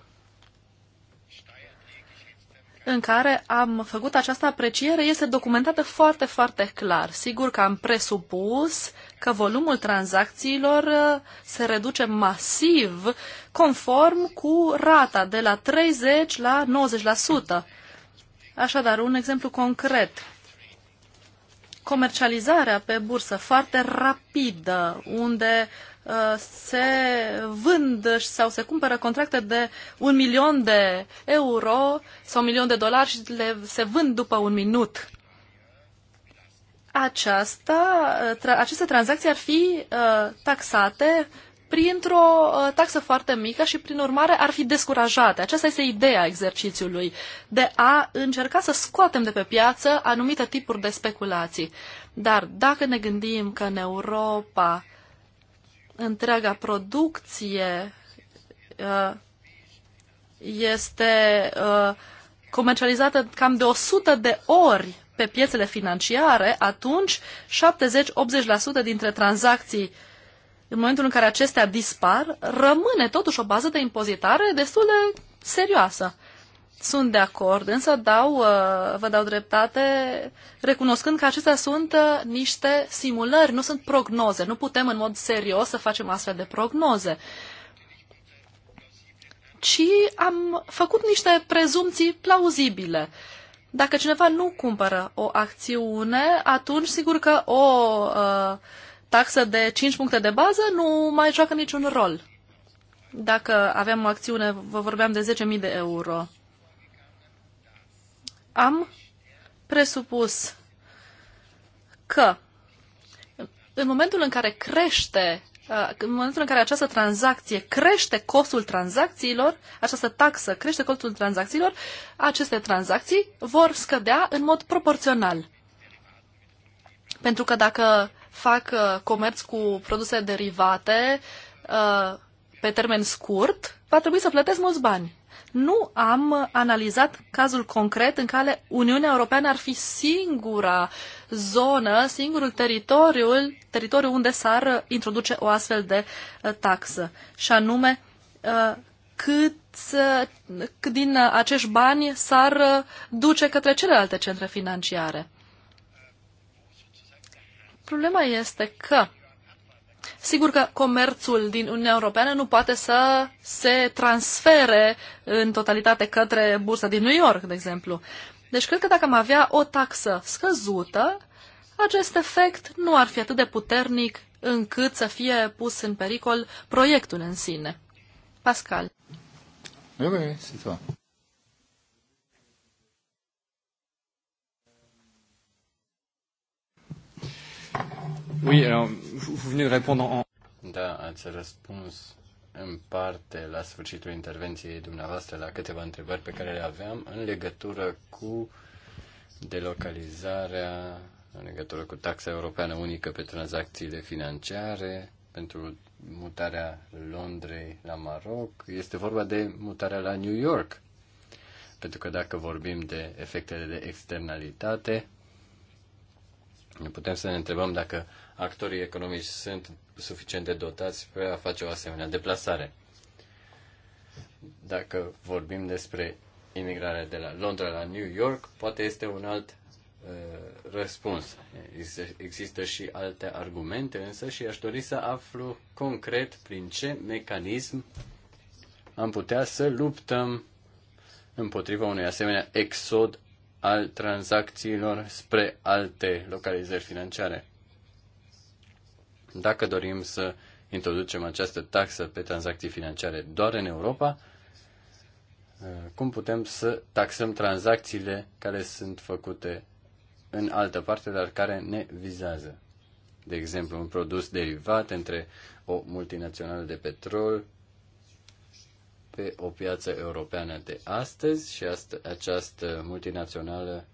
în care am făcut această apreciere este documentată foarte, foarte clar. Sigur că am presupus că volumul tranzacțiilor uh, se reduce masiv conform cu rata de la 30 la 90%. Așadar, un exemplu concret comercializarea pe bursă foarte rapidă, unde uh, se vând sau se cumpără contracte de un milion de euro sau un milion de dolari și le, se vând după un minut. Aceasta, uh, tra, aceste tranzacții ar fi uh, taxate printr-o uh, taxă foarte mică și, prin urmare, ar fi descurajate. Aceasta este ideea exercițiului, de a încerca să scoatem de pe piață anumite tipuri de speculații. Dar dacă ne gândim că în Europa întreaga producție uh, este uh, comercializată cam de 100 de ori pe piețele financiare, atunci 70-80% dintre tranzacții uh, în momentul în care acestea dispar, rămâne totuși o bază de impozitare destul de serioasă. Sunt de acord, însă dau, uh, vă dau dreptate recunoscând că acestea sunt uh, niște simulări, nu sunt prognoze. Nu putem în mod serios să facem astfel de prognoze. Ci am făcut niște prezumții plauzibile. Dacă cineva nu cumpără o acțiune, atunci sigur că o uh, taxă de 5 puncte de bază nu mai joacă niciun rol. Dacă aveam o acțiune, vă vorbeam de 10.000 de euro. Am presupus că în momentul în care crește uh, în momentul în care această tranzacție crește costul tranzacțiilor, această taxă crește costul tranzacțiilor, aceste tranzacții vor scădea în mod proporțional. Pentru că dacă fac uh, comerț cu produse derivate uh, pe termen scurt, va trebui să plătesc mulți bani. Nu am analizat cazul concret în care Uniunea Europeană ar fi singura zonă, singurul teritoriul, teritoriu unde s-ar introduce o astfel de uh, taxă. Și anume, cât, cât din acești bani s-ar duce către celelalte centre financiare. Problema este că Sigur că comerțul din Uniunea Europeană nu poate să se transfere în totalitate către bursa din New York, de exemplu. Deci cred că dacă am avea o taxă scăzută, acest efect nu ar fi atât de puternic încât să fie pus în pericol proiectul în sine. Pascal. Oui, oui, c'est Oui, alors, vous venez de répondre en... Da, ați răspuns în parte la sfârșitul intervenției dumneavoastră la câteva întrebări pe care le aveam în legătură cu delocalizarea, în legătură cu taxa europeană unică pe tranzacțiile financiare, pentru mutarea Londrei la Maroc, este vorba de mutarea la New York. Pentru că dacă vorbim de efectele de externalitate, ne putem să ne întrebăm dacă actorii economici sunt suficient de dotați pe a face o asemenea deplasare. Dacă vorbim despre imigrarea de la Londra la New York, poate este un alt uh, răspuns. Există și alte argumente, însă, și aș dori să aflu concret prin ce mecanism am putea să luptăm împotriva unui asemenea exod al tranzacțiilor spre alte localizări financiare. Dacă dorim să introducem această taxă pe tranzacții financiare doar în Europa, eh, cum putem să taxăm tranzacțiile care sunt făcute în altă parte, dar care ne vizează? De exemplu, un produs derivat între o multinațională de petrol pe o piață europeană de astăzi și asta, această multinațională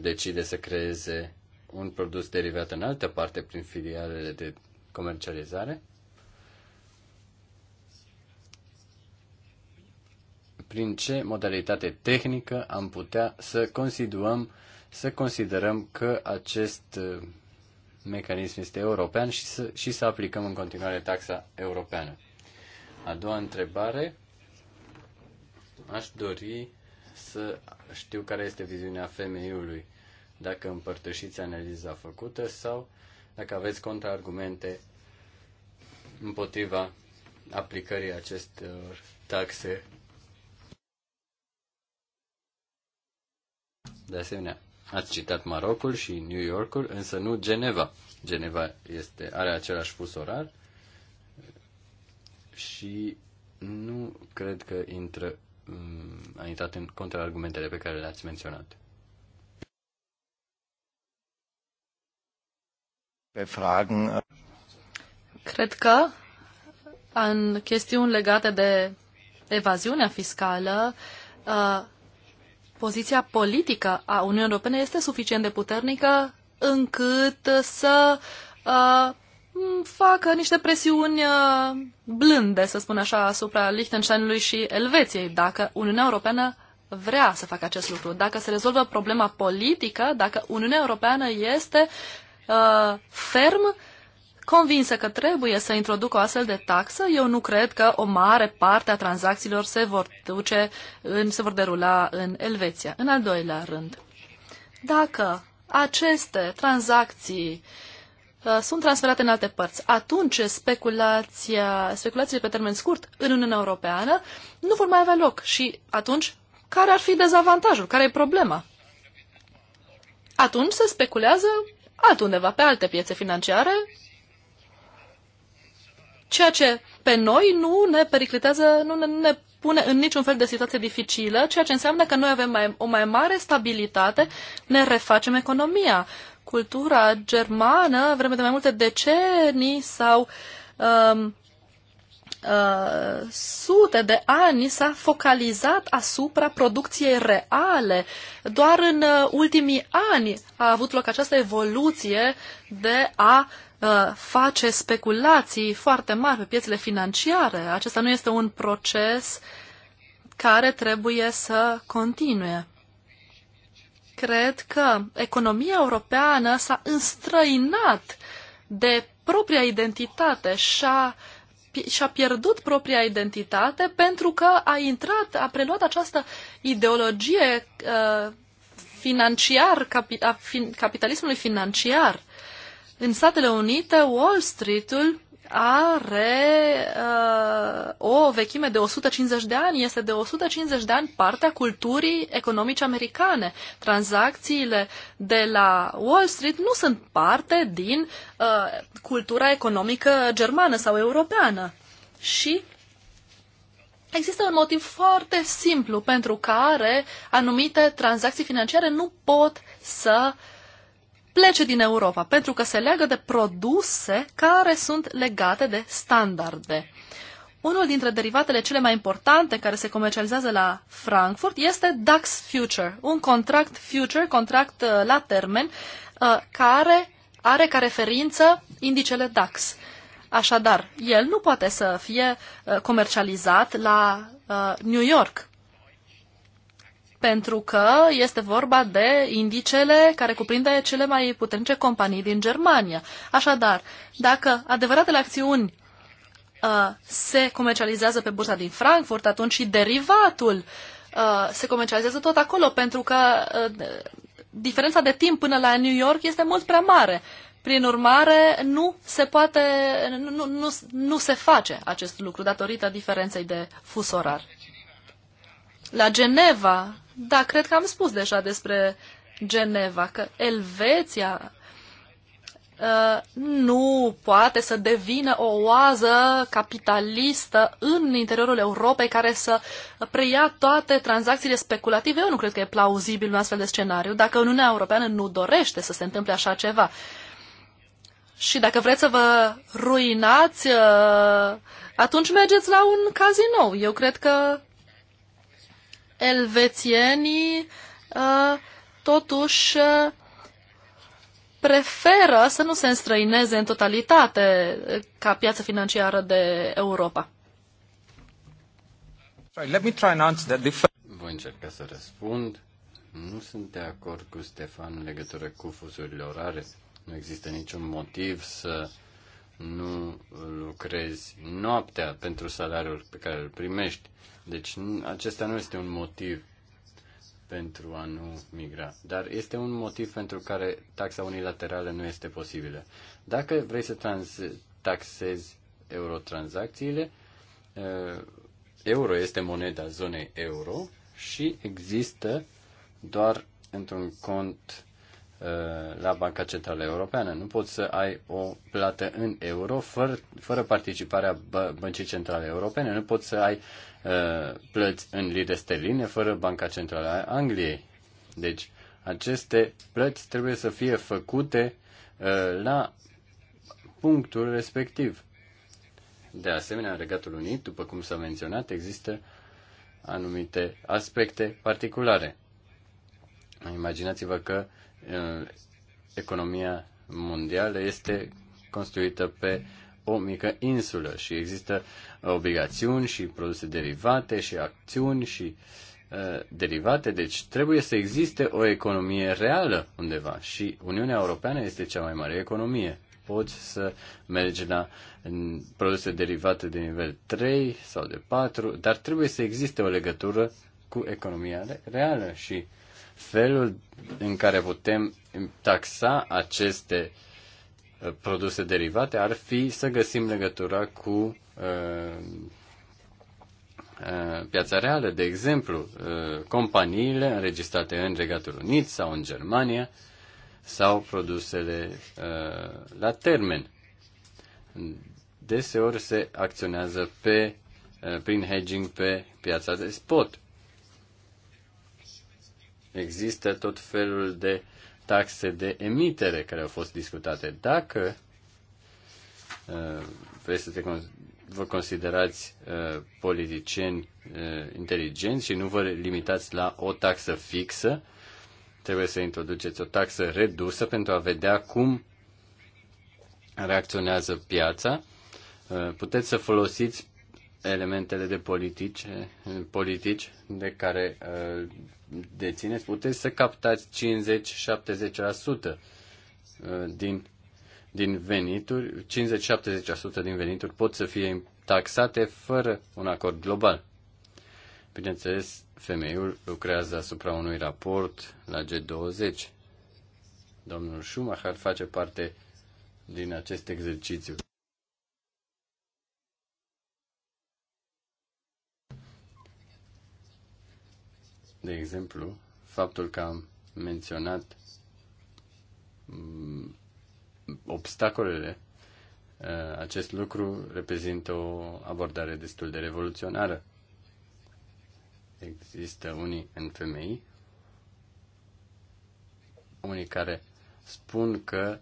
decide să creeze un produs derivat în altă parte prin filialele de comercializare. Prin ce modalitate tehnică am putea să considerăm, să considerăm că acest uh, mecanism este european și să, și să aplicăm în continuare taxa europeană. A doua întrebare, aș dori să știu care este viziunea femeiului, dacă împărtășiți analiza făcută sau uh, dacă aveți contraargumente împotriva aplicării acestor taxe. De asemenea, ați citat Marocul și New Yorkul, însă nu Geneva. Geneva este, are același fus orar și nu cred că intră, mm, a intrat în contraargumentele pe care le-ați menționat. Cred că în chestiuni legate de evaziunea fiscală, uh, poziția politică a Uniunii Europene este suficient de puternică încât să uh, facă niște presiuni uh, blânde, să spun așa, asupra Liechtensteinului și Elveției, dacă Uniunea Europeană vrea să facă acest lucru, dacă se rezolvă problema politică, dacă Uniunea Europeană este uh, ferm convinsă că trebuie să introducă o astfel de taxă. Eu nu cred că o mare parte a tranzacțiilor se vor duce, în, se vor derula în Elveția. În al doilea rând, dacă aceste tranzacții uh, sunt transferate în alte părți, atunci speculația, speculațiile pe termen scurt în Uniunea Europeană nu vor mai avea loc și atunci care ar fi dezavantajul, care e problema? Atunci se speculează altundeva, pe alte piețe financiare, ceea ce pe noi nu ne periclitează, nu ne, ne pune în niciun fel de situație dificilă, ceea ce înseamnă că noi avem mai, o mai mare stabilitate, ne refacem economia. Cultura germană, vreme de mai multe decenii, sau um, uh, sute de ani s-a focalizat asupra producției reale. Doar în uh, ultimii ani a avut loc această evoluție de a uh, face speculații foarte mari pe piețele financiare. Acesta nu este un proces care trebuie să continue cred că economia europeană s-a înstrăinat de propria identitate și a și-a pierdut propria identitate pentru că a intrat, a preluat această ideologie uh, financiar, capi, a capitalismului financiar. În Statele Unite, Wall Street-ul are uh, o vechime de 150 de ani. Este de 150 de ani partea culturii economice americane. Tranzacțiile de la Wall Street nu sunt parte din uh, cultura economică germană sau europeană. Și Există un motiv foarte simplu pentru care anumite tranzacții financiare nu pot să uh, plece din Europa, pentru că se leagă de produse care sunt legate de standarde. Unul dintre derivatele cele mai importante care se comercializează la Frankfurt este DAX Future, un contract future, contract uh, la termen, uh, care are ca referință indicele DAX. Așadar, el nu poate să fie uh, comercializat la New York, pentru că este vorba de indicele care cuprinde cele mai puternice companii din Germania. Așadar, dacă adevăratele acțiuni uh, se comercializează pe bursa din Frankfurt, atunci și derivatul uh, se comercializează tot acolo, pentru că uh, diferența de timp până la New York este mult prea mare. Prin urmare, nu se poate, nu, nu, nu se face acest lucru datorită diferenței de fusorar. La Geneva, da, cred că am spus deja despre Geneva, că Elveția uh, nu poate să devină o oază capitalistă în interiorul Europei care să preia toate tranzacțiile speculative. Eu nu cred că e plauzibil un astfel de scenariu, dacă Uniunea Europeană nu dorește să se întâmple așa ceva. Și dacă vreți să vă ruinați, uh, atunci mergeți la un cazinou. Eu cred că elvețienii uh, totuși uh, preferă să nu se înstrăineze în totalitate ca piață financiară de Europa. Voi încerca să răspund. Nu sunt de acord cu Stefan în legătură cu fuzurile orare. Nu există niciun motiv să nu lucrezi noaptea pentru salariul pe care îl primești. Deci acesta nu este un motiv pentru a nu migra, dar este un motiv pentru care taxa unilaterală nu este posibilă. Dacă vrei să trans- taxezi eurotransacțiile, uh, euro este moneda zonei euro și există doar într-un cont uh, la Banca Centrală Europeană. Nu poți să ai o plată în euro fără, fără participarea Băncii Centrale Europene. Nu poți să ai Uh, plăți în lire sterline fără Banca Centrală a Angliei. Deci, aceste plăți trebuie să fie făcute uh, la punctul respectiv. De asemenea, în Regatul Unit, după cum s-a menționat, există anumite aspecte particulare. Imaginați-vă că uh, economia mondială este construită pe o mică insulă și există obligațiuni și produse derivate și acțiuni și uh, derivate, deci trebuie să existe o economie reală undeva și Uniunea Europeană este cea mai mare economie. Poți să mergi la produse derivate de nivel 3 sau de 4, dar trebuie să existe o legătură cu economia reală și felul în care putem taxa aceste uh, produse derivate ar fi să găsim legătura cu Uh, uh, piața reală, de exemplu, uh, companiile înregistrate în Regatul Unit sau în Germania sau produsele la termen. Deseori se acționează pe, prin hedging pe piața de spot. Există tot felul de taxe de emitere care au fost discutate. Dacă vrei să te vă considerați uh, politicieni uh, inteligenți și nu vă limitați la o taxă fixă. Trebuie să introduceți o taxă redusă pentru a vedea cum reacționează piața. Uh, puteți să folosiți elementele de politici, uh, politici de care uh, dețineți, puteți să captați 50-70% uh, din din venituri, 50-70% din venituri pot să fie taxate fără un acord global. Bineînțeles, femeiul lucrează asupra unui raport la G20. Domnul Schumacher face parte din acest exercițiu. De exemplu, faptul că am menționat mm, obstacolele, uh, acest lucru reprezintă o abordare destul de revoluționară. Există unii în femei, unii care spun că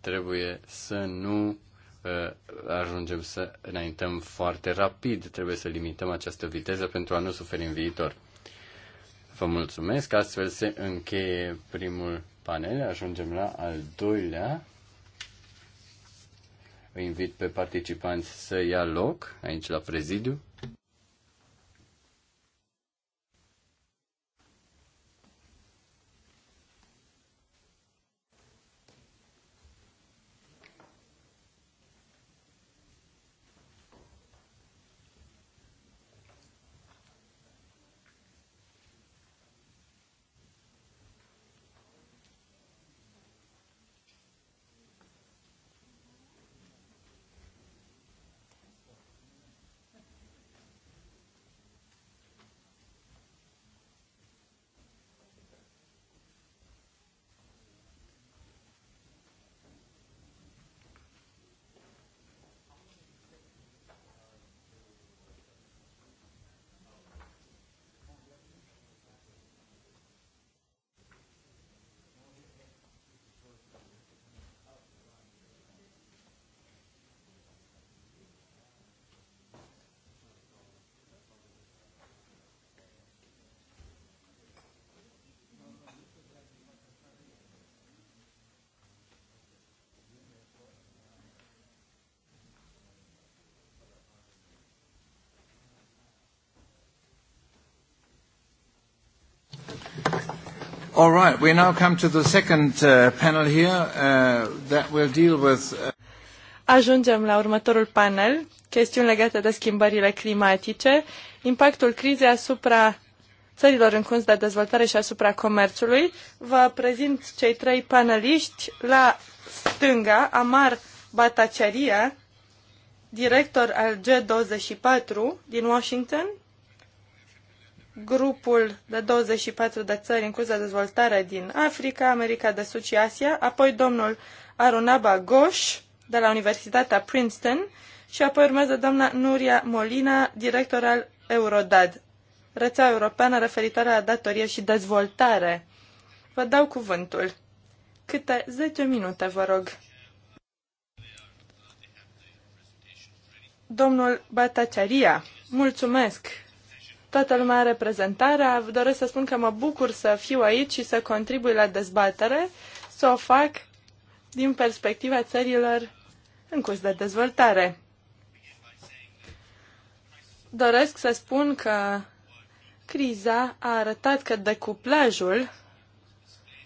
trebuie să nu uh, ajungem să înaintăm foarte rapid, trebuie să limităm această viteză pentru a nu suferi în viitor. Vă mulțumesc, astfel se încheie primul panel, ajungem la al doilea. Îi invit pe participanți să ia loc aici la prezidiu. All right, we now come to the second uh, panel here uh, that will deal with. Uh... Ajungem la următorul panel, chestiuni legate de schimbările climatice, impactul crizei asupra țărilor în curs de dezvoltare și asupra comerțului. Vă prezint cei trei paneliști. La stânga, Amar Batacharia, director al G24 din Washington, grupul de 24 de țări în curs de dezvoltare din Africa, America de Sud și Asia, apoi domnul Arunaba Ghosh de la Universitatea Princeton și apoi urmează doamna Nuria Molina, director al Eurodad, rețea europeană referitoare la datorie și dezvoltare. Vă dau cuvântul. Câte 10 minute, vă rog. Domnul Batacaria, mulțumesc toată lumea are prezentarea. Doresc să spun că mă bucur să fiu aici și să contribui la dezbatere, să o fac din perspectiva țărilor în curs de dezvoltare. Doresc să spun că criza a arătat că decuplajul,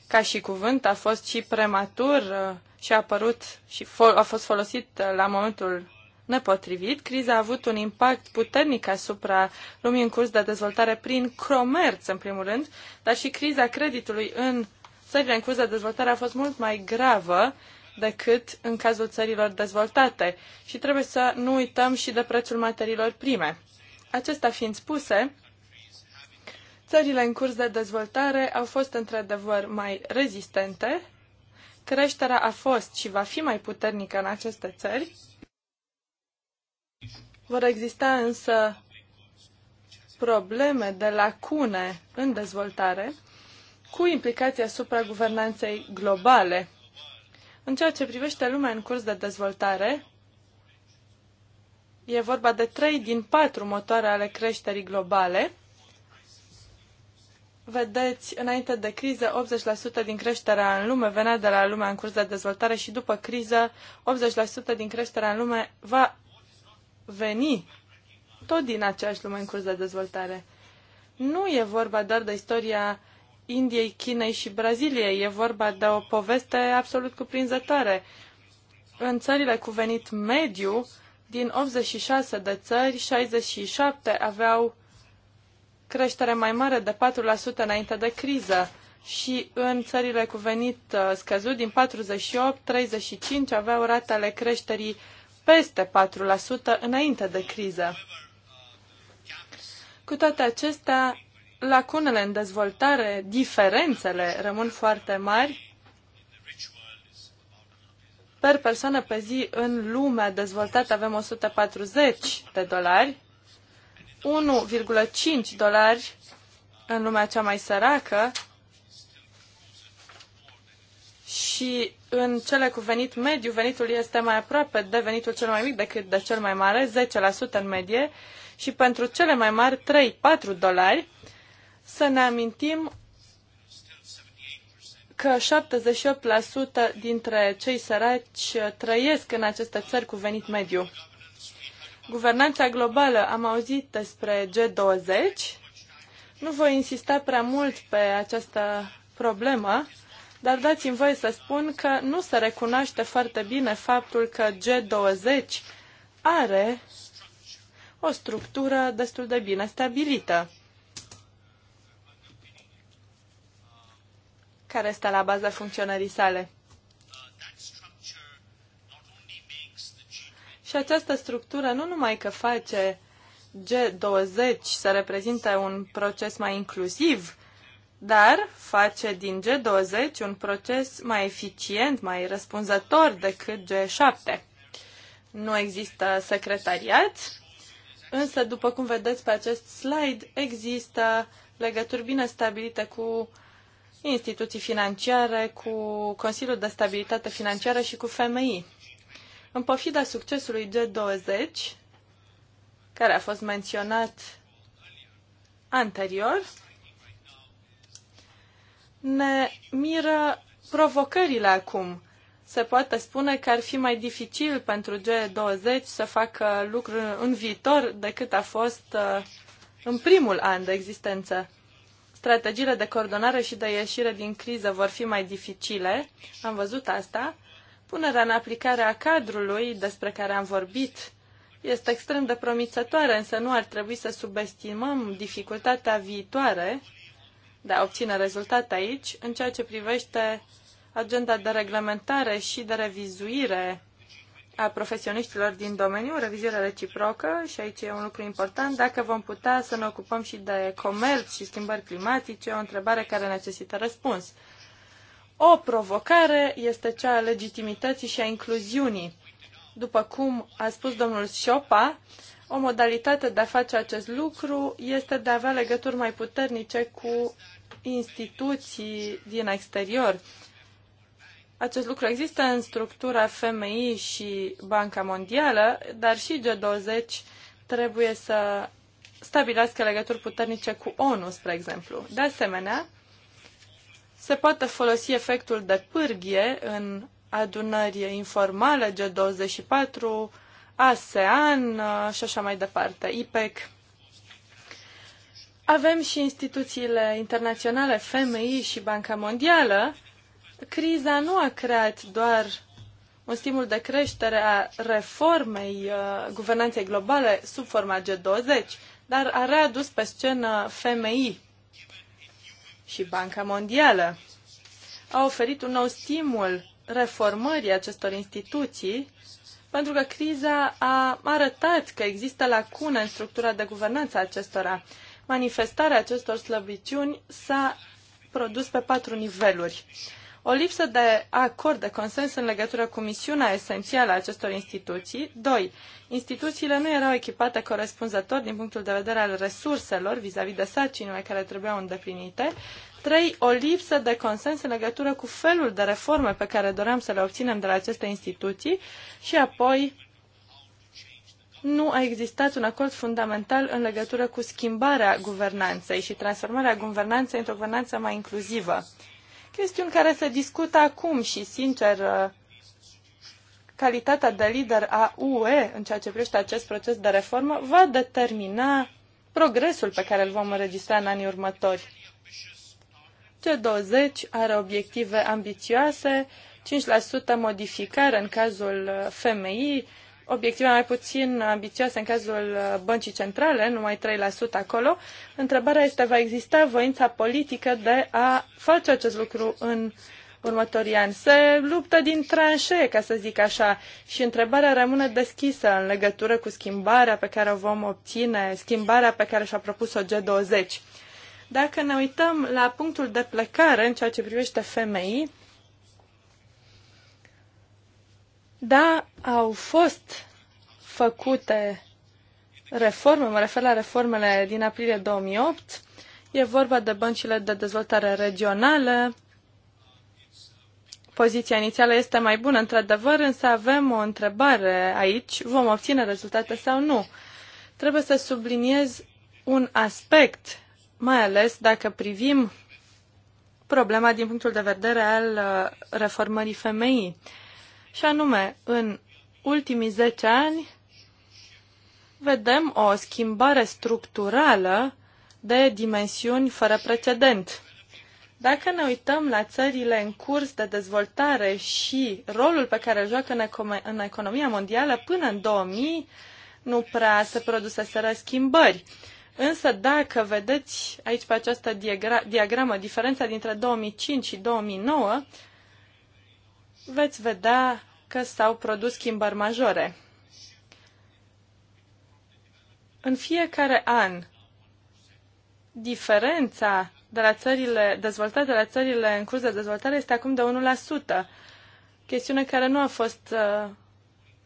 ca și cuvânt, a fost și prematur uh, și a apărut și a fost folosit uh, la momentul nepotrivit. Criza a avut un impact puternic asupra lumii în curs de dezvoltare prin comerț, în primul rând, dar și criza creditului în țările în curs de dezvoltare a fost mult mai gravă decât în cazul țărilor dezvoltate și trebuie să nu uităm și de prețul materiilor prime. Acesta fiind spuse, țările în curs de dezvoltare au fost într-adevăr mai rezistente, creșterea a fost și va fi mai puternică în aceste țări, vor exista însă probleme de lacune în dezvoltare cu implicații asupra guvernanței globale. În ceea ce privește lumea în curs de dezvoltare, e vorba de trei din patru motoare ale creșterii globale. Vedeți, înainte de criză, 80% din creșterea în lume venea de la lumea în curs de dezvoltare și după criză, 80% din creșterea în lume va veni tot din aceeași lume în curs de dezvoltare. Nu e vorba doar de istoria Indiei, Chinei și Braziliei, e vorba de o poveste absolut cuprinzătoare. În țările cu venit mediu, din 86 de țări, 67 aveau creștere mai mare de 4% înainte de criză și în țările cu venit uh, scăzut, din 48, 35 aveau rate ale creșterii peste 4% înainte de criză. Cu toate acestea, lacunele în dezvoltare, diferențele rămân foarte mari per persoană pe zi în lumea dezvoltată avem 140 de dolari, 1,5 dolari în lumea cea mai săracă și în cele cu venit mediu, venitul este mai aproape de venitul cel mai mic decât de cel mai mare, 10% în medie, și pentru cele mai mari, 3-4 dolari, să ne amintim că 78% dintre cei săraci trăiesc în aceste țări cu venit mediu. Guvernanța globală, am auzit despre G20. Nu voi insista prea mult pe această problemă, dar dați-mi voie să spun că nu se recunoaște foarte bine faptul că G20 are o structură destul de bine stabilită. care este la baza funcționării sale. Și această structură nu numai că face G20 să reprezinte un proces mai inclusiv, dar face din G20 un proces mai eficient, mai răspunzător decât G7. Nu există secretariat, însă, după cum vedeți pe acest slide, există legături bine stabilite cu instituții financiare, cu Consiliul de Stabilitate Financiară și cu FMI. În pofida succesului G20, care a fost menționat anterior, ne miră provocările acum. Se poate spune că ar fi mai dificil pentru G20 să facă lucruri în viitor decât a fost uh, în primul an de existență. Strategiile de coordonare și de ieșire din criză vor fi mai dificile, am văzut asta. Punerea în aplicare a cadrului despre care am vorbit este extrem de promițătoare, însă nu ar trebui să subestimăm dificultatea viitoare de a obține rezultate aici în ceea ce privește agenda de reglementare și de revizuire a profesioniștilor din domeniu, revizuire reciprocă și aici e un lucru important, dacă vom putea să ne ocupăm și de comerț și schimbări climatice, o întrebare care necesită răspuns. O provocare este cea a legitimității și a incluziunii. După cum a spus domnul Șopa, o modalitate de a face acest lucru este de a avea legături mai puternice cu instituții din exterior. Acest lucru există în structura FMI și Banca Mondială, dar și G20 trebuie să stabilească legături puternice cu ONU, spre exemplu. De asemenea, se poate folosi efectul de pârghie în adunări informale G24, ASEAN uh, și așa mai departe, IPEC. Avem și instituțiile internaționale, FMI și Banca Mondială. Criza nu a creat doar un stimul de creștere a reformei uh, guvernanței globale sub forma G20, dar a readus pe scenă FMI și Banca Mondială. A oferit un nou stimul reformării acestor instituții pentru că criza a arătat că există lacune în structura de guvernanță a acestora. Manifestarea acestor slăbiciuni s-a produs pe patru niveluri. O lipsă de acord, de consens în legătură cu misiunea esențială a acestor instituții. 2. Instituțiile nu erau echipate corespunzător din punctul de vedere al resurselor vis-a-vis -vis de sarcinile care trebuiau îndeplinite. Trei, o lipsă de consens în legătură cu felul de reforme pe care doream să le obținem de la aceste instituții și apoi nu a existat un acord fundamental în legătură cu schimbarea guvernanței și transformarea guvernanței într-o guvernanță mai inclusivă. Chestiuni care se discută acum și, sincer, calitatea de lider a UE în ceea ce privește acest proces de reformă va determina progresul pe care îl vom înregistra în anii următori. G20 are obiective ambițioase, 5% modificare în cazul uh, FMI, obiective mai puțin ambițioase în cazul uh, băncii centrale, numai 3% acolo. Întrebarea este, va exista voința politică de a face acest lucru în următorii ani? Se luptă din tranșee, ca să zic așa, și întrebarea rămâne deschisă în legătură cu schimbarea pe care o vom obține, schimbarea pe care și-a propus-o G20. Dacă ne uităm la punctul de plecare în ceea ce privește femei, da, au fost făcute reforme, mă refer la reformele din aprilie 2008, e vorba de băncile de dezvoltare regională, poziția inițială este mai bună, într-adevăr, însă avem o întrebare aici, vom obține rezultate sau nu. Trebuie să subliniez un aspect mai ales dacă privim problema din punctul de vedere al uh, reformării femeii. Și anume, în ultimii 10 ani vedem o schimbare structurală de dimensiuni fără precedent. Dacă ne uităm la țările în curs de dezvoltare și rolul pe care îl joacă în, ecom- în economia mondială, până în 2000 nu prea se produseseră schimbări. Însă dacă vedeți aici pe această diagra- diagramă diferența dintre 2005 și 2009, veți vedea că s-au produs schimbări majore. În fiecare an, diferența de la țările dezvoltate, de la țările în curs de dezvoltare, este acum de 1%. Chestiune care nu a fost uh,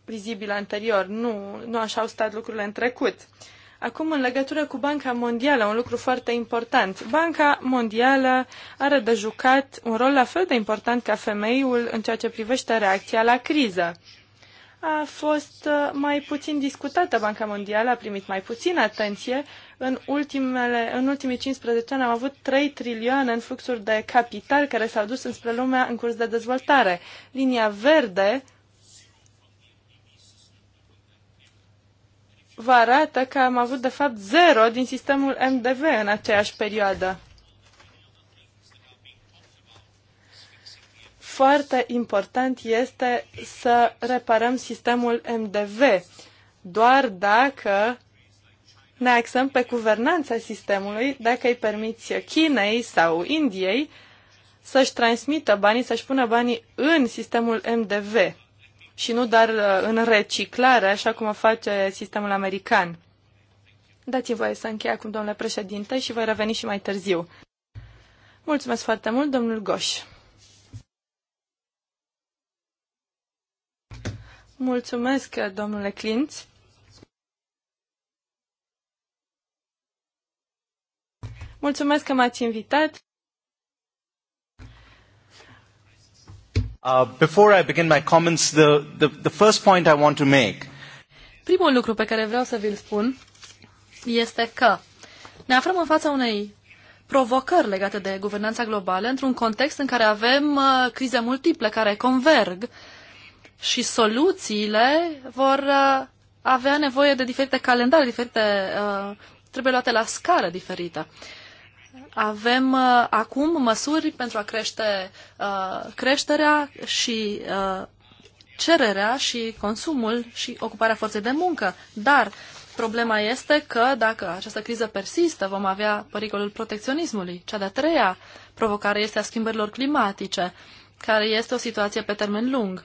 vizibilă anterior, nu, nu așa au stat lucrurile în trecut. Uh, Acum, în legătură cu Banca Mondială, un lucru foarte important. Banca Mondială are de jucat un rol la fel de important ca femeiul în ceea ce privește reacția la criză. A fost uh, mai puțin discutată Banca Mondială, a primit mai puțin atenție. În, ultimele, în ultimii 15 ani am avut 3 trilioane în fluxuri de capital care s-au dus înspre lumea în curs de dezvoltare. Linia verde vă arată că am avut de fapt zero din sistemul MDV în aceeași perioadă. Foarte important este să reparăm sistemul MDV, doar dacă ne axăm pe guvernanța sistemului, dacă îi permiți Chinei sau Indiei să-și transmită banii, să-și pună banii în sistemul MDV și nu doar uh, în reciclare, așa cum o face sistemul american. Dați-mi voie să închei acum, domnule președinte, și voi reveni și mai târziu. Mulțumesc foarte mult, domnul Goș. Mulțumesc, domnule Clint. Mulțumesc că m-ați invitat. Uh, before I begin my comments, the, the, the first point I want to make. Primul lucru pe care vreau să vi-l spun este că ne aflăm în fața unei provocări legate de guvernanța globală într-un context în care avem uh, crize multiple care converg și soluțiile vor uh, avea nevoie de diferite calendare, diferite, uh, trebuie luate la scară diferită. Uh, avem uh, acum măsuri pentru a crește uh, creșterea și uh, cererea și consumul și ocuparea forței de muncă. Dar problema este că dacă această criză persistă, vom avea pericolul protecționismului. Cea de-a treia provocare este a schimbărilor climatice, care este o situație pe termen lung.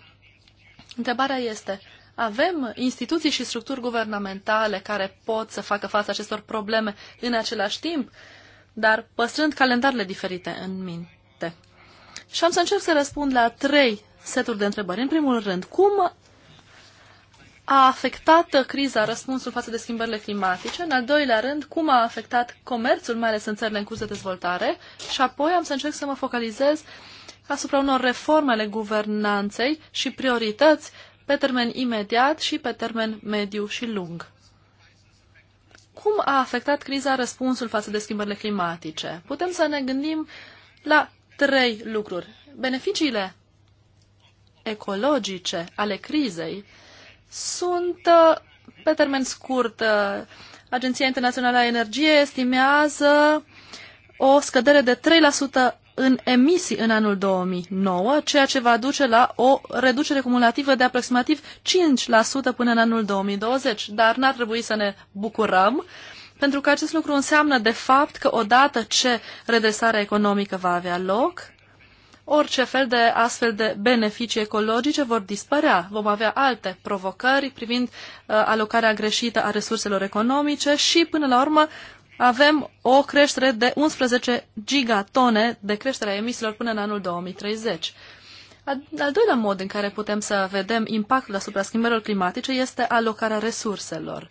Întrebarea este, avem instituții și structuri guvernamentale care pot să facă față acestor probleme în același timp? Uh, dar păstrând calendarele diferite în minte. Și am să încerc să răspund la trei seturi de întrebări. În primul rând, cum a afectat criza răspunsul față de schimbările climatice, în al doilea rând, cum a afectat comerțul, mai ales în țările în curs de dezvoltare, și apoi am să încerc să mă focalizez asupra unor reforme ale guvernanței și priorități pe termen imediat și pe termen mediu și lung. Cum a afectat criza răspunsul față de schimbările climatice? Putem să ne gândim la trei lucruri. Beneficiile ecologice ale crizei sunt uh, pe termen scurt. Uh, Agenția Internațională a Energiei estimează o scădere de 3% în emisii în anul 2009, ceea ce va duce la o reducere cumulativă de aproximativ 5% până în anul 2020. Dar n-ar trebui să ne bucurăm, pentru că acest lucru înseamnă, de fapt, că odată ce redresarea economică va avea loc, orice fel de astfel de beneficii ecologice vor dispărea. Vom avea alte provocări privind uh, alocarea greșită a resurselor economice și, până la urmă, avem o creștere de 11 gigatone de creștere a emisiilor până în anul 2030. Al doilea mod în care putem să vedem impactul asupra schimbărilor climatice este alocarea resurselor.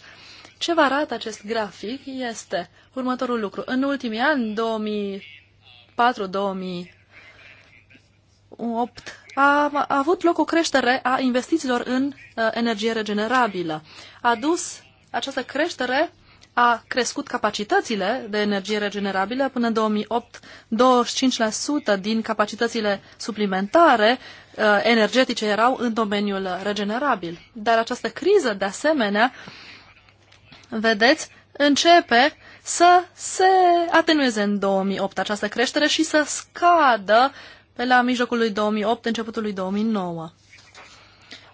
Ce vă arată acest grafic este următorul lucru. În ultimii ani, 2004-2008, a, avut loc o creștere a investițiilor în uh, energie regenerabilă. A dus această creștere a crescut capacitățile de energie regenerabilă până în 2008, 25% din capacitățile suplimentare uh, energetice erau în domeniul regenerabil. Dar această criză, de asemenea, vedeți, începe să se atenueze în 2008 această creștere și să scadă pe la mijlocul lui 2008, începutul lui 2009.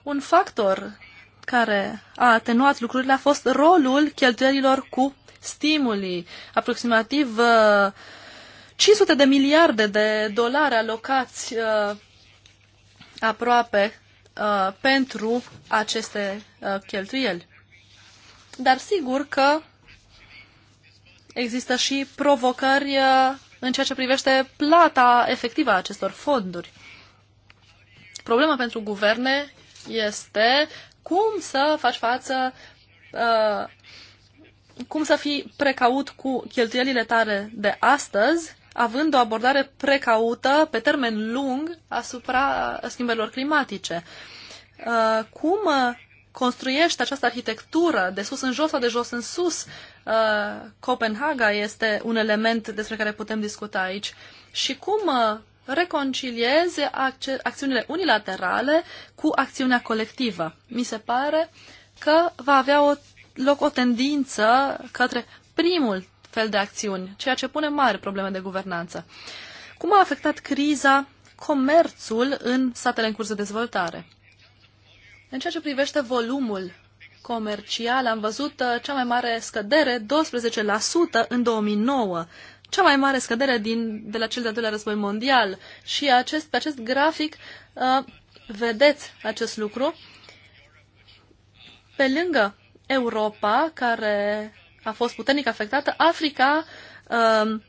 Un factor care a atenuat lucrurile a fost rolul cheltuielilor cu stimuli. Aproximativ 500 uh, de miliarde de dolari alocați uh, aproape uh, pentru aceste cheltuieli. Dar sigur că există și provocări în ceea ce privește plata efectivă a acestor fonduri. Problema pentru guverne este cum să faci față, uh, cum să fii precaut cu cheltuielile tale de astăzi, având o abordare precaută pe termen lung asupra schimbărilor climatice. Uh, cum uh, construiești această arhitectură de sus în jos sau de jos în sus? Copenhaga este un element despre care putem discuta aici. Și cum reconcilieze acțiunile unilaterale cu acțiunea colectivă. Mi se pare că va avea o, loc o tendință către primul fel de acțiuni, ceea ce pune mari probleme de guvernanță. Cum a afectat criza comerțul în statele în curs de dezvoltare? În ceea ce privește volumul comercial, am văzut uh, cea mai mare scădere, 12% în 2009, cea mai mare scădere din, de la cel de-al doilea război mondial. Și acest, pe acest grafic uh, vedeți acest lucru. Pe lângă Europa, care a fost puternic afectată, Africa, um,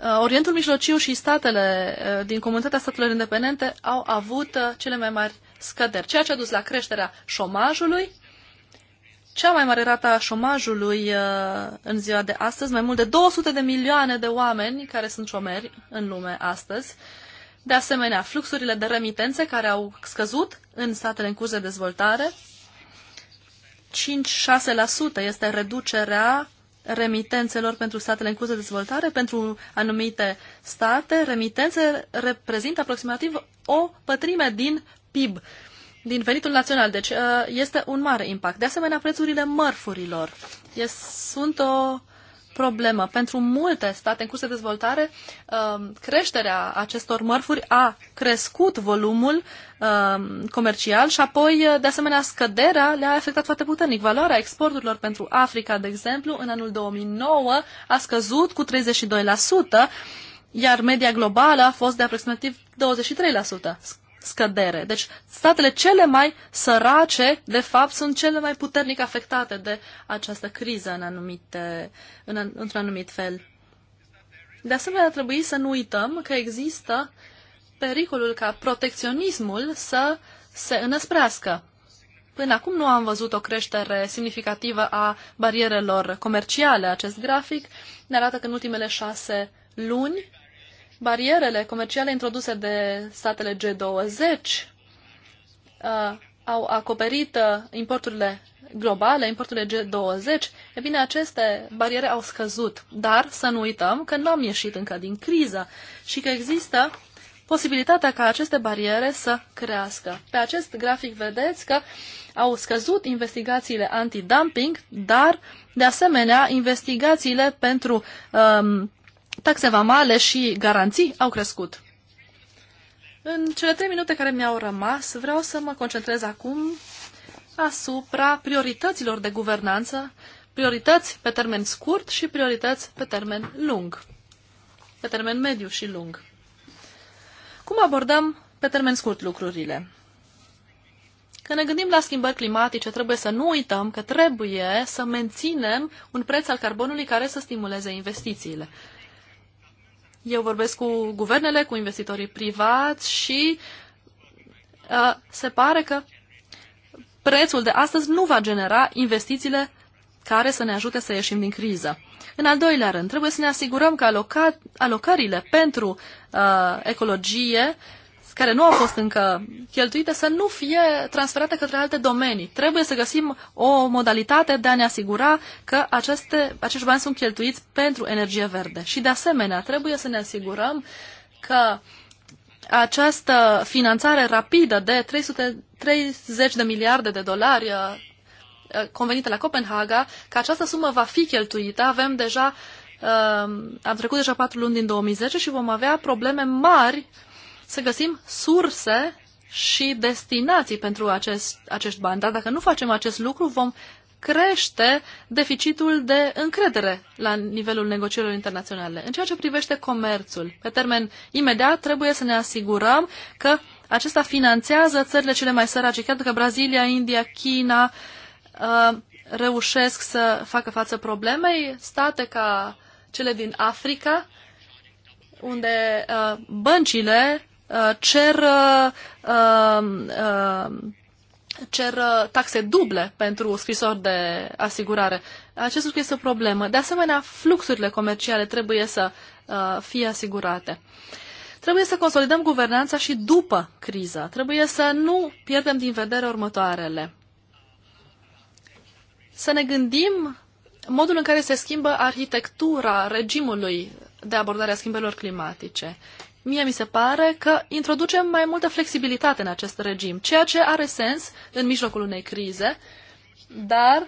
uh, Orientul Mijlociu și statele uh, din comunitatea statelor independente au avut uh, cele mai mari scăderi, ceea ce a dus la creșterea șomajului cea mai mare rata a șomajului uh, în ziua de astăzi, mai mult de 200 de milioane de oameni care sunt șomeri în lume astăzi. De asemenea, fluxurile de remitențe care au scăzut în statele în curs de dezvoltare. 5-6% este reducerea remitențelor pentru statele în curs de dezvoltare. Pentru anumite state, remitențe reprezintă aproximativ o pătrime din PIB din venitul național, deci uh, este un mare impact. De asemenea, prețurile mărfurilor sunt o problemă. Pentru multe state în curs de dezvoltare, uh, creșterea acestor mărfuri a crescut volumul uh, comercial și apoi, de asemenea, scăderea le-a afectat foarte puternic. Valoarea exporturilor pentru Africa, de exemplu, în anul 2009 a scăzut cu 32%, iar media globală a fost de aproximativ 23% scădere. Deci statele cele mai sărace, de fapt, sunt cele mai puternic afectate de această criză în anumite, în, într-un anumit fel. De asemenea, trebuie să nu uităm că există pericolul ca protecționismul să se înăsprească. Până acum nu am văzut o creștere semnificativă a barierelor comerciale. Acest grafic ne arată că în ultimele șase luni barierele comerciale introduse de statele G20 uh, au acoperit uh, importurile globale, importurile G20, e bine, aceste bariere au scăzut. Dar să nu uităm că nu am ieșit încă din criză și că există posibilitatea ca aceste bariere să crească. Pe acest grafic vedeți că au scăzut investigațiile antidumping, dar, de asemenea, investigațiile pentru um, taxe vamale și garanții au crescut. În cele trei minute care mi-au rămas, vreau să mă concentrez acum asupra priorităților de guvernanță, priorități pe termen scurt și priorități pe termen lung, pe termen mediu și lung. Cum abordăm pe termen scurt lucrurile? Când ne gândim la schimbări climatice, trebuie să nu uităm că trebuie să menținem un preț al carbonului care să stimuleze investițiile. Eu vorbesc cu guvernele, cu investitorii privați și uh, se pare că prețul de astăzi nu va genera investițiile care să ne ajute să ieșim din criză. În al doilea rând, trebuie să ne asigurăm că aloca- alocările pentru uh, ecologie uh, care nu au fost încă cheltuite să nu fie transferate către alte domenii. Trebuie să găsim o modalitate de a ne asigura că aceste, acești bani sunt cheltuiți pentru energie verde. Și de asemenea, trebuie să ne asigurăm că această finanțare rapidă de 330 de miliarde de dolari uh, uh, convenită la Copenhaga, că această sumă va fi cheltuită. Avem deja, uh, am trecut deja patru luni din 2010 și vom avea probleme mari să găsim surse și destinații pentru acest, acești bani. Dar dacă nu facem acest lucru, vom crește deficitul de încredere la nivelul negocierilor internaționale. În ceea ce privește comerțul, pe termen imediat, trebuie să ne asigurăm că acesta finanțează țările cele mai sărace, chiar dacă Brazilia, India, China uh, reușesc să facă față problemei, state ca cele din Africa, unde uh, băncile Uh, cer, uh, uh, cer taxe duble pentru scrisori de asigurare. Acest lucru este o problemă. De asemenea, fluxurile comerciale trebuie să fie asigurate. Trebuie să consolidăm guvernanța și după criză. Trebuie să nu pierdem din vedere următoarele. Să ne gândim modul în care se schimbă arhitectura regimului de abordare a schimbărilor climatice mie mi se pare că introducem mai multă flexibilitate în acest regim, ceea ce are sens în mijlocul unei crize, dar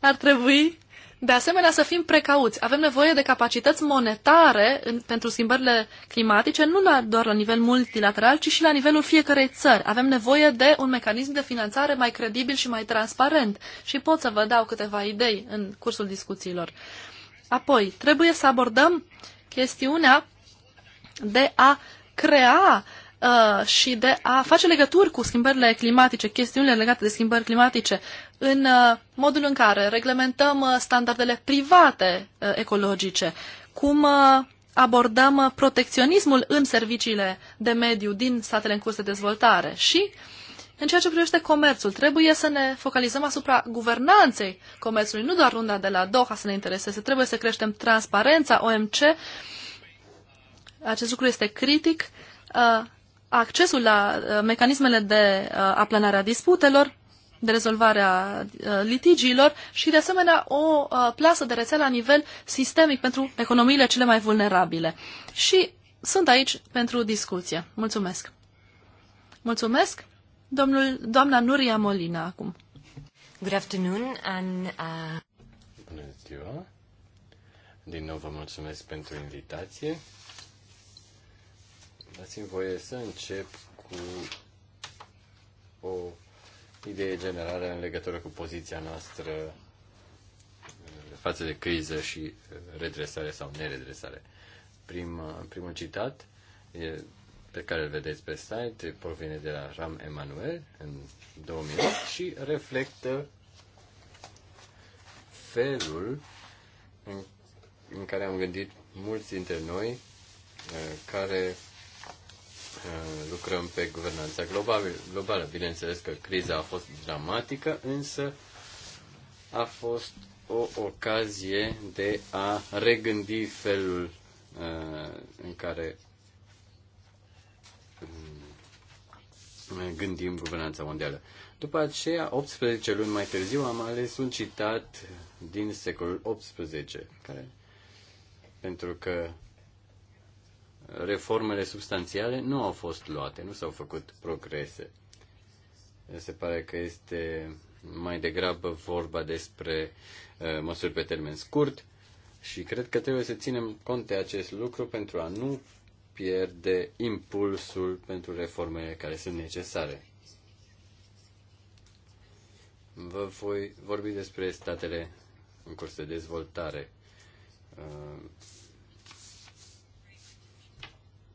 ar trebui de asemenea să fim precauți. Avem nevoie de capacități monetare în, pentru schimbările climatice, nu la, doar la nivel multilateral, ci și la nivelul fiecărei țări. Avem nevoie de un mecanism de finanțare mai credibil și mai transparent și pot să vă dau câteva idei în cursul discuțiilor. Apoi, trebuie să abordăm chestiunea de a crea uh, și de a face legături cu schimbările climatice, chestiunile legate de schimbări climatice, în uh, modul în care reglementăm uh, standardele private uh, ecologice, cum uh, abordăm uh, protecționismul în serviciile de mediu din statele în curs de dezvoltare și în ceea ce privește comerțul, trebuie să ne focalizăm asupra guvernanței comerțului, nu doar runda de la Doha să ne intereseze, trebuie să creștem transparența OMC acest lucru este critic, uh, accesul la uh, mecanismele de uh, aplanare a disputelor, de rezolvarea litigiilor și, de asemenea, o plasă de rețea la nivel sistemic pentru economiile cele mai vulnerabile. Și sunt aici pentru discuție. Mulțumesc! Mulțumesc! Domnul, doamna Nuria Molina acum. Good afternoon and, uh... Bună ziua! Din nou vă mulțumesc pentru invitație. Dați-mi voie să încep cu o idee generală în legătură cu poziția noastră uh, față de criză și uh, redresare sau neredresare. Prim, uh, primul citat e, pe care îl vedeți pe site provine de la Ram Emanuel în 2008 și reflectă felul în, în care am gândit mulți dintre noi care Eh, lucrăm pe guvernanța globală. Bineînțeles că criza a fost dramatică, însă a fost o ocazie de a regândi felul eh, în care mm, gândim guvernanța mondială. După aceea, 18 luni mai târziu, am ales un citat din secolul 18, care, pentru că reformele substanțiale nu au fost luate, nu s-au făcut progrese. Se pare că este mai degrabă vorba despre uh, măsuri pe termen scurt și cred că trebuie să ținem cont de acest lucru pentru a nu pierde impulsul pentru reformele care sunt necesare. Vă voi vorbi despre statele în curs de dezvoltare uh,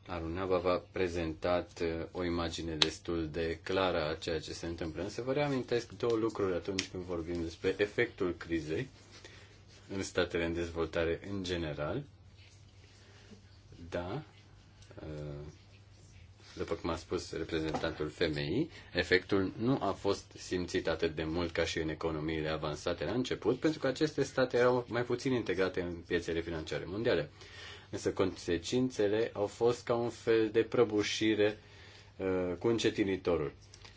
Arunava v-a prezentat uh, o imagine destul de clară a ceea ce se întâmplă, însă vă reamintesc două lucruri atunci când vorbim despre efectul crizei în statele în dezvoltare în general. Da, uh, după cum a spus reprezentantul femeii, efectul nu a fost simțit atât de mult ca și în economiile avansate la început, pentru că aceste state erau mai puțin integrate în piețele financiare mondiale. Însă consecințele au fost ca un fel de prăbușire uh, cu încetinitorul.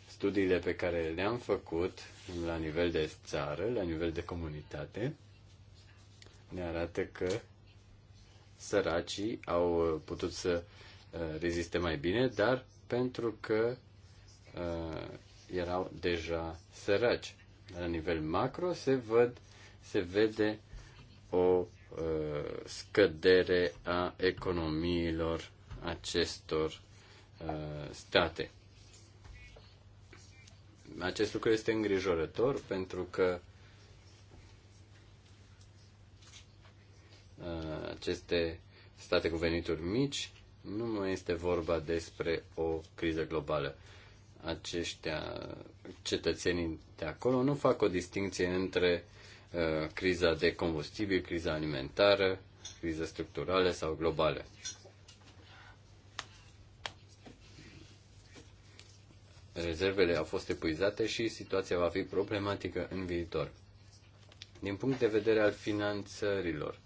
Studiile pe care le-am făcut la nivel de țară, la nivel de comunitate, ne arată că săracii au putut să uh, reziste mai bine, dar pentru că uh, erau deja săraci. La nivel macro se văd se vede o Uh, scădere a economiilor acestor uh, state. Acest lucru este îngrijorător pentru că uh, aceste state cu venituri mici nu mai este vorba despre o criză globală. Aceștia, cetățenii de acolo, nu fac o distinție între uh, Uh, criza de combustibil, criza alimentară, crize structurale sau globale. Rezervele au fost epuizate și situația va fi problematică în viitor. Din punct de vedere al finanțărilor,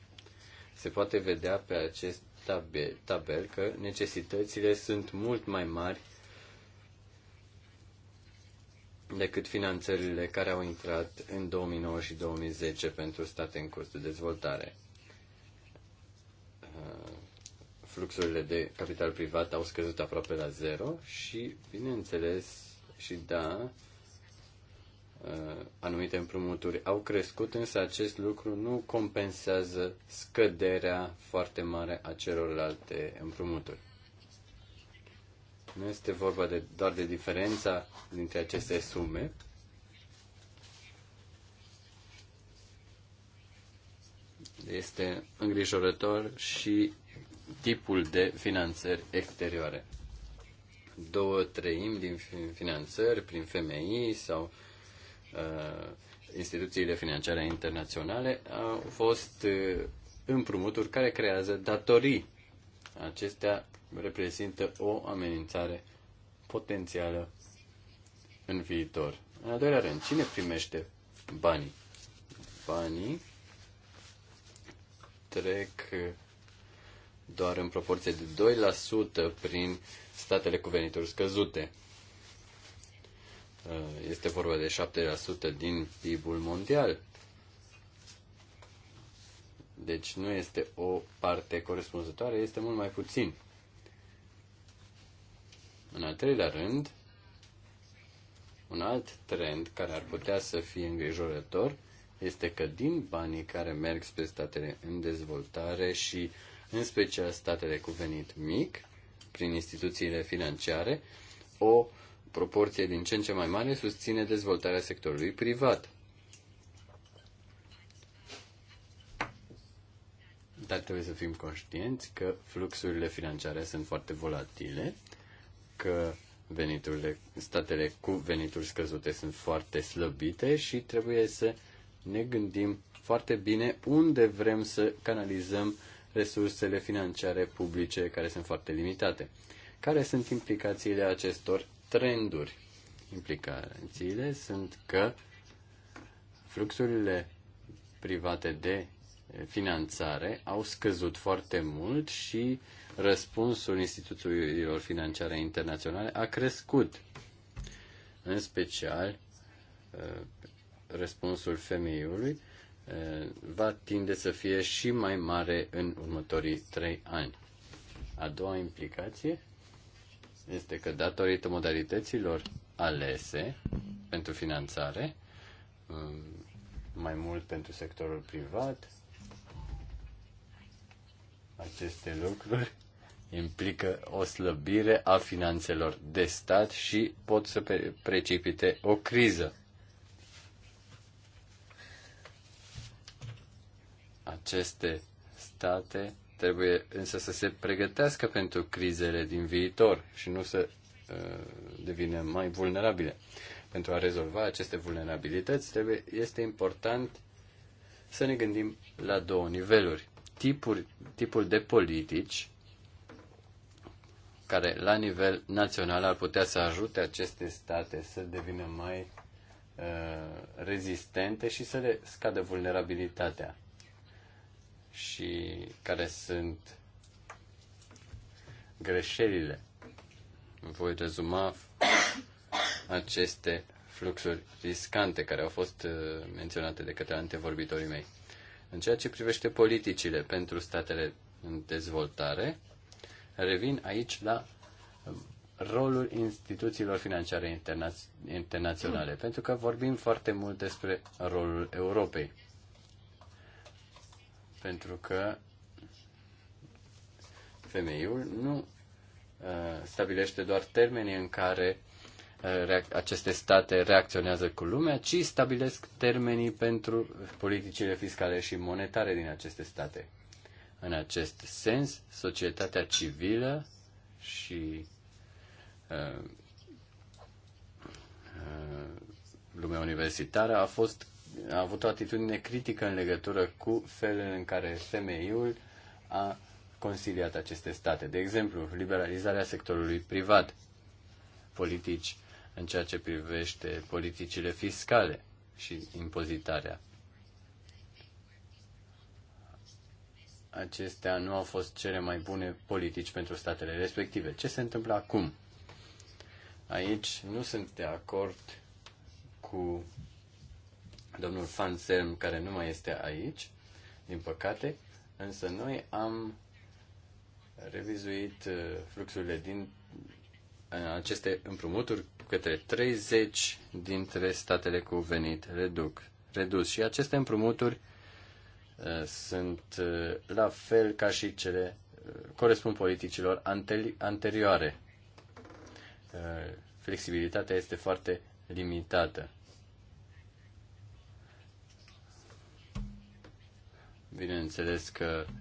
se poate vedea pe acest tabel, tabel că necesitățile sunt mult mai mari decât finanțările care au intrat în 2009 și 2010 pentru state în curs de dezvoltare. Uh, fluxurile de capital privat au scăzut aproape la zero și, bineînțeles, și da, uh, anumite împrumuturi au crescut, însă acest lucru nu compensează scăderea foarte mare a celorlalte împrumuturi. Nu este vorba de, doar de diferența dintre aceste sume. Este îngrijorător și tipul de finanțări exterioare. Două treimi din finanțări prin FMI sau uh, instituțiile financiare internaționale au fost uh, împrumuturi care creează datorii Acestea reprezintă o amenințare potențială în viitor. În al doilea rând, cine primește banii? Banii trec doar în proporție de 2% prin statele cu venituri scăzute. Uh, este vorba de 7% din PIB-ul mondial. Deci nu este o parte corespunzătoare, este mult mai puțin. În al treilea rând, un alt trend care ar putea să fie îngrijorător este că din banii care merg spre statele în dezvoltare și în special statele cu venit mic, prin instituțiile financiare, o proporție din ce în ce mai mare susține dezvoltarea sectorului privat. dar trebuie să fim conștienți că fluxurile financiare sunt foarte volatile, că veniturile, statele cu venituri scăzute sunt foarte slăbite și trebuie să ne gândim foarte bine unde vrem să canalizăm resursele financiare publice care sunt foarte limitate. Care sunt implicațiile acestor trenduri? Implicațiile sunt că fluxurile private de finanțare au scăzut foarte mult și răspunsul instituțiilor financiare internaționale a crescut. În special, uh, răspunsul femeiului uh, va tinde să fie și mai mare în următorii trei ani. A doua implicație este că datorită modalităților alese pentru finanțare, um, mai mult pentru sectorul privat, aceste lucruri implică o slăbire a finanțelor de stat și pot să precipite o criză. Aceste state trebuie însă să se pregătească pentru crizele din viitor și nu să uh, devină mai vulnerabile. Pentru a rezolva aceste vulnerabilități trebuie, este important să ne gândim la două niveluri tipuri, tipul de politici care la nivel național ar putea să ajute aceste state să devină mai uh, rezistente și să le scadă vulnerabilitatea și care sunt greșelile. Voi rezuma aceste fluxuri riscante care au fost uh, menționate de către antevorbitorii mei. În ceea ce privește politicile pentru statele în dezvoltare, revin aici la um, rolul instituțiilor financiare interna- internaționale, mm. pentru că vorbim foarte mult despre rolul Europei. Pentru că femeiul nu uh, stabilește doar termenii în care aceste state reacționează cu lumea, ci stabilesc termenii pentru politicile fiscale și monetare din aceste state. În acest sens, societatea civilă și uh, uh, lumea universitară a, fost, a avut o atitudine critică în legătură cu felul în care FMI-ul a conciliat aceste state. De exemplu, liberalizarea sectorului privat, politici în ceea ce privește politicile fiscale și impozitarea. Acestea nu au fost cele mai bune politici pentru statele respective. Ce se întâmplă acum? Aici nu sunt de acord cu domnul Fanselm, care nu mai este aici, din păcate, însă noi am revizuit uh, fluxurile din uh, aceste împrumuturi către 30 dintre statele cu venit reduc, redus. Și aceste împrumuturi uh, sunt uh, la fel ca și cele uh, corespund politicilor anteri- anterioare. Uh, flexibilitatea este foarte limitată. Bineînțeles că uh,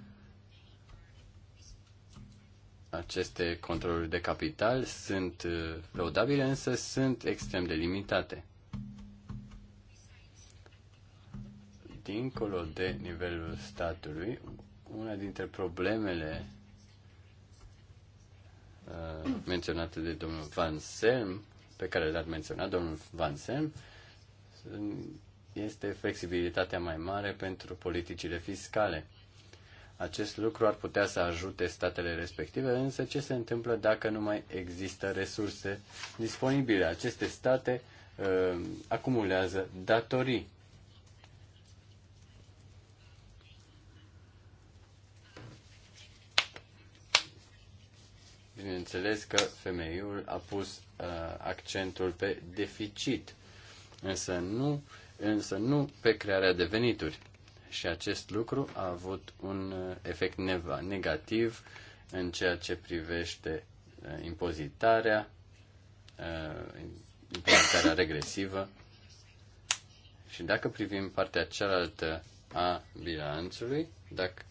aceste controluri de capital sunt uh, lăudabile, însă sunt extrem de limitate. Dincolo de nivelul statului, una dintre problemele uh, menționate de domnul Van Selm, pe care l-a menționat domnul Van Selm, este flexibilitatea mai mare pentru politicile fiscale. Acest lucru ar putea să ajute statele respective, însă ce se întâmplă dacă nu mai există resurse disponibile? Aceste state uh, acumulează datorii. Bineînțeles că femeiul a pus uh, accentul pe deficit, însă nu, însă nu pe crearea de venituri. Și acest lucru a avut un uh, efect negativ în ceea ce privește uh, impozitarea, uh, impozitarea regresivă. Și dacă privim partea cealaltă a bilanțului, dacă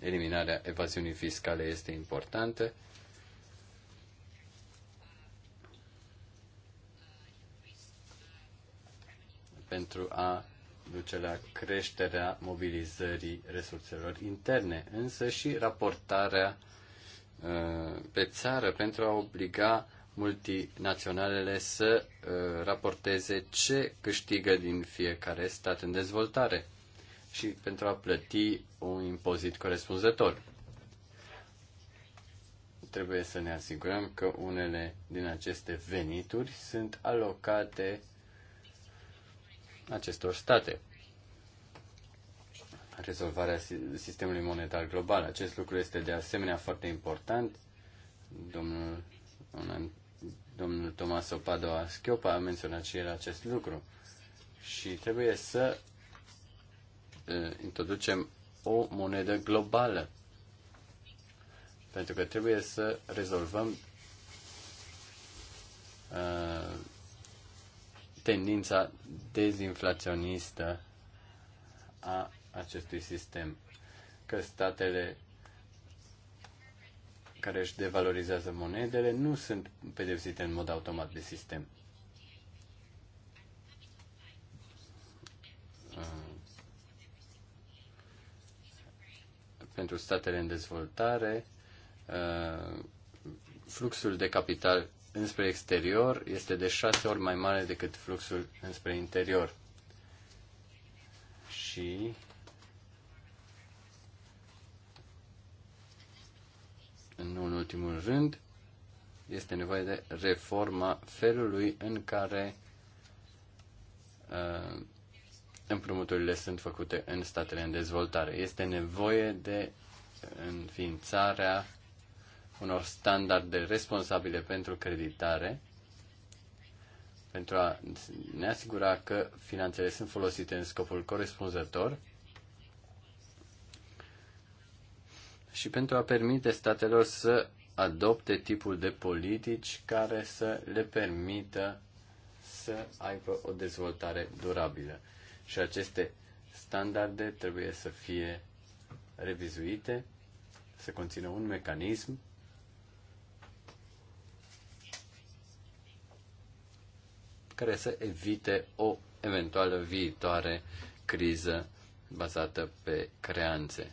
eliminarea evaziunii fiscale este importantă, pentru a duce la creșterea mobilizării resurselor interne, însă și raportarea uh, pe țară pentru a obliga multinaționalele să uh, raporteze ce câștigă din fiecare stat în dezvoltare și pentru a plăti un impozit corespunzător. Trebuie să ne asigurăm că unele din aceste venituri sunt alocate acestor state. Rezolvarea sistemului monetar global. Acest lucru este de asemenea foarte important. Domnul, domnul Tomas Opadoa Schiopa a menționat și el acest lucru. Și trebuie să introducem o monedă globală. Pentru că trebuie să rezolvăm uh, tendința dezinflaționistă a acestui sistem, că statele care își devalorizează monedele nu sunt pedepsite în mod automat de sistem. Uh, pentru statele în dezvoltare, uh, fluxul de capital înspre exterior este de șase ori mai mare decât fluxul înspre interior. Și în un ultimul rând, este nevoie de reforma felului în care uh, împrumuturile sunt făcute în statele în dezvoltare. Este nevoie de înființarea unor standarde responsabile pentru creditare, pentru a ne asigura că finanțele sunt folosite în scopul corespunzător și pentru a permite statelor să adopte tipul de politici care să le permită să aibă o dezvoltare durabilă. Și aceste standarde trebuie să fie revizuite, să conțină un mecanism care să evite o eventuală viitoare criză bazată pe creanțe.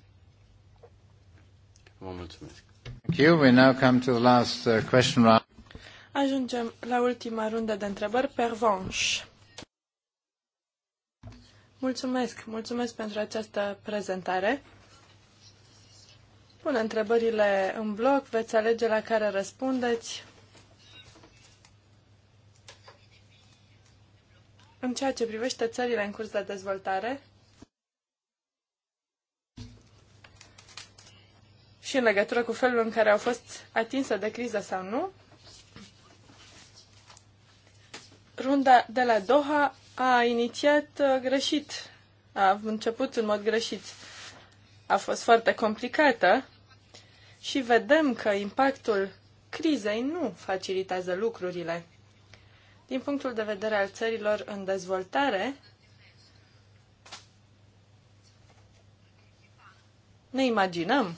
Vă mulțumesc. Thank you. We now come to the last uh, question round. Ajungem la ultima rundă de întrebări pe Vonș. Mulțumesc, mulțumesc pentru această prezentare. Pun întrebările în bloc, veți alege la care răspundeți. În ceea ce privește țările în curs de dezvoltare și în legătură cu felul în care au fost atinse de criză sau nu, runda de la Doha a inițiat uh, greșit, a început în mod greșit. A fost foarte complicată și vedem că impactul crizei nu facilitează lucrurile. Din punctul de vedere al țărilor în dezvoltare, ne imaginăm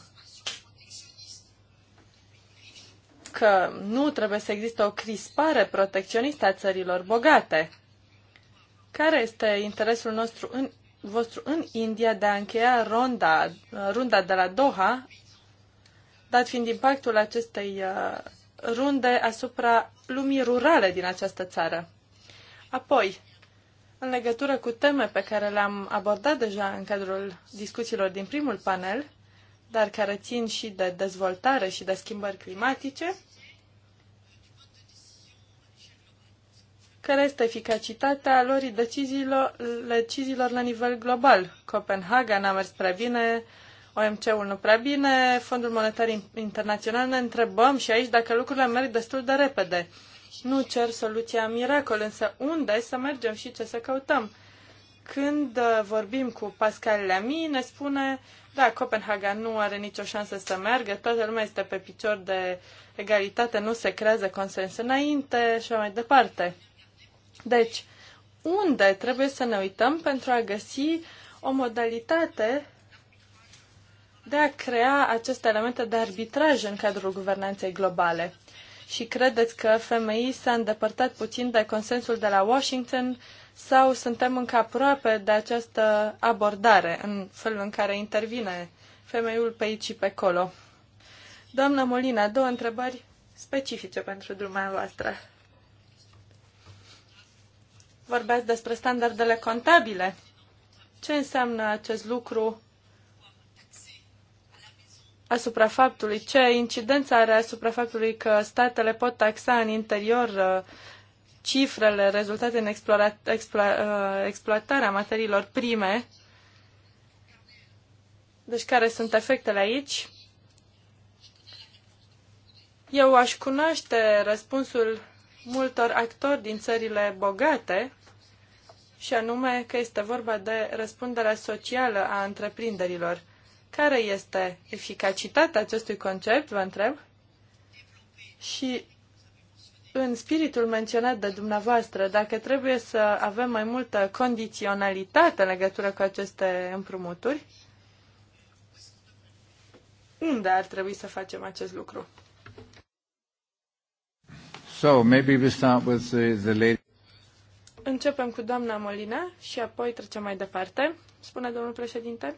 că nu trebuie să existe o crispare protecționistă a țărilor bogate. Care este interesul nostru în, vostru în India de a încheia ronda, runda de la Doha, dat fiind impactul acestei uh, runde asupra lumii rurale din această țară. Apoi, în legătură cu teme pe care le-am abordat deja în cadrul discuțiilor din primul panel, dar care țin și de dezvoltare și de schimbări climatice, care este eficacitatea lor deciziilor, deciziilor la nivel global. Copenhaga n-a mers prea bine, OMC-ul nu prea bine, Fondul Monetar Internațional, ne întrebăm și aici dacă lucrurile merg destul de repede. Nu cer soluția miracol, însă unde să mergem și ce să căutăm? Când uh, vorbim cu Pascal Lamy, ne spune, da, Copenhaga nu are nicio șansă să meargă, toată lumea este pe picior de egalitate, nu se creează consens înainte și mai departe. Deci, unde trebuie să ne uităm pentru a găsi o modalitate de a crea aceste elemente de arbitraj în cadrul guvernanței globale? Și credeți că FMI s-a îndepărtat puțin de consensul de la Washington sau suntem încă aproape de această abordare în felul în care intervine femeiul pe aici și pe acolo? Doamna Molina, două întrebări specifice pentru dumneavoastră. Vorbeați despre standardele contabile. Ce înseamnă acest lucru asupra faptului, ce incidență are asupra faptului că statele pot taxa în interior uh, cifrele rezultate în explora, explo, uh, exploatarea materiilor prime. Deci care sunt efectele aici? Eu aș cunoaște răspunsul multor actori din țările bogate, și anume că este vorba de răspunderea socială a întreprinderilor. Care este eficacitatea acestui concept, vă întreb? Și în spiritul menționat de dumneavoastră, dacă trebuie să avem mai multă condiționalitate în legătură cu aceste împrumuturi, unde ar trebui să facem acest lucru? So, maybe we start with the, the lady. Începem cu doamna Molina și apoi trecem mai departe, spune domnul președinte.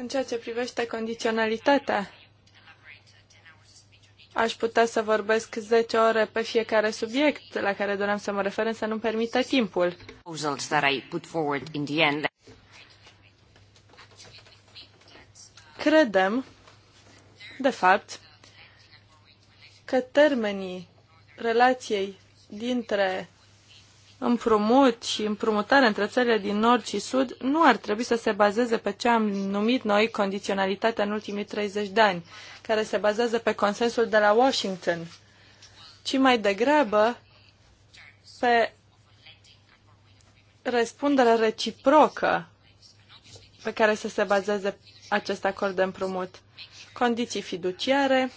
În ceea ce privește condiționalitatea, aș putea să vorbesc 10 ore pe fiecare subiect la care doream să mă refer, însă nu-mi permite timpul. Credem, de fapt, că termenii relației dintre împrumut și împrumutare între țările din nord și sud nu ar trebui să se bazeze pe ce am numit noi condiționalitatea în ultimii 30 de ani, care se bazează pe consensul de la Washington, ci mai degrabă pe răspunderea reciprocă pe care să se bazeze acest acord de împrumut. Condiții fiduciare,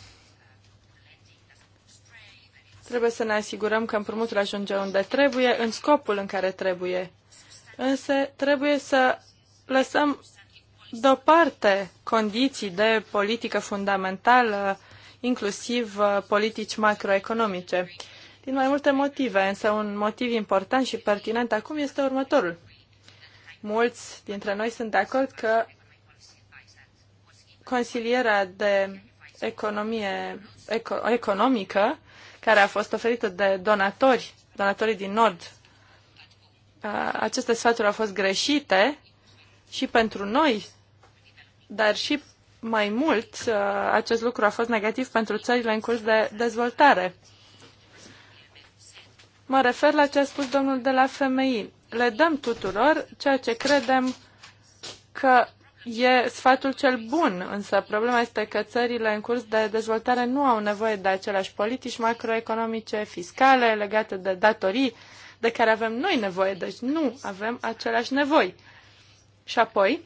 Trebuie să ne asigurăm că împrumutul ajunge unde trebuie, în scopul în care trebuie. Însă trebuie să lăsăm deoparte condiții de politică fundamentală, inclusiv uh, politici macroeconomice. Din mai multe motive, însă un motiv important și pertinent acum este următorul. Mulți dintre noi sunt de acord că consilierea de economie eco, economică care a fost oferită de donatori, donatorii din Nord. Aceste sfaturi au fost greșite și pentru noi, dar și mai mult, acest lucru a fost negativ pentru țările în curs de dezvoltare. Mă refer la ce a spus domnul de la FMI. Le dăm tuturor ceea ce credem că e sfatul cel bun, însă problema este că țările în curs de dezvoltare nu au nevoie de aceleași politici macroeconomice, fiscale, legate de datorii, de care avem noi nevoie, deci nu avem aceleași nevoi. Și apoi,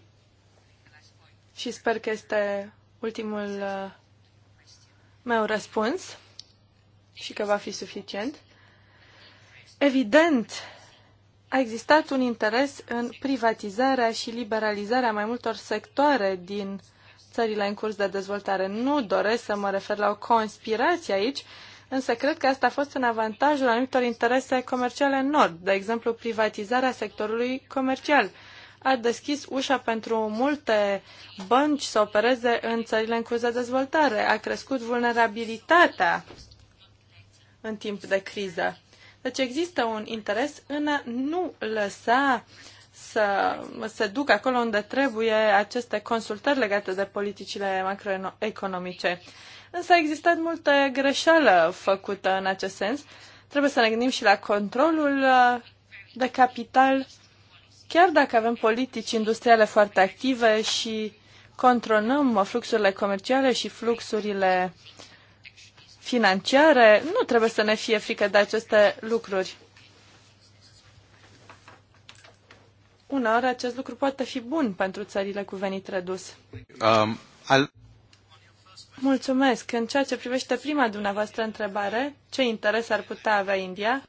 și sper că este ultimul uh, meu răspuns și că va fi suficient, evident a existat un interes în privatizarea și liberalizarea mai multor sectoare din țările în curs de dezvoltare. Nu doresc să mă refer la o conspirație aici, însă cred că asta a fost în avantajul anumitor interese comerciale în Nord, de exemplu privatizarea sectorului comercial. A deschis ușa pentru multe bănci să opereze în țările în curs de dezvoltare, a crescut vulnerabilitatea în timp de criză. Deci există un interes în a nu lăsa să se ducă acolo unde trebuie aceste consultări legate de politicile macroeconomice. Însă a existat multă greșeală făcută în acest sens. Trebuie să ne gândim și la controlul uh, de capital, chiar dacă avem politici industriale foarte active și controlăm fluxurile comerciale și fluxurile uh, financiare, nu trebuie să ne fie frică de aceste lucruri. Uneori acest lucru poate fi bun pentru țările cu venit redus. Um, al... Mulțumesc. În ceea ce privește prima dumneavoastră întrebare, ce interes ar putea avea India?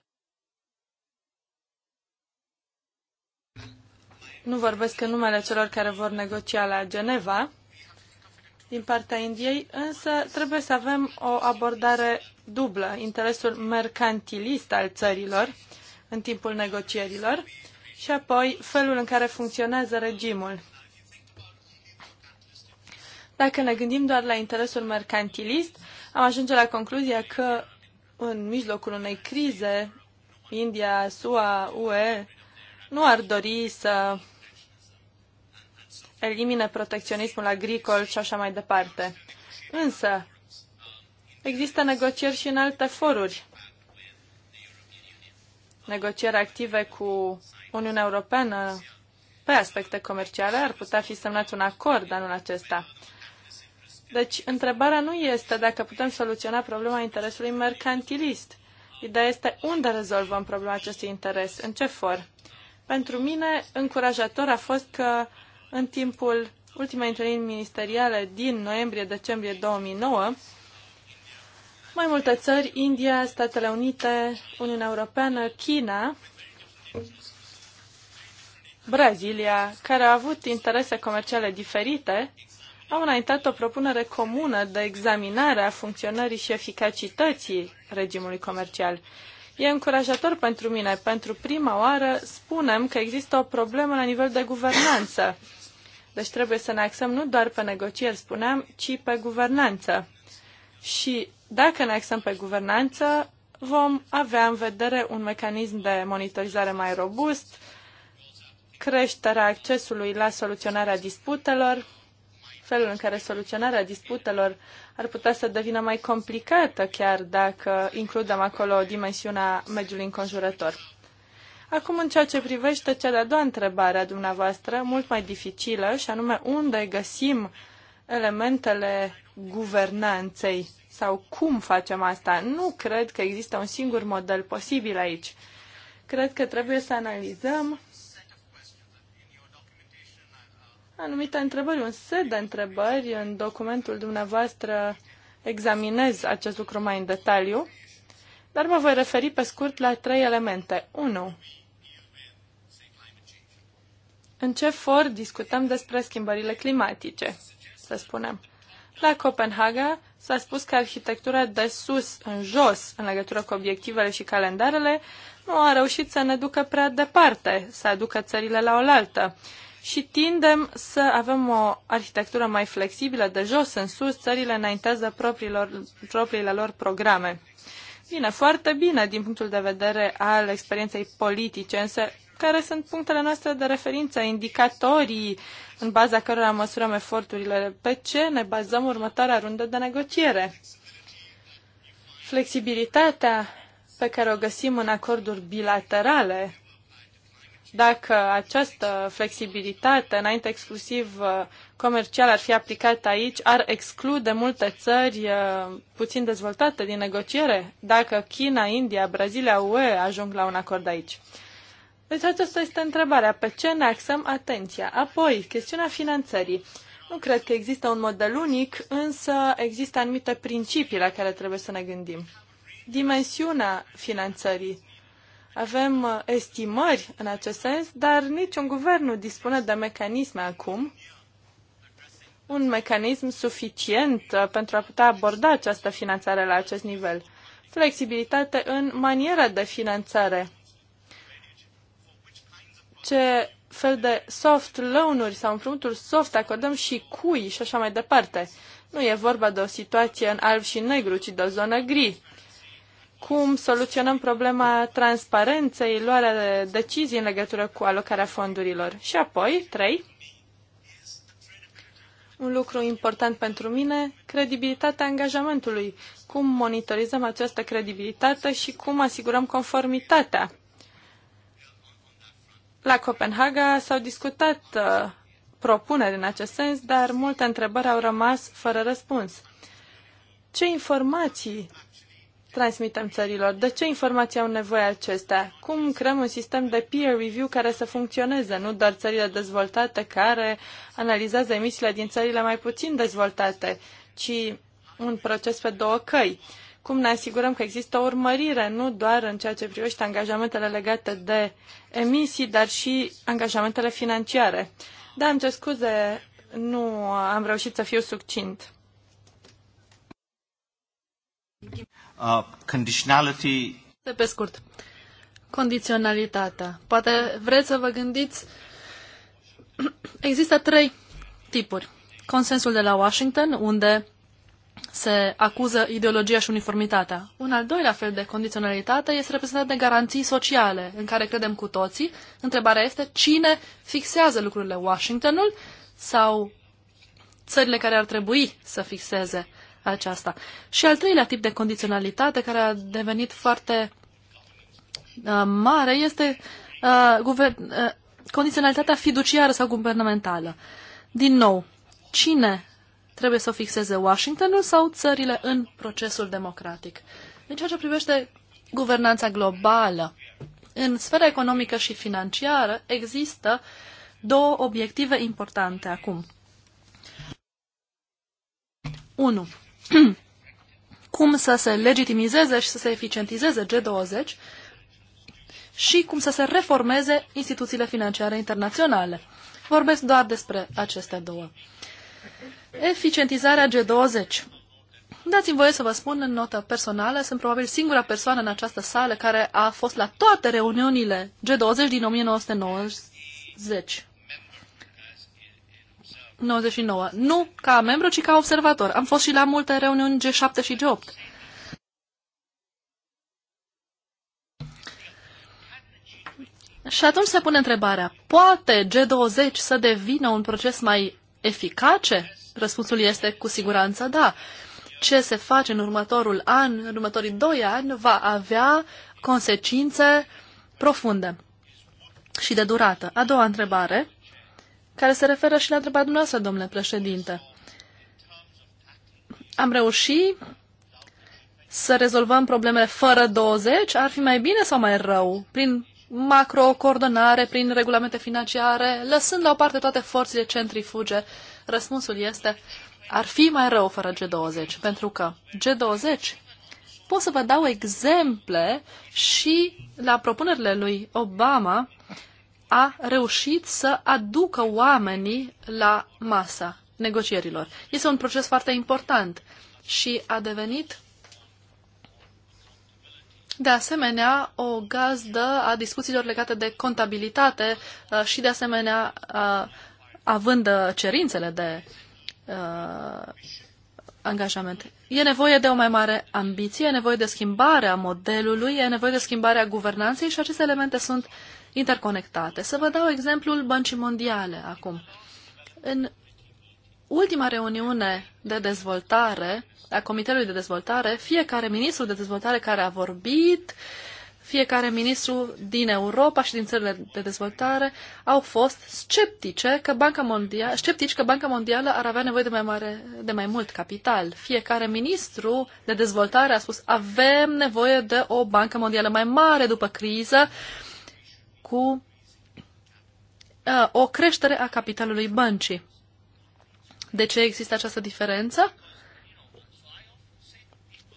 Nu vorbesc în numele celor care vor negocia la Geneva, din partea Indiei, însă trebuie să avem o abordare dublă, interesul mercantilist al țărilor în timpul negocierilor și apoi felul în care funcționează regimul. Dacă ne gândim doar la interesul mercantilist, am ajunge la concluzia că în mijlocul unei crize, India, SUA, UE nu ar dori să elimine protecționismul agricol și așa mai departe. Însă, există negocieri și în alte foruri. Negocieri active cu Uniunea Europeană pe aspecte comerciale ar putea fi semnat un acord anul acesta. Deci, întrebarea nu este dacă putem soluționa problema interesului mercantilist. Ideea este unde rezolvăm problema acestui interes, în ce for. Pentru mine, încurajator a fost că în timpul ultimei întâlniri ministeriale din noiembrie-decembrie 2009, mai multe țări, India, Statele Unite, Uniunea Europeană, China, Brazilia, care au avut interese comerciale diferite, au înaintat o propunere comună de examinare a funcționării și eficacității regimului comercial. E încurajator pentru mine. Pentru prima oară spunem că există o problemă la nivel de guvernanță. Deci trebuie să ne axăm nu doar pe negocieri, spuneam, ci pe guvernanță. Și dacă ne axăm pe guvernanță, vom avea în vedere un mecanism de monitorizare mai robust, creșterea accesului la soluționarea disputelor, felul în care soluționarea disputelor ar putea să devină mai complicată chiar dacă includem acolo dimensiunea mediului înconjurător. Acum, în ceea ce privește cea de-a doua întrebare a dumneavoastră, mult mai dificilă, și anume unde găsim elementele guvernanței sau cum facem asta. Nu cred că există un singur model posibil aici. Cred că trebuie să analizăm anumite întrebări, un set de întrebări. În documentul dumneavoastră examinez acest lucru mai în detaliu, dar mă voi referi pe scurt la trei elemente. 1. În ce for discutăm despre schimbările climatice, să spunem? La Copenhaga s-a spus că arhitectura de sus în jos, în legătură cu obiectivele și calendarele, nu a reușit să ne ducă prea departe, să aducă țările la oaltă și tindem să avem o arhitectură mai flexibilă de jos în sus, țările înaintează propriilor, propriile lor programe. Bine, foarte bine din punctul de vedere al experienței politice, însă care sunt punctele noastre de referință, indicatorii în baza cărora măsurăm eforturile, pe ce ne bazăm următoarea rundă de negociere. Flexibilitatea pe care o găsim în acorduri bilaterale dacă această flexibilitate, înainte exclusiv uh, comercială, ar fi aplicată aici, ar exclude multe țări uh, puțin dezvoltate din negociere, dacă China, India, Brazilia, UE ajung la un acord aici. Deci aceasta este întrebarea, pe ce ne axăm atenția. Apoi, chestiunea finanțării. Nu cred că există un model unic, însă există anumite principii la care trebuie să ne gândim. Dimensiunea finanțării. Avem uh, estimări în acest sens, dar niciun guvern nu dispune de mecanisme acum, un mecanism suficient uh, pentru a putea aborda această finanțare la acest nivel. Flexibilitate în maniera de finanțare. Ce fel de soft loan-uri sau împrumuturi soft acordăm și cui și așa mai departe. Nu e vorba de o situație în alb și negru, ci de o zonă gri cum soluționăm problema transparenței, luarea de decizii în legătură cu alocarea fondurilor. Și apoi, trei, un lucru important pentru mine, credibilitatea angajamentului. Cum monitorizăm această credibilitate și cum asigurăm conformitatea. La Copenhaga s-au discutat uh, propuneri în acest sens, dar multe întrebări au rămas fără răspuns. Ce informații transmitem țărilor? De ce informații au nevoie acestea? Cum creăm un sistem de peer review care să funcționeze, nu doar țările dezvoltate care analizează emisiile din țările mai puțin dezvoltate, ci un proces pe două căi? Cum ne asigurăm că există o urmărire, nu doar în ceea ce privește angajamentele legate de emisii, dar și angajamentele financiare? Da, îmi cer scuze, nu am reușit să fiu succint uh, conditionality. De pe scurt, condiționalitatea. Poate vreți să vă gândiți, există trei tipuri. Consensul de la Washington, unde se acuză ideologia și uniformitatea. Un al doilea fel de condiționalitate este reprezentat de garanții sociale, în care credem cu toții. Întrebarea este cine fixează lucrurile, Washingtonul sau țările care ar trebui să fixeze aceasta. Și al treilea tip de condiționalitate care a devenit foarte uh, mare este uh, uh, condiționalitatea fiduciară sau guvernamentală. Din nou, cine trebuie să o fixeze Washingtonul sau țările în procesul democratic? În ceea ce privește guvernanța globală, în sfera economică și financiară există două obiective importante acum. 1. cum să se legitimizeze și să se eficientizeze G20 și cum să se reformeze instituțiile financiare internaționale. Vorbesc doar despre aceste două. Eficientizarea G20. Dați-mi voie să vă spun în notă personală, sunt probabil singura persoană în această sală care a fost la toate reuniunile G20 din 1990. 99. Nu ca membru, ci ca observator. Am fost și la multe reuniuni G7 și G8. Și atunci se pune întrebarea, poate G20 să devină un proces mai eficace? Răspunsul este cu siguranță da. Ce se face în următorul an, în următorii doi ani, va avea consecințe profunde și de durată. A doua întrebare, care se referă și la întrebarea dumneavoastră, domnule președinte. Am reușit să rezolvăm problemele fără 20? Ar fi mai bine sau mai rău? Prin macro coordonare, prin regulamente financiare, lăsând la o parte toate forțele centrifuge, răspunsul este ar fi mai rău fără G20, pentru că G20 pot să vă dau exemple și la propunerile lui Obama a reușit să aducă oamenii la masa negocierilor. Este un proces foarte important și a devenit de asemenea o gazdă a discuțiilor legate de contabilitate uh, și de asemenea uh, având uh, cerințele de angajament. E nevoie de o mai mare ambiție, e nevoie de schimbarea modelului, e nevoie de schimbarea guvernanței și aceste elemente sunt interconectate. Să vă dau exemplul Băncii Mondiale acum. În ultima reuniune de dezvoltare a Comitetului de Dezvoltare, fiecare ministru de dezvoltare care a vorbit, fiecare ministru din Europa și din țările de dezvoltare au fost sceptice că Banca Mondială, sceptici că Banca Mondială ar avea nevoie de mai, mare, de mai mult capital. Fiecare ministru de dezvoltare a spus avem nevoie de o Bancă Mondială mai mare după criză, uh, cu uh, o creștere a capitalului băncii. De ce există această diferență?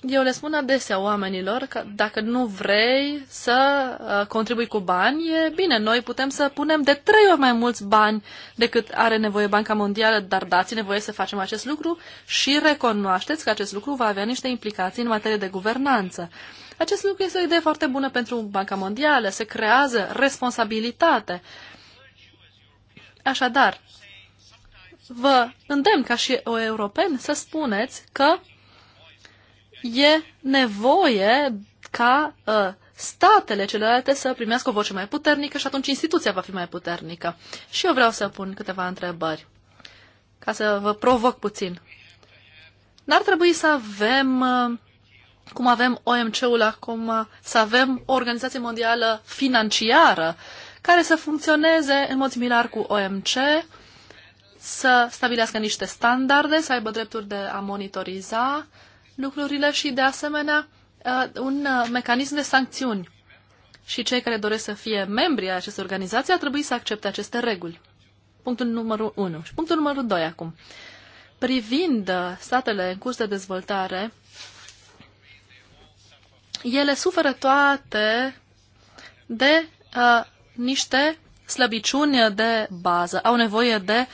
Eu le spun adesea oamenilor că dacă nu vrei să uh, contribui cu bani, e bine, noi putem să punem de trei ori mai mulți bani decât are nevoie Banca Mondială, dar dați nevoie să facem acest lucru și recunoașteți că acest lucru va avea niște implicații în materie de guvernanță. Acest lucru este o idee foarte bună pentru Banca Mondială. Se creează responsabilitate. Așadar, vă îndemn ca și o europen să spuneți că e nevoie ca uh, statele celelalte să primească o voce mai puternică și atunci instituția va fi mai puternică. Și eu vreau să pun câteva întrebări ca să vă provoc puțin. N-ar trebui să avem uh, cum avem OMC-ul acum, să avem o organizație mondială financiară care să funcționeze în mod similar cu OMC, să stabilească niște standarde, să aibă drepturi de a monitoriza lucrurile și, de asemenea, uh, un uh, mecanism de sancțiuni. Și cei care doresc să fie membri ai acestei organizații ar trebui să accepte aceste reguli. Punctul numărul 1. Și punctul numărul 2 acum. Privind uh, statele în curs de dezvoltare, ele suferă toate de uh, niște slăbiciuni de bază. Au nevoie de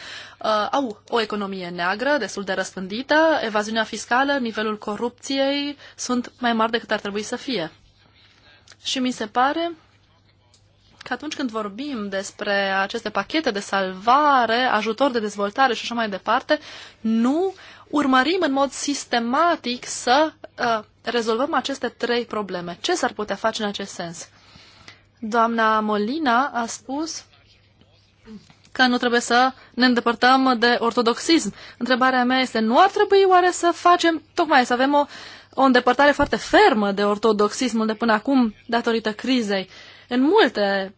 uh, au o economie neagră destul de răspândită, evaziunea fiscală, nivelul corupției sunt mai mari decât ar trebui să fie. Și mi se pare că atunci când vorbim despre aceste pachete de salvare, ajutor de dezvoltare și așa mai departe, nu urmărim în mod sistematic să uh, rezolvăm aceste trei probleme. Ce s-ar putea face în acest sens? Doamna Molina a spus că nu trebuie să ne îndepărtăm de ortodoxism. Întrebarea mea este, nu ar trebui oare să facem, tocmai să avem o, o îndepărtare foarte fermă de ortodoxismul de până acum, datorită crizei? în multe,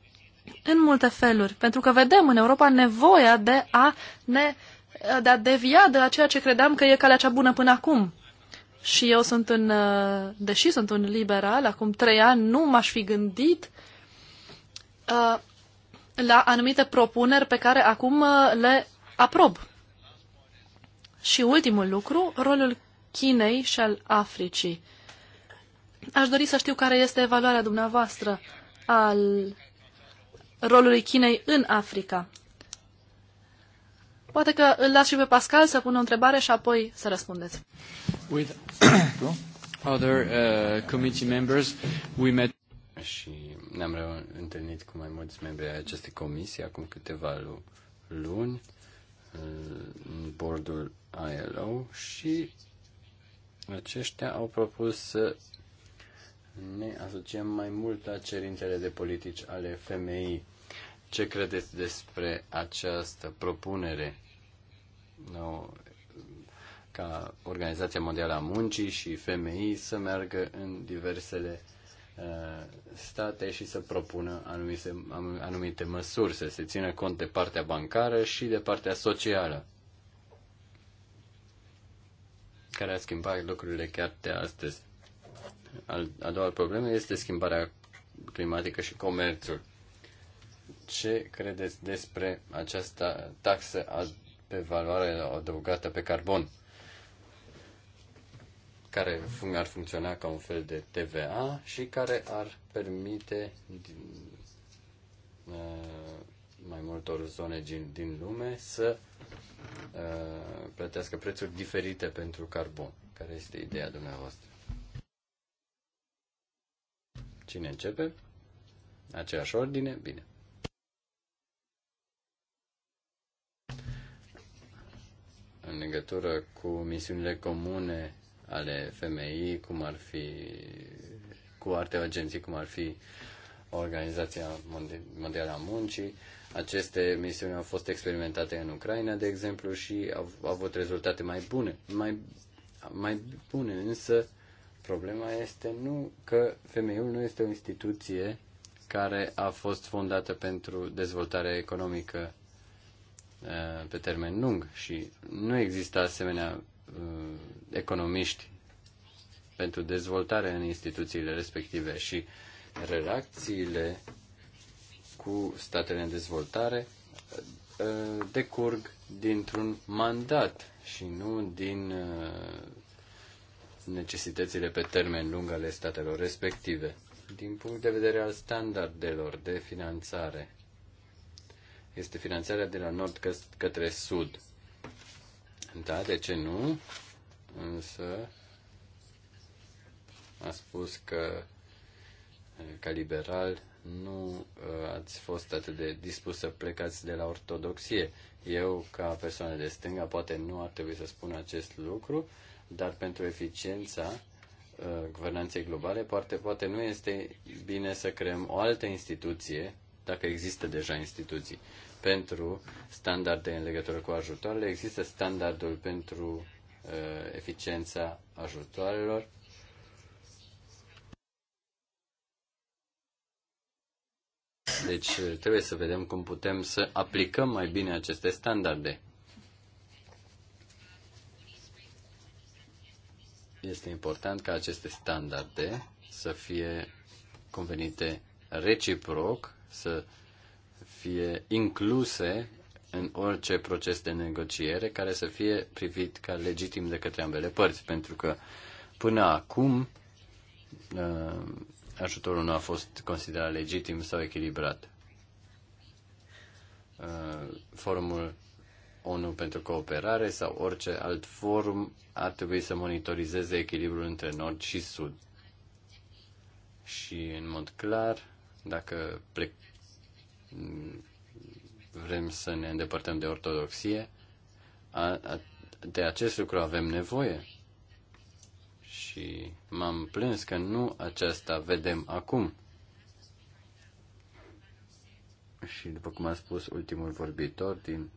în multe feluri, pentru că vedem în Europa nevoia de a ne de a devia de la ceea ce credeam că e calea cea bună până acum. Și eu sunt un, uh, deși sunt un liberal, acum trei ani nu m-aș fi gândit uh, la anumite propuneri pe care acum uh, le aprob. Și ultimul lucru, rolul Chinei și al Africii. Aș dori să știu care este evaluarea dumneavoastră al rolului Chinei în Africa. Poate că îl las și pe Pascal să pună o întrebare și apoi să răspundeți. With other uh, committee members, we met și ne-am întâlnit cu mai mulți membri ai acestei comisii acum câteva luni în bordul ILO și aceștia au propus să ne asociem mai mult la cerințele de politici ale FMI. Ce credeți despre această propunere? No, ca Organizația Mondială a Muncii și FMI să meargă în diversele uh, state și să propună anumite, anumite măsuri, să se țină cont de partea bancară și de partea socială, care a schimbat lucrurile chiar de astăzi a doua problemă este schimbarea climatică și comerțul. Ce credeți despre această taxă pe valoare adăugată pe carbon? care ar funcționa ca un fel de TVA și care ar permite din, uh, mai multor zone din, din lume să uh, plătească prețuri diferite pentru carbon. Care este ideea dumneavoastră? Cine începe? Aceeași ordine? Bine. În legătură cu misiunile comune ale FMI, cum ar fi cu alte agenții, cum ar fi Organizația Mondială a Muncii. Aceste misiuni au fost experimentate în Ucraina, de exemplu, și au, au avut rezultate mai bune, mai, mai bune, însă Problema este nu că femeiul nu este o instituție care a fost fondată pentru dezvoltare economică uh, pe termen lung și nu există asemenea uh, economiști pentru dezvoltare în instituțiile respective și relațiile cu statele în dezvoltare uh, decurg dintr-un mandat și nu din necesitățile pe termen lung ale statelor respective, din punct de vedere al standardelor de finanțare. Este finanțarea de la nord către sud. Da, de ce nu? Însă a spus că ca liberal nu uh, ați fost atât de dispus să plecați de la ortodoxie. Eu, ca persoană de stânga, poate nu ar trebui să spun acest lucru, dar pentru eficiența uh, guvernanței globale, poate, poate nu este bine să creăm o altă instituție, dacă există deja instituții, pentru standarde în legătură cu ajutoarele. Există standardul pentru uh, eficiența ajutoarelor. Deci uh, trebuie să vedem cum putem să aplicăm mai bine aceste standarde. Este important ca aceste standarde să fie convenite reciproc, să fie incluse în orice proces de negociere care să fie privit ca legitim de către ambele părți, pentru că până acum uh, ajutorul nu a fost considerat legitim sau echilibrat. Uh, forumul ONU pentru cooperare sau orice alt forum ar trebui să monitorizeze echilibrul între nord și sud. Și în mod clar, dacă pre... vrem să ne îndepărtăm de ortodoxie, a, a, de acest lucru avem nevoie. Și m-am plâns că nu aceasta vedem acum. Și după cum a spus ultimul vorbitor din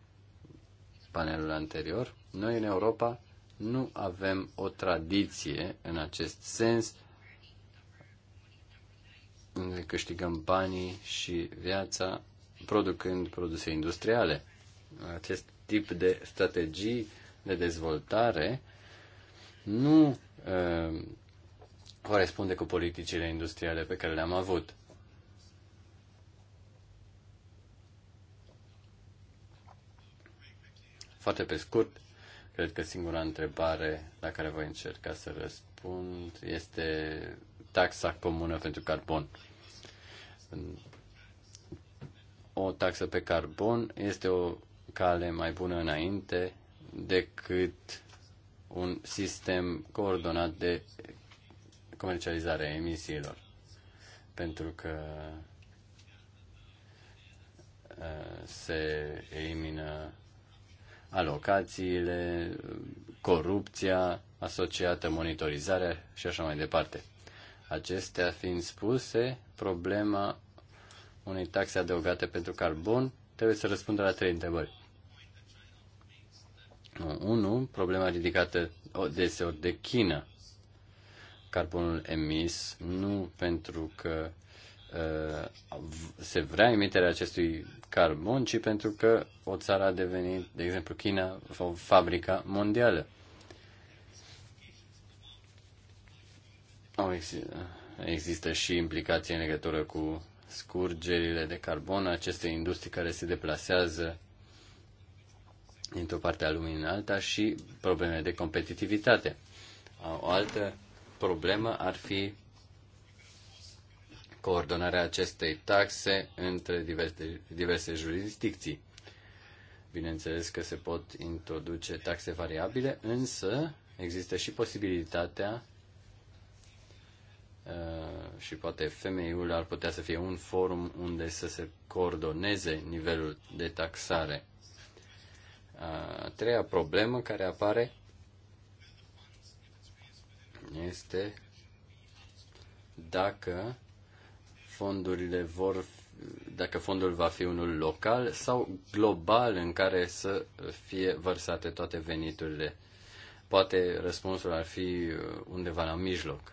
panelul anterior, noi în Europa nu avem o tradiție în acest sens unde câștigăm banii și viața producând produse industriale. Acest tip de strategii de dezvoltare nu uh, corespunde cu politicile industriale pe care le-am avut. Foarte pe scurt, cred că singura întrebare la care voi încerca să răspund este taxa comună pentru carbon. O taxă pe carbon este o cale mai bună înainte decât un sistem coordonat de comercializare a emisiilor. Pentru că uh, se elimină alocațiile, corupția asociată, monitorizarea și așa mai departe. Acestea fiind spuse, problema unei taxe adăugate pentru carbon trebuie să răspundă la trei întrebări. 1. Problema ridicată deseori de China. Carbonul emis nu pentru că Uh, se vrea emiterea acestui carbon, ci pentru că o țară a devenit, de exemplu, China, o fabrică mondială. Există și implicații în legătură cu scurgerile de carbon, aceste industrii care se deplasează dintr-o parte a lumii în alta și probleme de competitivitate. O altă problemă ar fi coordonarea acestei taxe între diverse, diverse jurisdicții. Bineînțeles că se pot introduce taxe variabile, însă există și posibilitatea uh, și poate femeiul ar putea să fie un forum unde să se coordoneze nivelul de taxare. A treia problemă care apare este dacă fondurile vor, dacă fondul va fi unul local sau global în care să fie vărsate toate veniturile. Poate răspunsul ar fi uh, undeva la mijloc.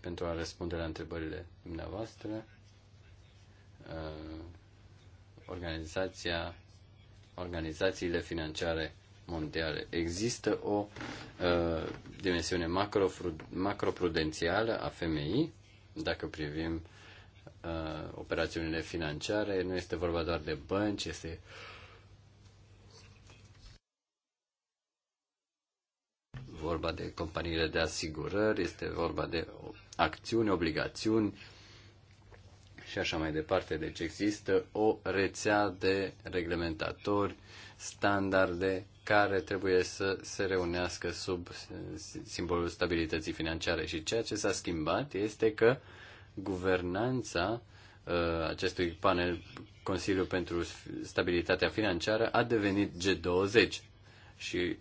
Pentru a răspunde la întrebările dumneavoastră, uh, organizația, organizațiile financiare mondiale. Există o uh, dimensiune macroprudențială a FMI, dacă privim uh, operațiunile financiare, nu este vorba doar de bănci, este vorba de companiile de asigurări, este vorba de acțiuni, obligațiuni și așa mai departe. Deci există o rețea de reglementatori, standarde care trebuie să se reunească sub simbolul stabilității financiare. Și ceea ce s-a schimbat este că guvernanța uh, acestui panel Consiliu pentru Stabilitatea Financiară a devenit G20 și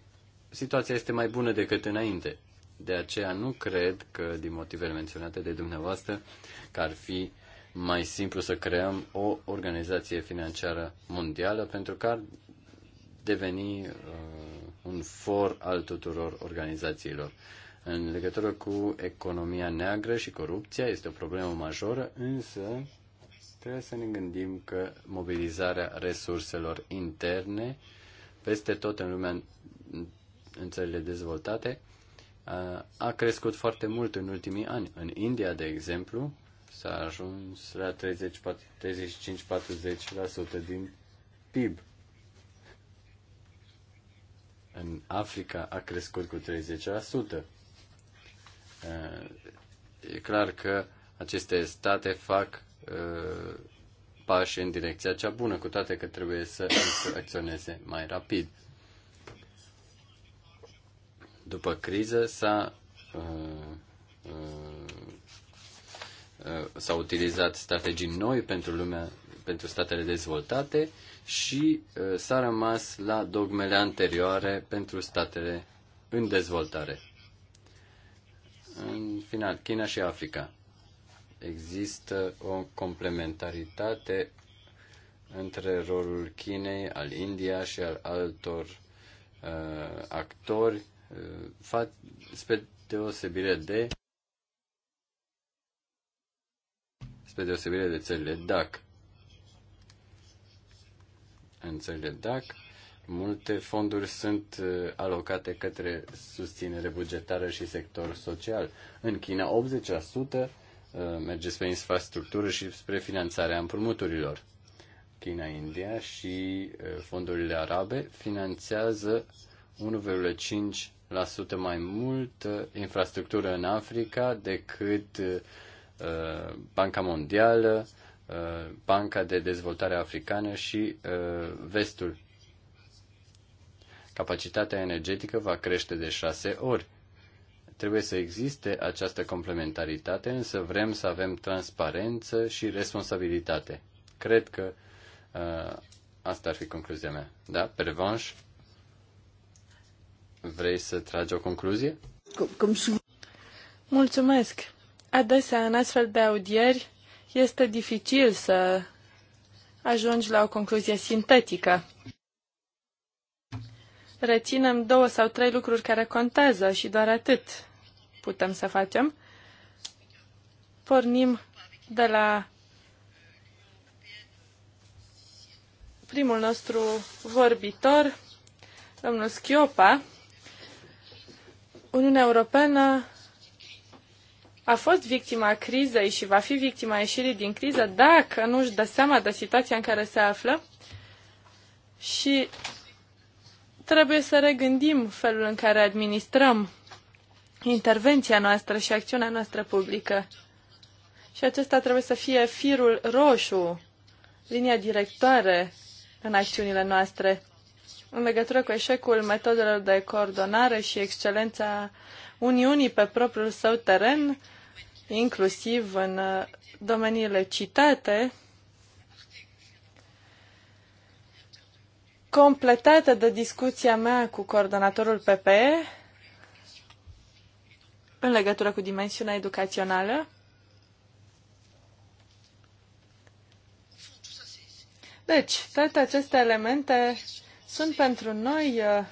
situația este mai bună decât înainte. De aceea nu cred că, din motivele menționate de dumneavoastră, că ar fi mai simplu să creăm o organizație financiară mondială, pentru că ar deveni uh, un for al tuturor organizațiilor. În legătură cu economia neagră și corupția este o problemă majoră, însă trebuie să ne gândim că mobilizarea resurselor interne peste tot în lumea, în țările dezvoltate, a crescut foarte mult în ultimii ani. În India, de exemplu, s-a ajuns la 35-40% din PIB în Africa a crescut cu 30%. Eh, e clar că aceste state fac eh, pași în direcția cea bună, cu toate că trebuie să acționeze mai rapid. După criză s-a eh, s-au utilizat strategii noi pentru lumea pentru statele dezvoltate și uh, s-a rămas la dogmele anterioare pentru statele în dezvoltare. În final, China și Africa. Există o complementaritate între rolul Chinei, al India și al altor uh, actori, uh, spre deosebire de spre deosebire de țările DAC în DAC, multe fonduri sunt uh, alocate către susținere bugetară și sector social. În China, 80% uh, merge spre infrastructură și spre finanțarea împrumuturilor. China, India și uh, fondurile arabe finanțează 1,5% mai mult infrastructură în Africa decât Banca Mondială, Uh, Banca de Dezvoltare Africană și uh, Vestul. Capacitatea energetică va crește de șase ori. Trebuie să existe această complementaritate, însă vrem să avem transparență și responsabilitate. Cred că uh, asta ar fi concluzia mea. Da? Pervanș? Vrei să tragi o concluzie? Mulțumesc! Adesea, în astfel de audieri, este dificil să ajungi la o concluzie sintetică. Reținem două sau trei lucruri care contează și doar atât putem să facem. Pornim de la primul nostru vorbitor, domnul Schiopa. Uniunea Europeană a fost victima crizei și va fi victima ieșirii din criză dacă nu își dă seama de situația în care se află și trebuie să regândim felul în care administrăm intervenția noastră și acțiunea noastră publică. Și acesta trebuie să fie firul roșu, linia directoare în acțiunile noastre. În legătură cu eșecul metodelor de coordonare și excelența Uniunii pe propriul său teren, inclusiv în uh, domeniile citate, completată de discuția mea cu coordonatorul PPE în legătură cu dimensiunea educațională. Deci, toate aceste elemente sunt pentru noi uh,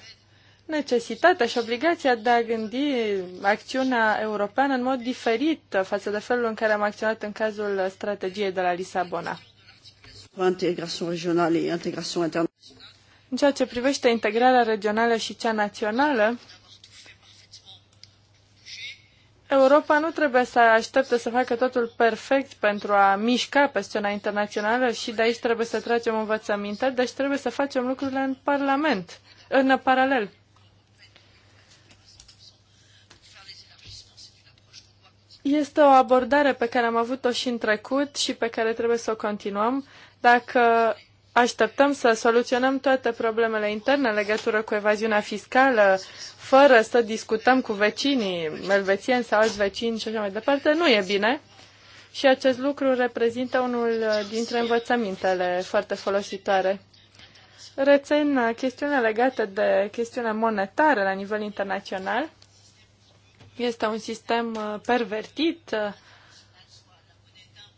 necesitatea și obligația de a gândi acțiunea europeană în mod diferit față de felul în care am acționat în cazul strategiei de la Lisabona. În ceea ce privește integrarea regională și cea națională, Europa nu trebuie să aștepte să facă totul perfect pentru a mișca pe scena internațională și de aici trebuie să tragem învățăminte, deci trebuie să facem lucrurile în Parlament, în paralel. Este o abordare pe care am avut-o și în trecut și pe care trebuie să o continuăm. Dacă așteptăm să soluționăm toate problemele interne în legătură cu evaziunea fiscală, fără să discutăm cu vecinii elvețieni sau alți vecini și așa mai departe, nu e bine. Și acest lucru reprezintă unul dintre învățămintele foarte folositoare. Rețin chestiunea legată de chestiunea monetară la nivel internațional. Este un sistem uh, pervertit. Uh,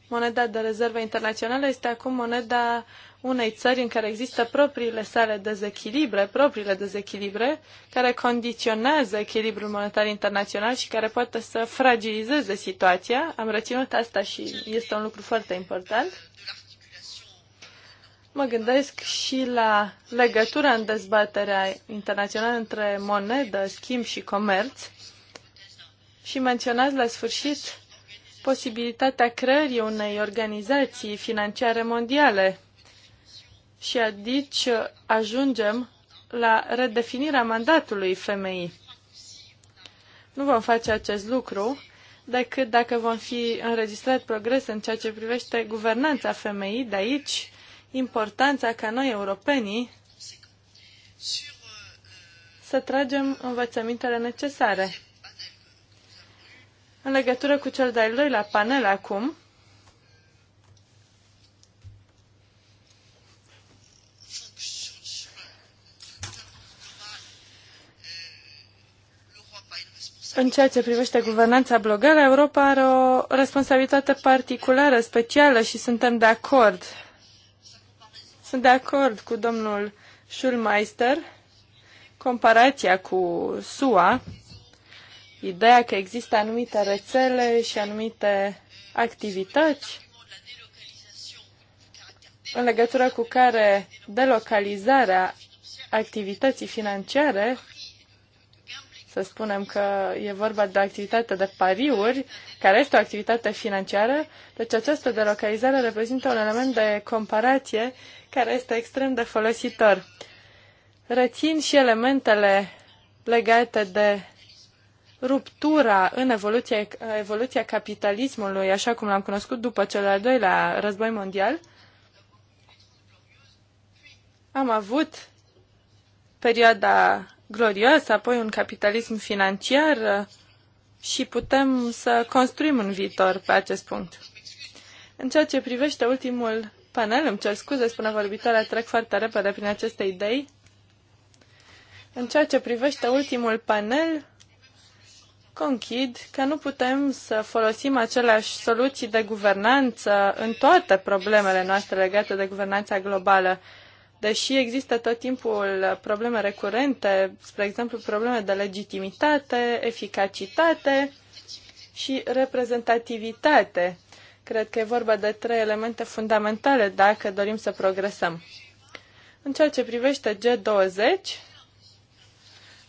moneda de rezervă internațională este acum moneda unei țări în care există propriile sale dezechilibre, propriile dezechilibre, care condiționează echilibrul monetar internațional și care poate să fragilizeze situația. Am reținut asta și este un lucru foarte important. Mă gândesc și la legătura în dezbaterea internațională între monedă, schimb și comerț și menționați la sfârșit posibilitatea creării unei organizații financiare mondiale. Și adici ajungem la redefinirea mandatului FMI. Nu vom face acest lucru decât dacă vom fi înregistrat progres în ceea ce privește guvernanța FMI, de aici importanța ca noi, europenii, să tragem învățămintele necesare. În legătură cu cel de-al doilea panel acum, În ceea ce privește guvernanța blogară, Europa are o responsabilitate particulară, specială și suntem de acord. Sunt de acord cu domnul Schulmeister. Comparația cu SUA ideea că există anumite rețele și anumite activități în legătură cu care delocalizarea activității financiare, să spunem că e vorba de activitate de pariuri, care este o activitate financiară, deci această delocalizare reprezintă un element de comparație care este extrem de folositor. Rețin și elementele legate de ruptura în evoluția evoluția capitalismului, așa cum l-am cunoscut după cel al doilea război mondial, am avut perioada glorioasă, apoi un capitalism financiar și putem să construim un viitor pe acest punct. În ceea ce privește ultimul panel, îmi cer scuze, spune vorbitoarea, trec foarte repede prin aceste idei. În ceea ce privește ultimul panel, Conchid că nu putem să folosim aceleași soluții de guvernanță în toate problemele noastre legate de guvernanța globală. Deși există tot timpul probleme recurente, spre exemplu probleme de legitimitate, eficacitate și reprezentativitate. Cred că e vorba de trei elemente fundamentale dacă dorim să progresăm. În ceea ce privește G20,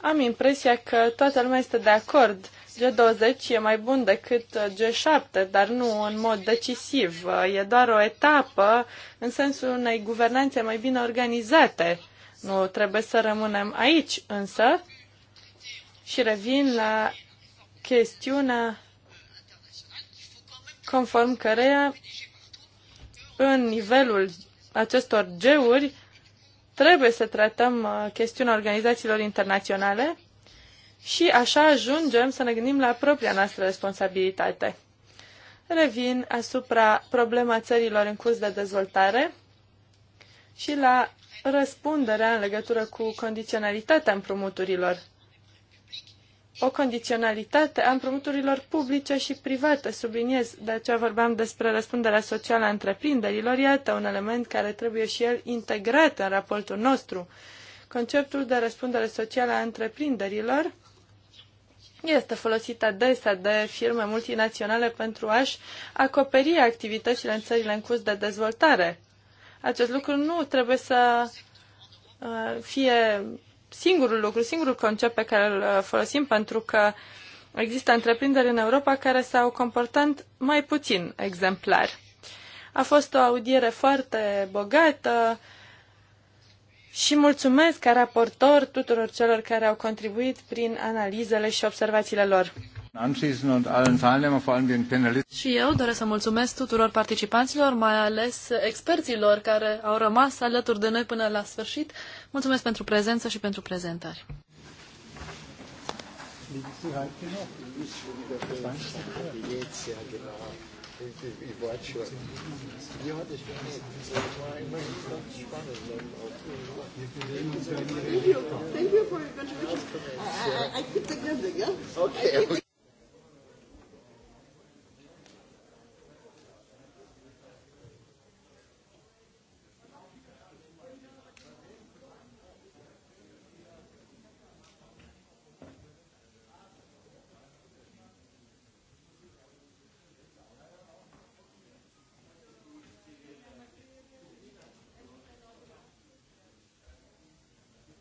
am impresia că toată lumea este de acord. G20 e mai bun decât G7, dar nu în mod decisiv. E doar o etapă în sensul unei guvernanțe mai bine organizate. Nu trebuie să rămânem aici, însă. Și revin la chestiunea conform căreia în nivelul acestor G-uri trebuie să tratăm uh, chestiunea organizațiilor internaționale și așa ajungem să ne gândim la propria noastră responsabilitate. Revin asupra problema țărilor în curs de dezvoltare și la răspunderea în legătură cu condiționalitatea împrumuturilor o condiționalitate a împrumuturilor publice și private, subliniez, de aceea vorbeam despre răspunderea socială a întreprinderilor, iată un element care trebuie și el integrat în raportul nostru. Conceptul de răspundere socială a întreprinderilor este folosit adesea de firme multinaționale pentru a-și acoperi activitățile în țările în curs de dezvoltare. Acest lucru nu trebuie să uh, fie singurul lucru, singurul concept pe care îl uh, folosim, pentru că există întreprinderi în Europa care s-au comportat mai puțin exemplar. A fost o audiere foarte bogată și mulțumesc ca raportor tuturor celor care au contribuit prin analizele și observațiile lor. Și eu doresc să mulțumesc tuturor participanților, mai ales experților care au rămas alături de noi până la sfârșit. Mulțumesc pentru prezență și pentru prezentări. Thank you for your contribution. I, I, I keep the yeah? Okay.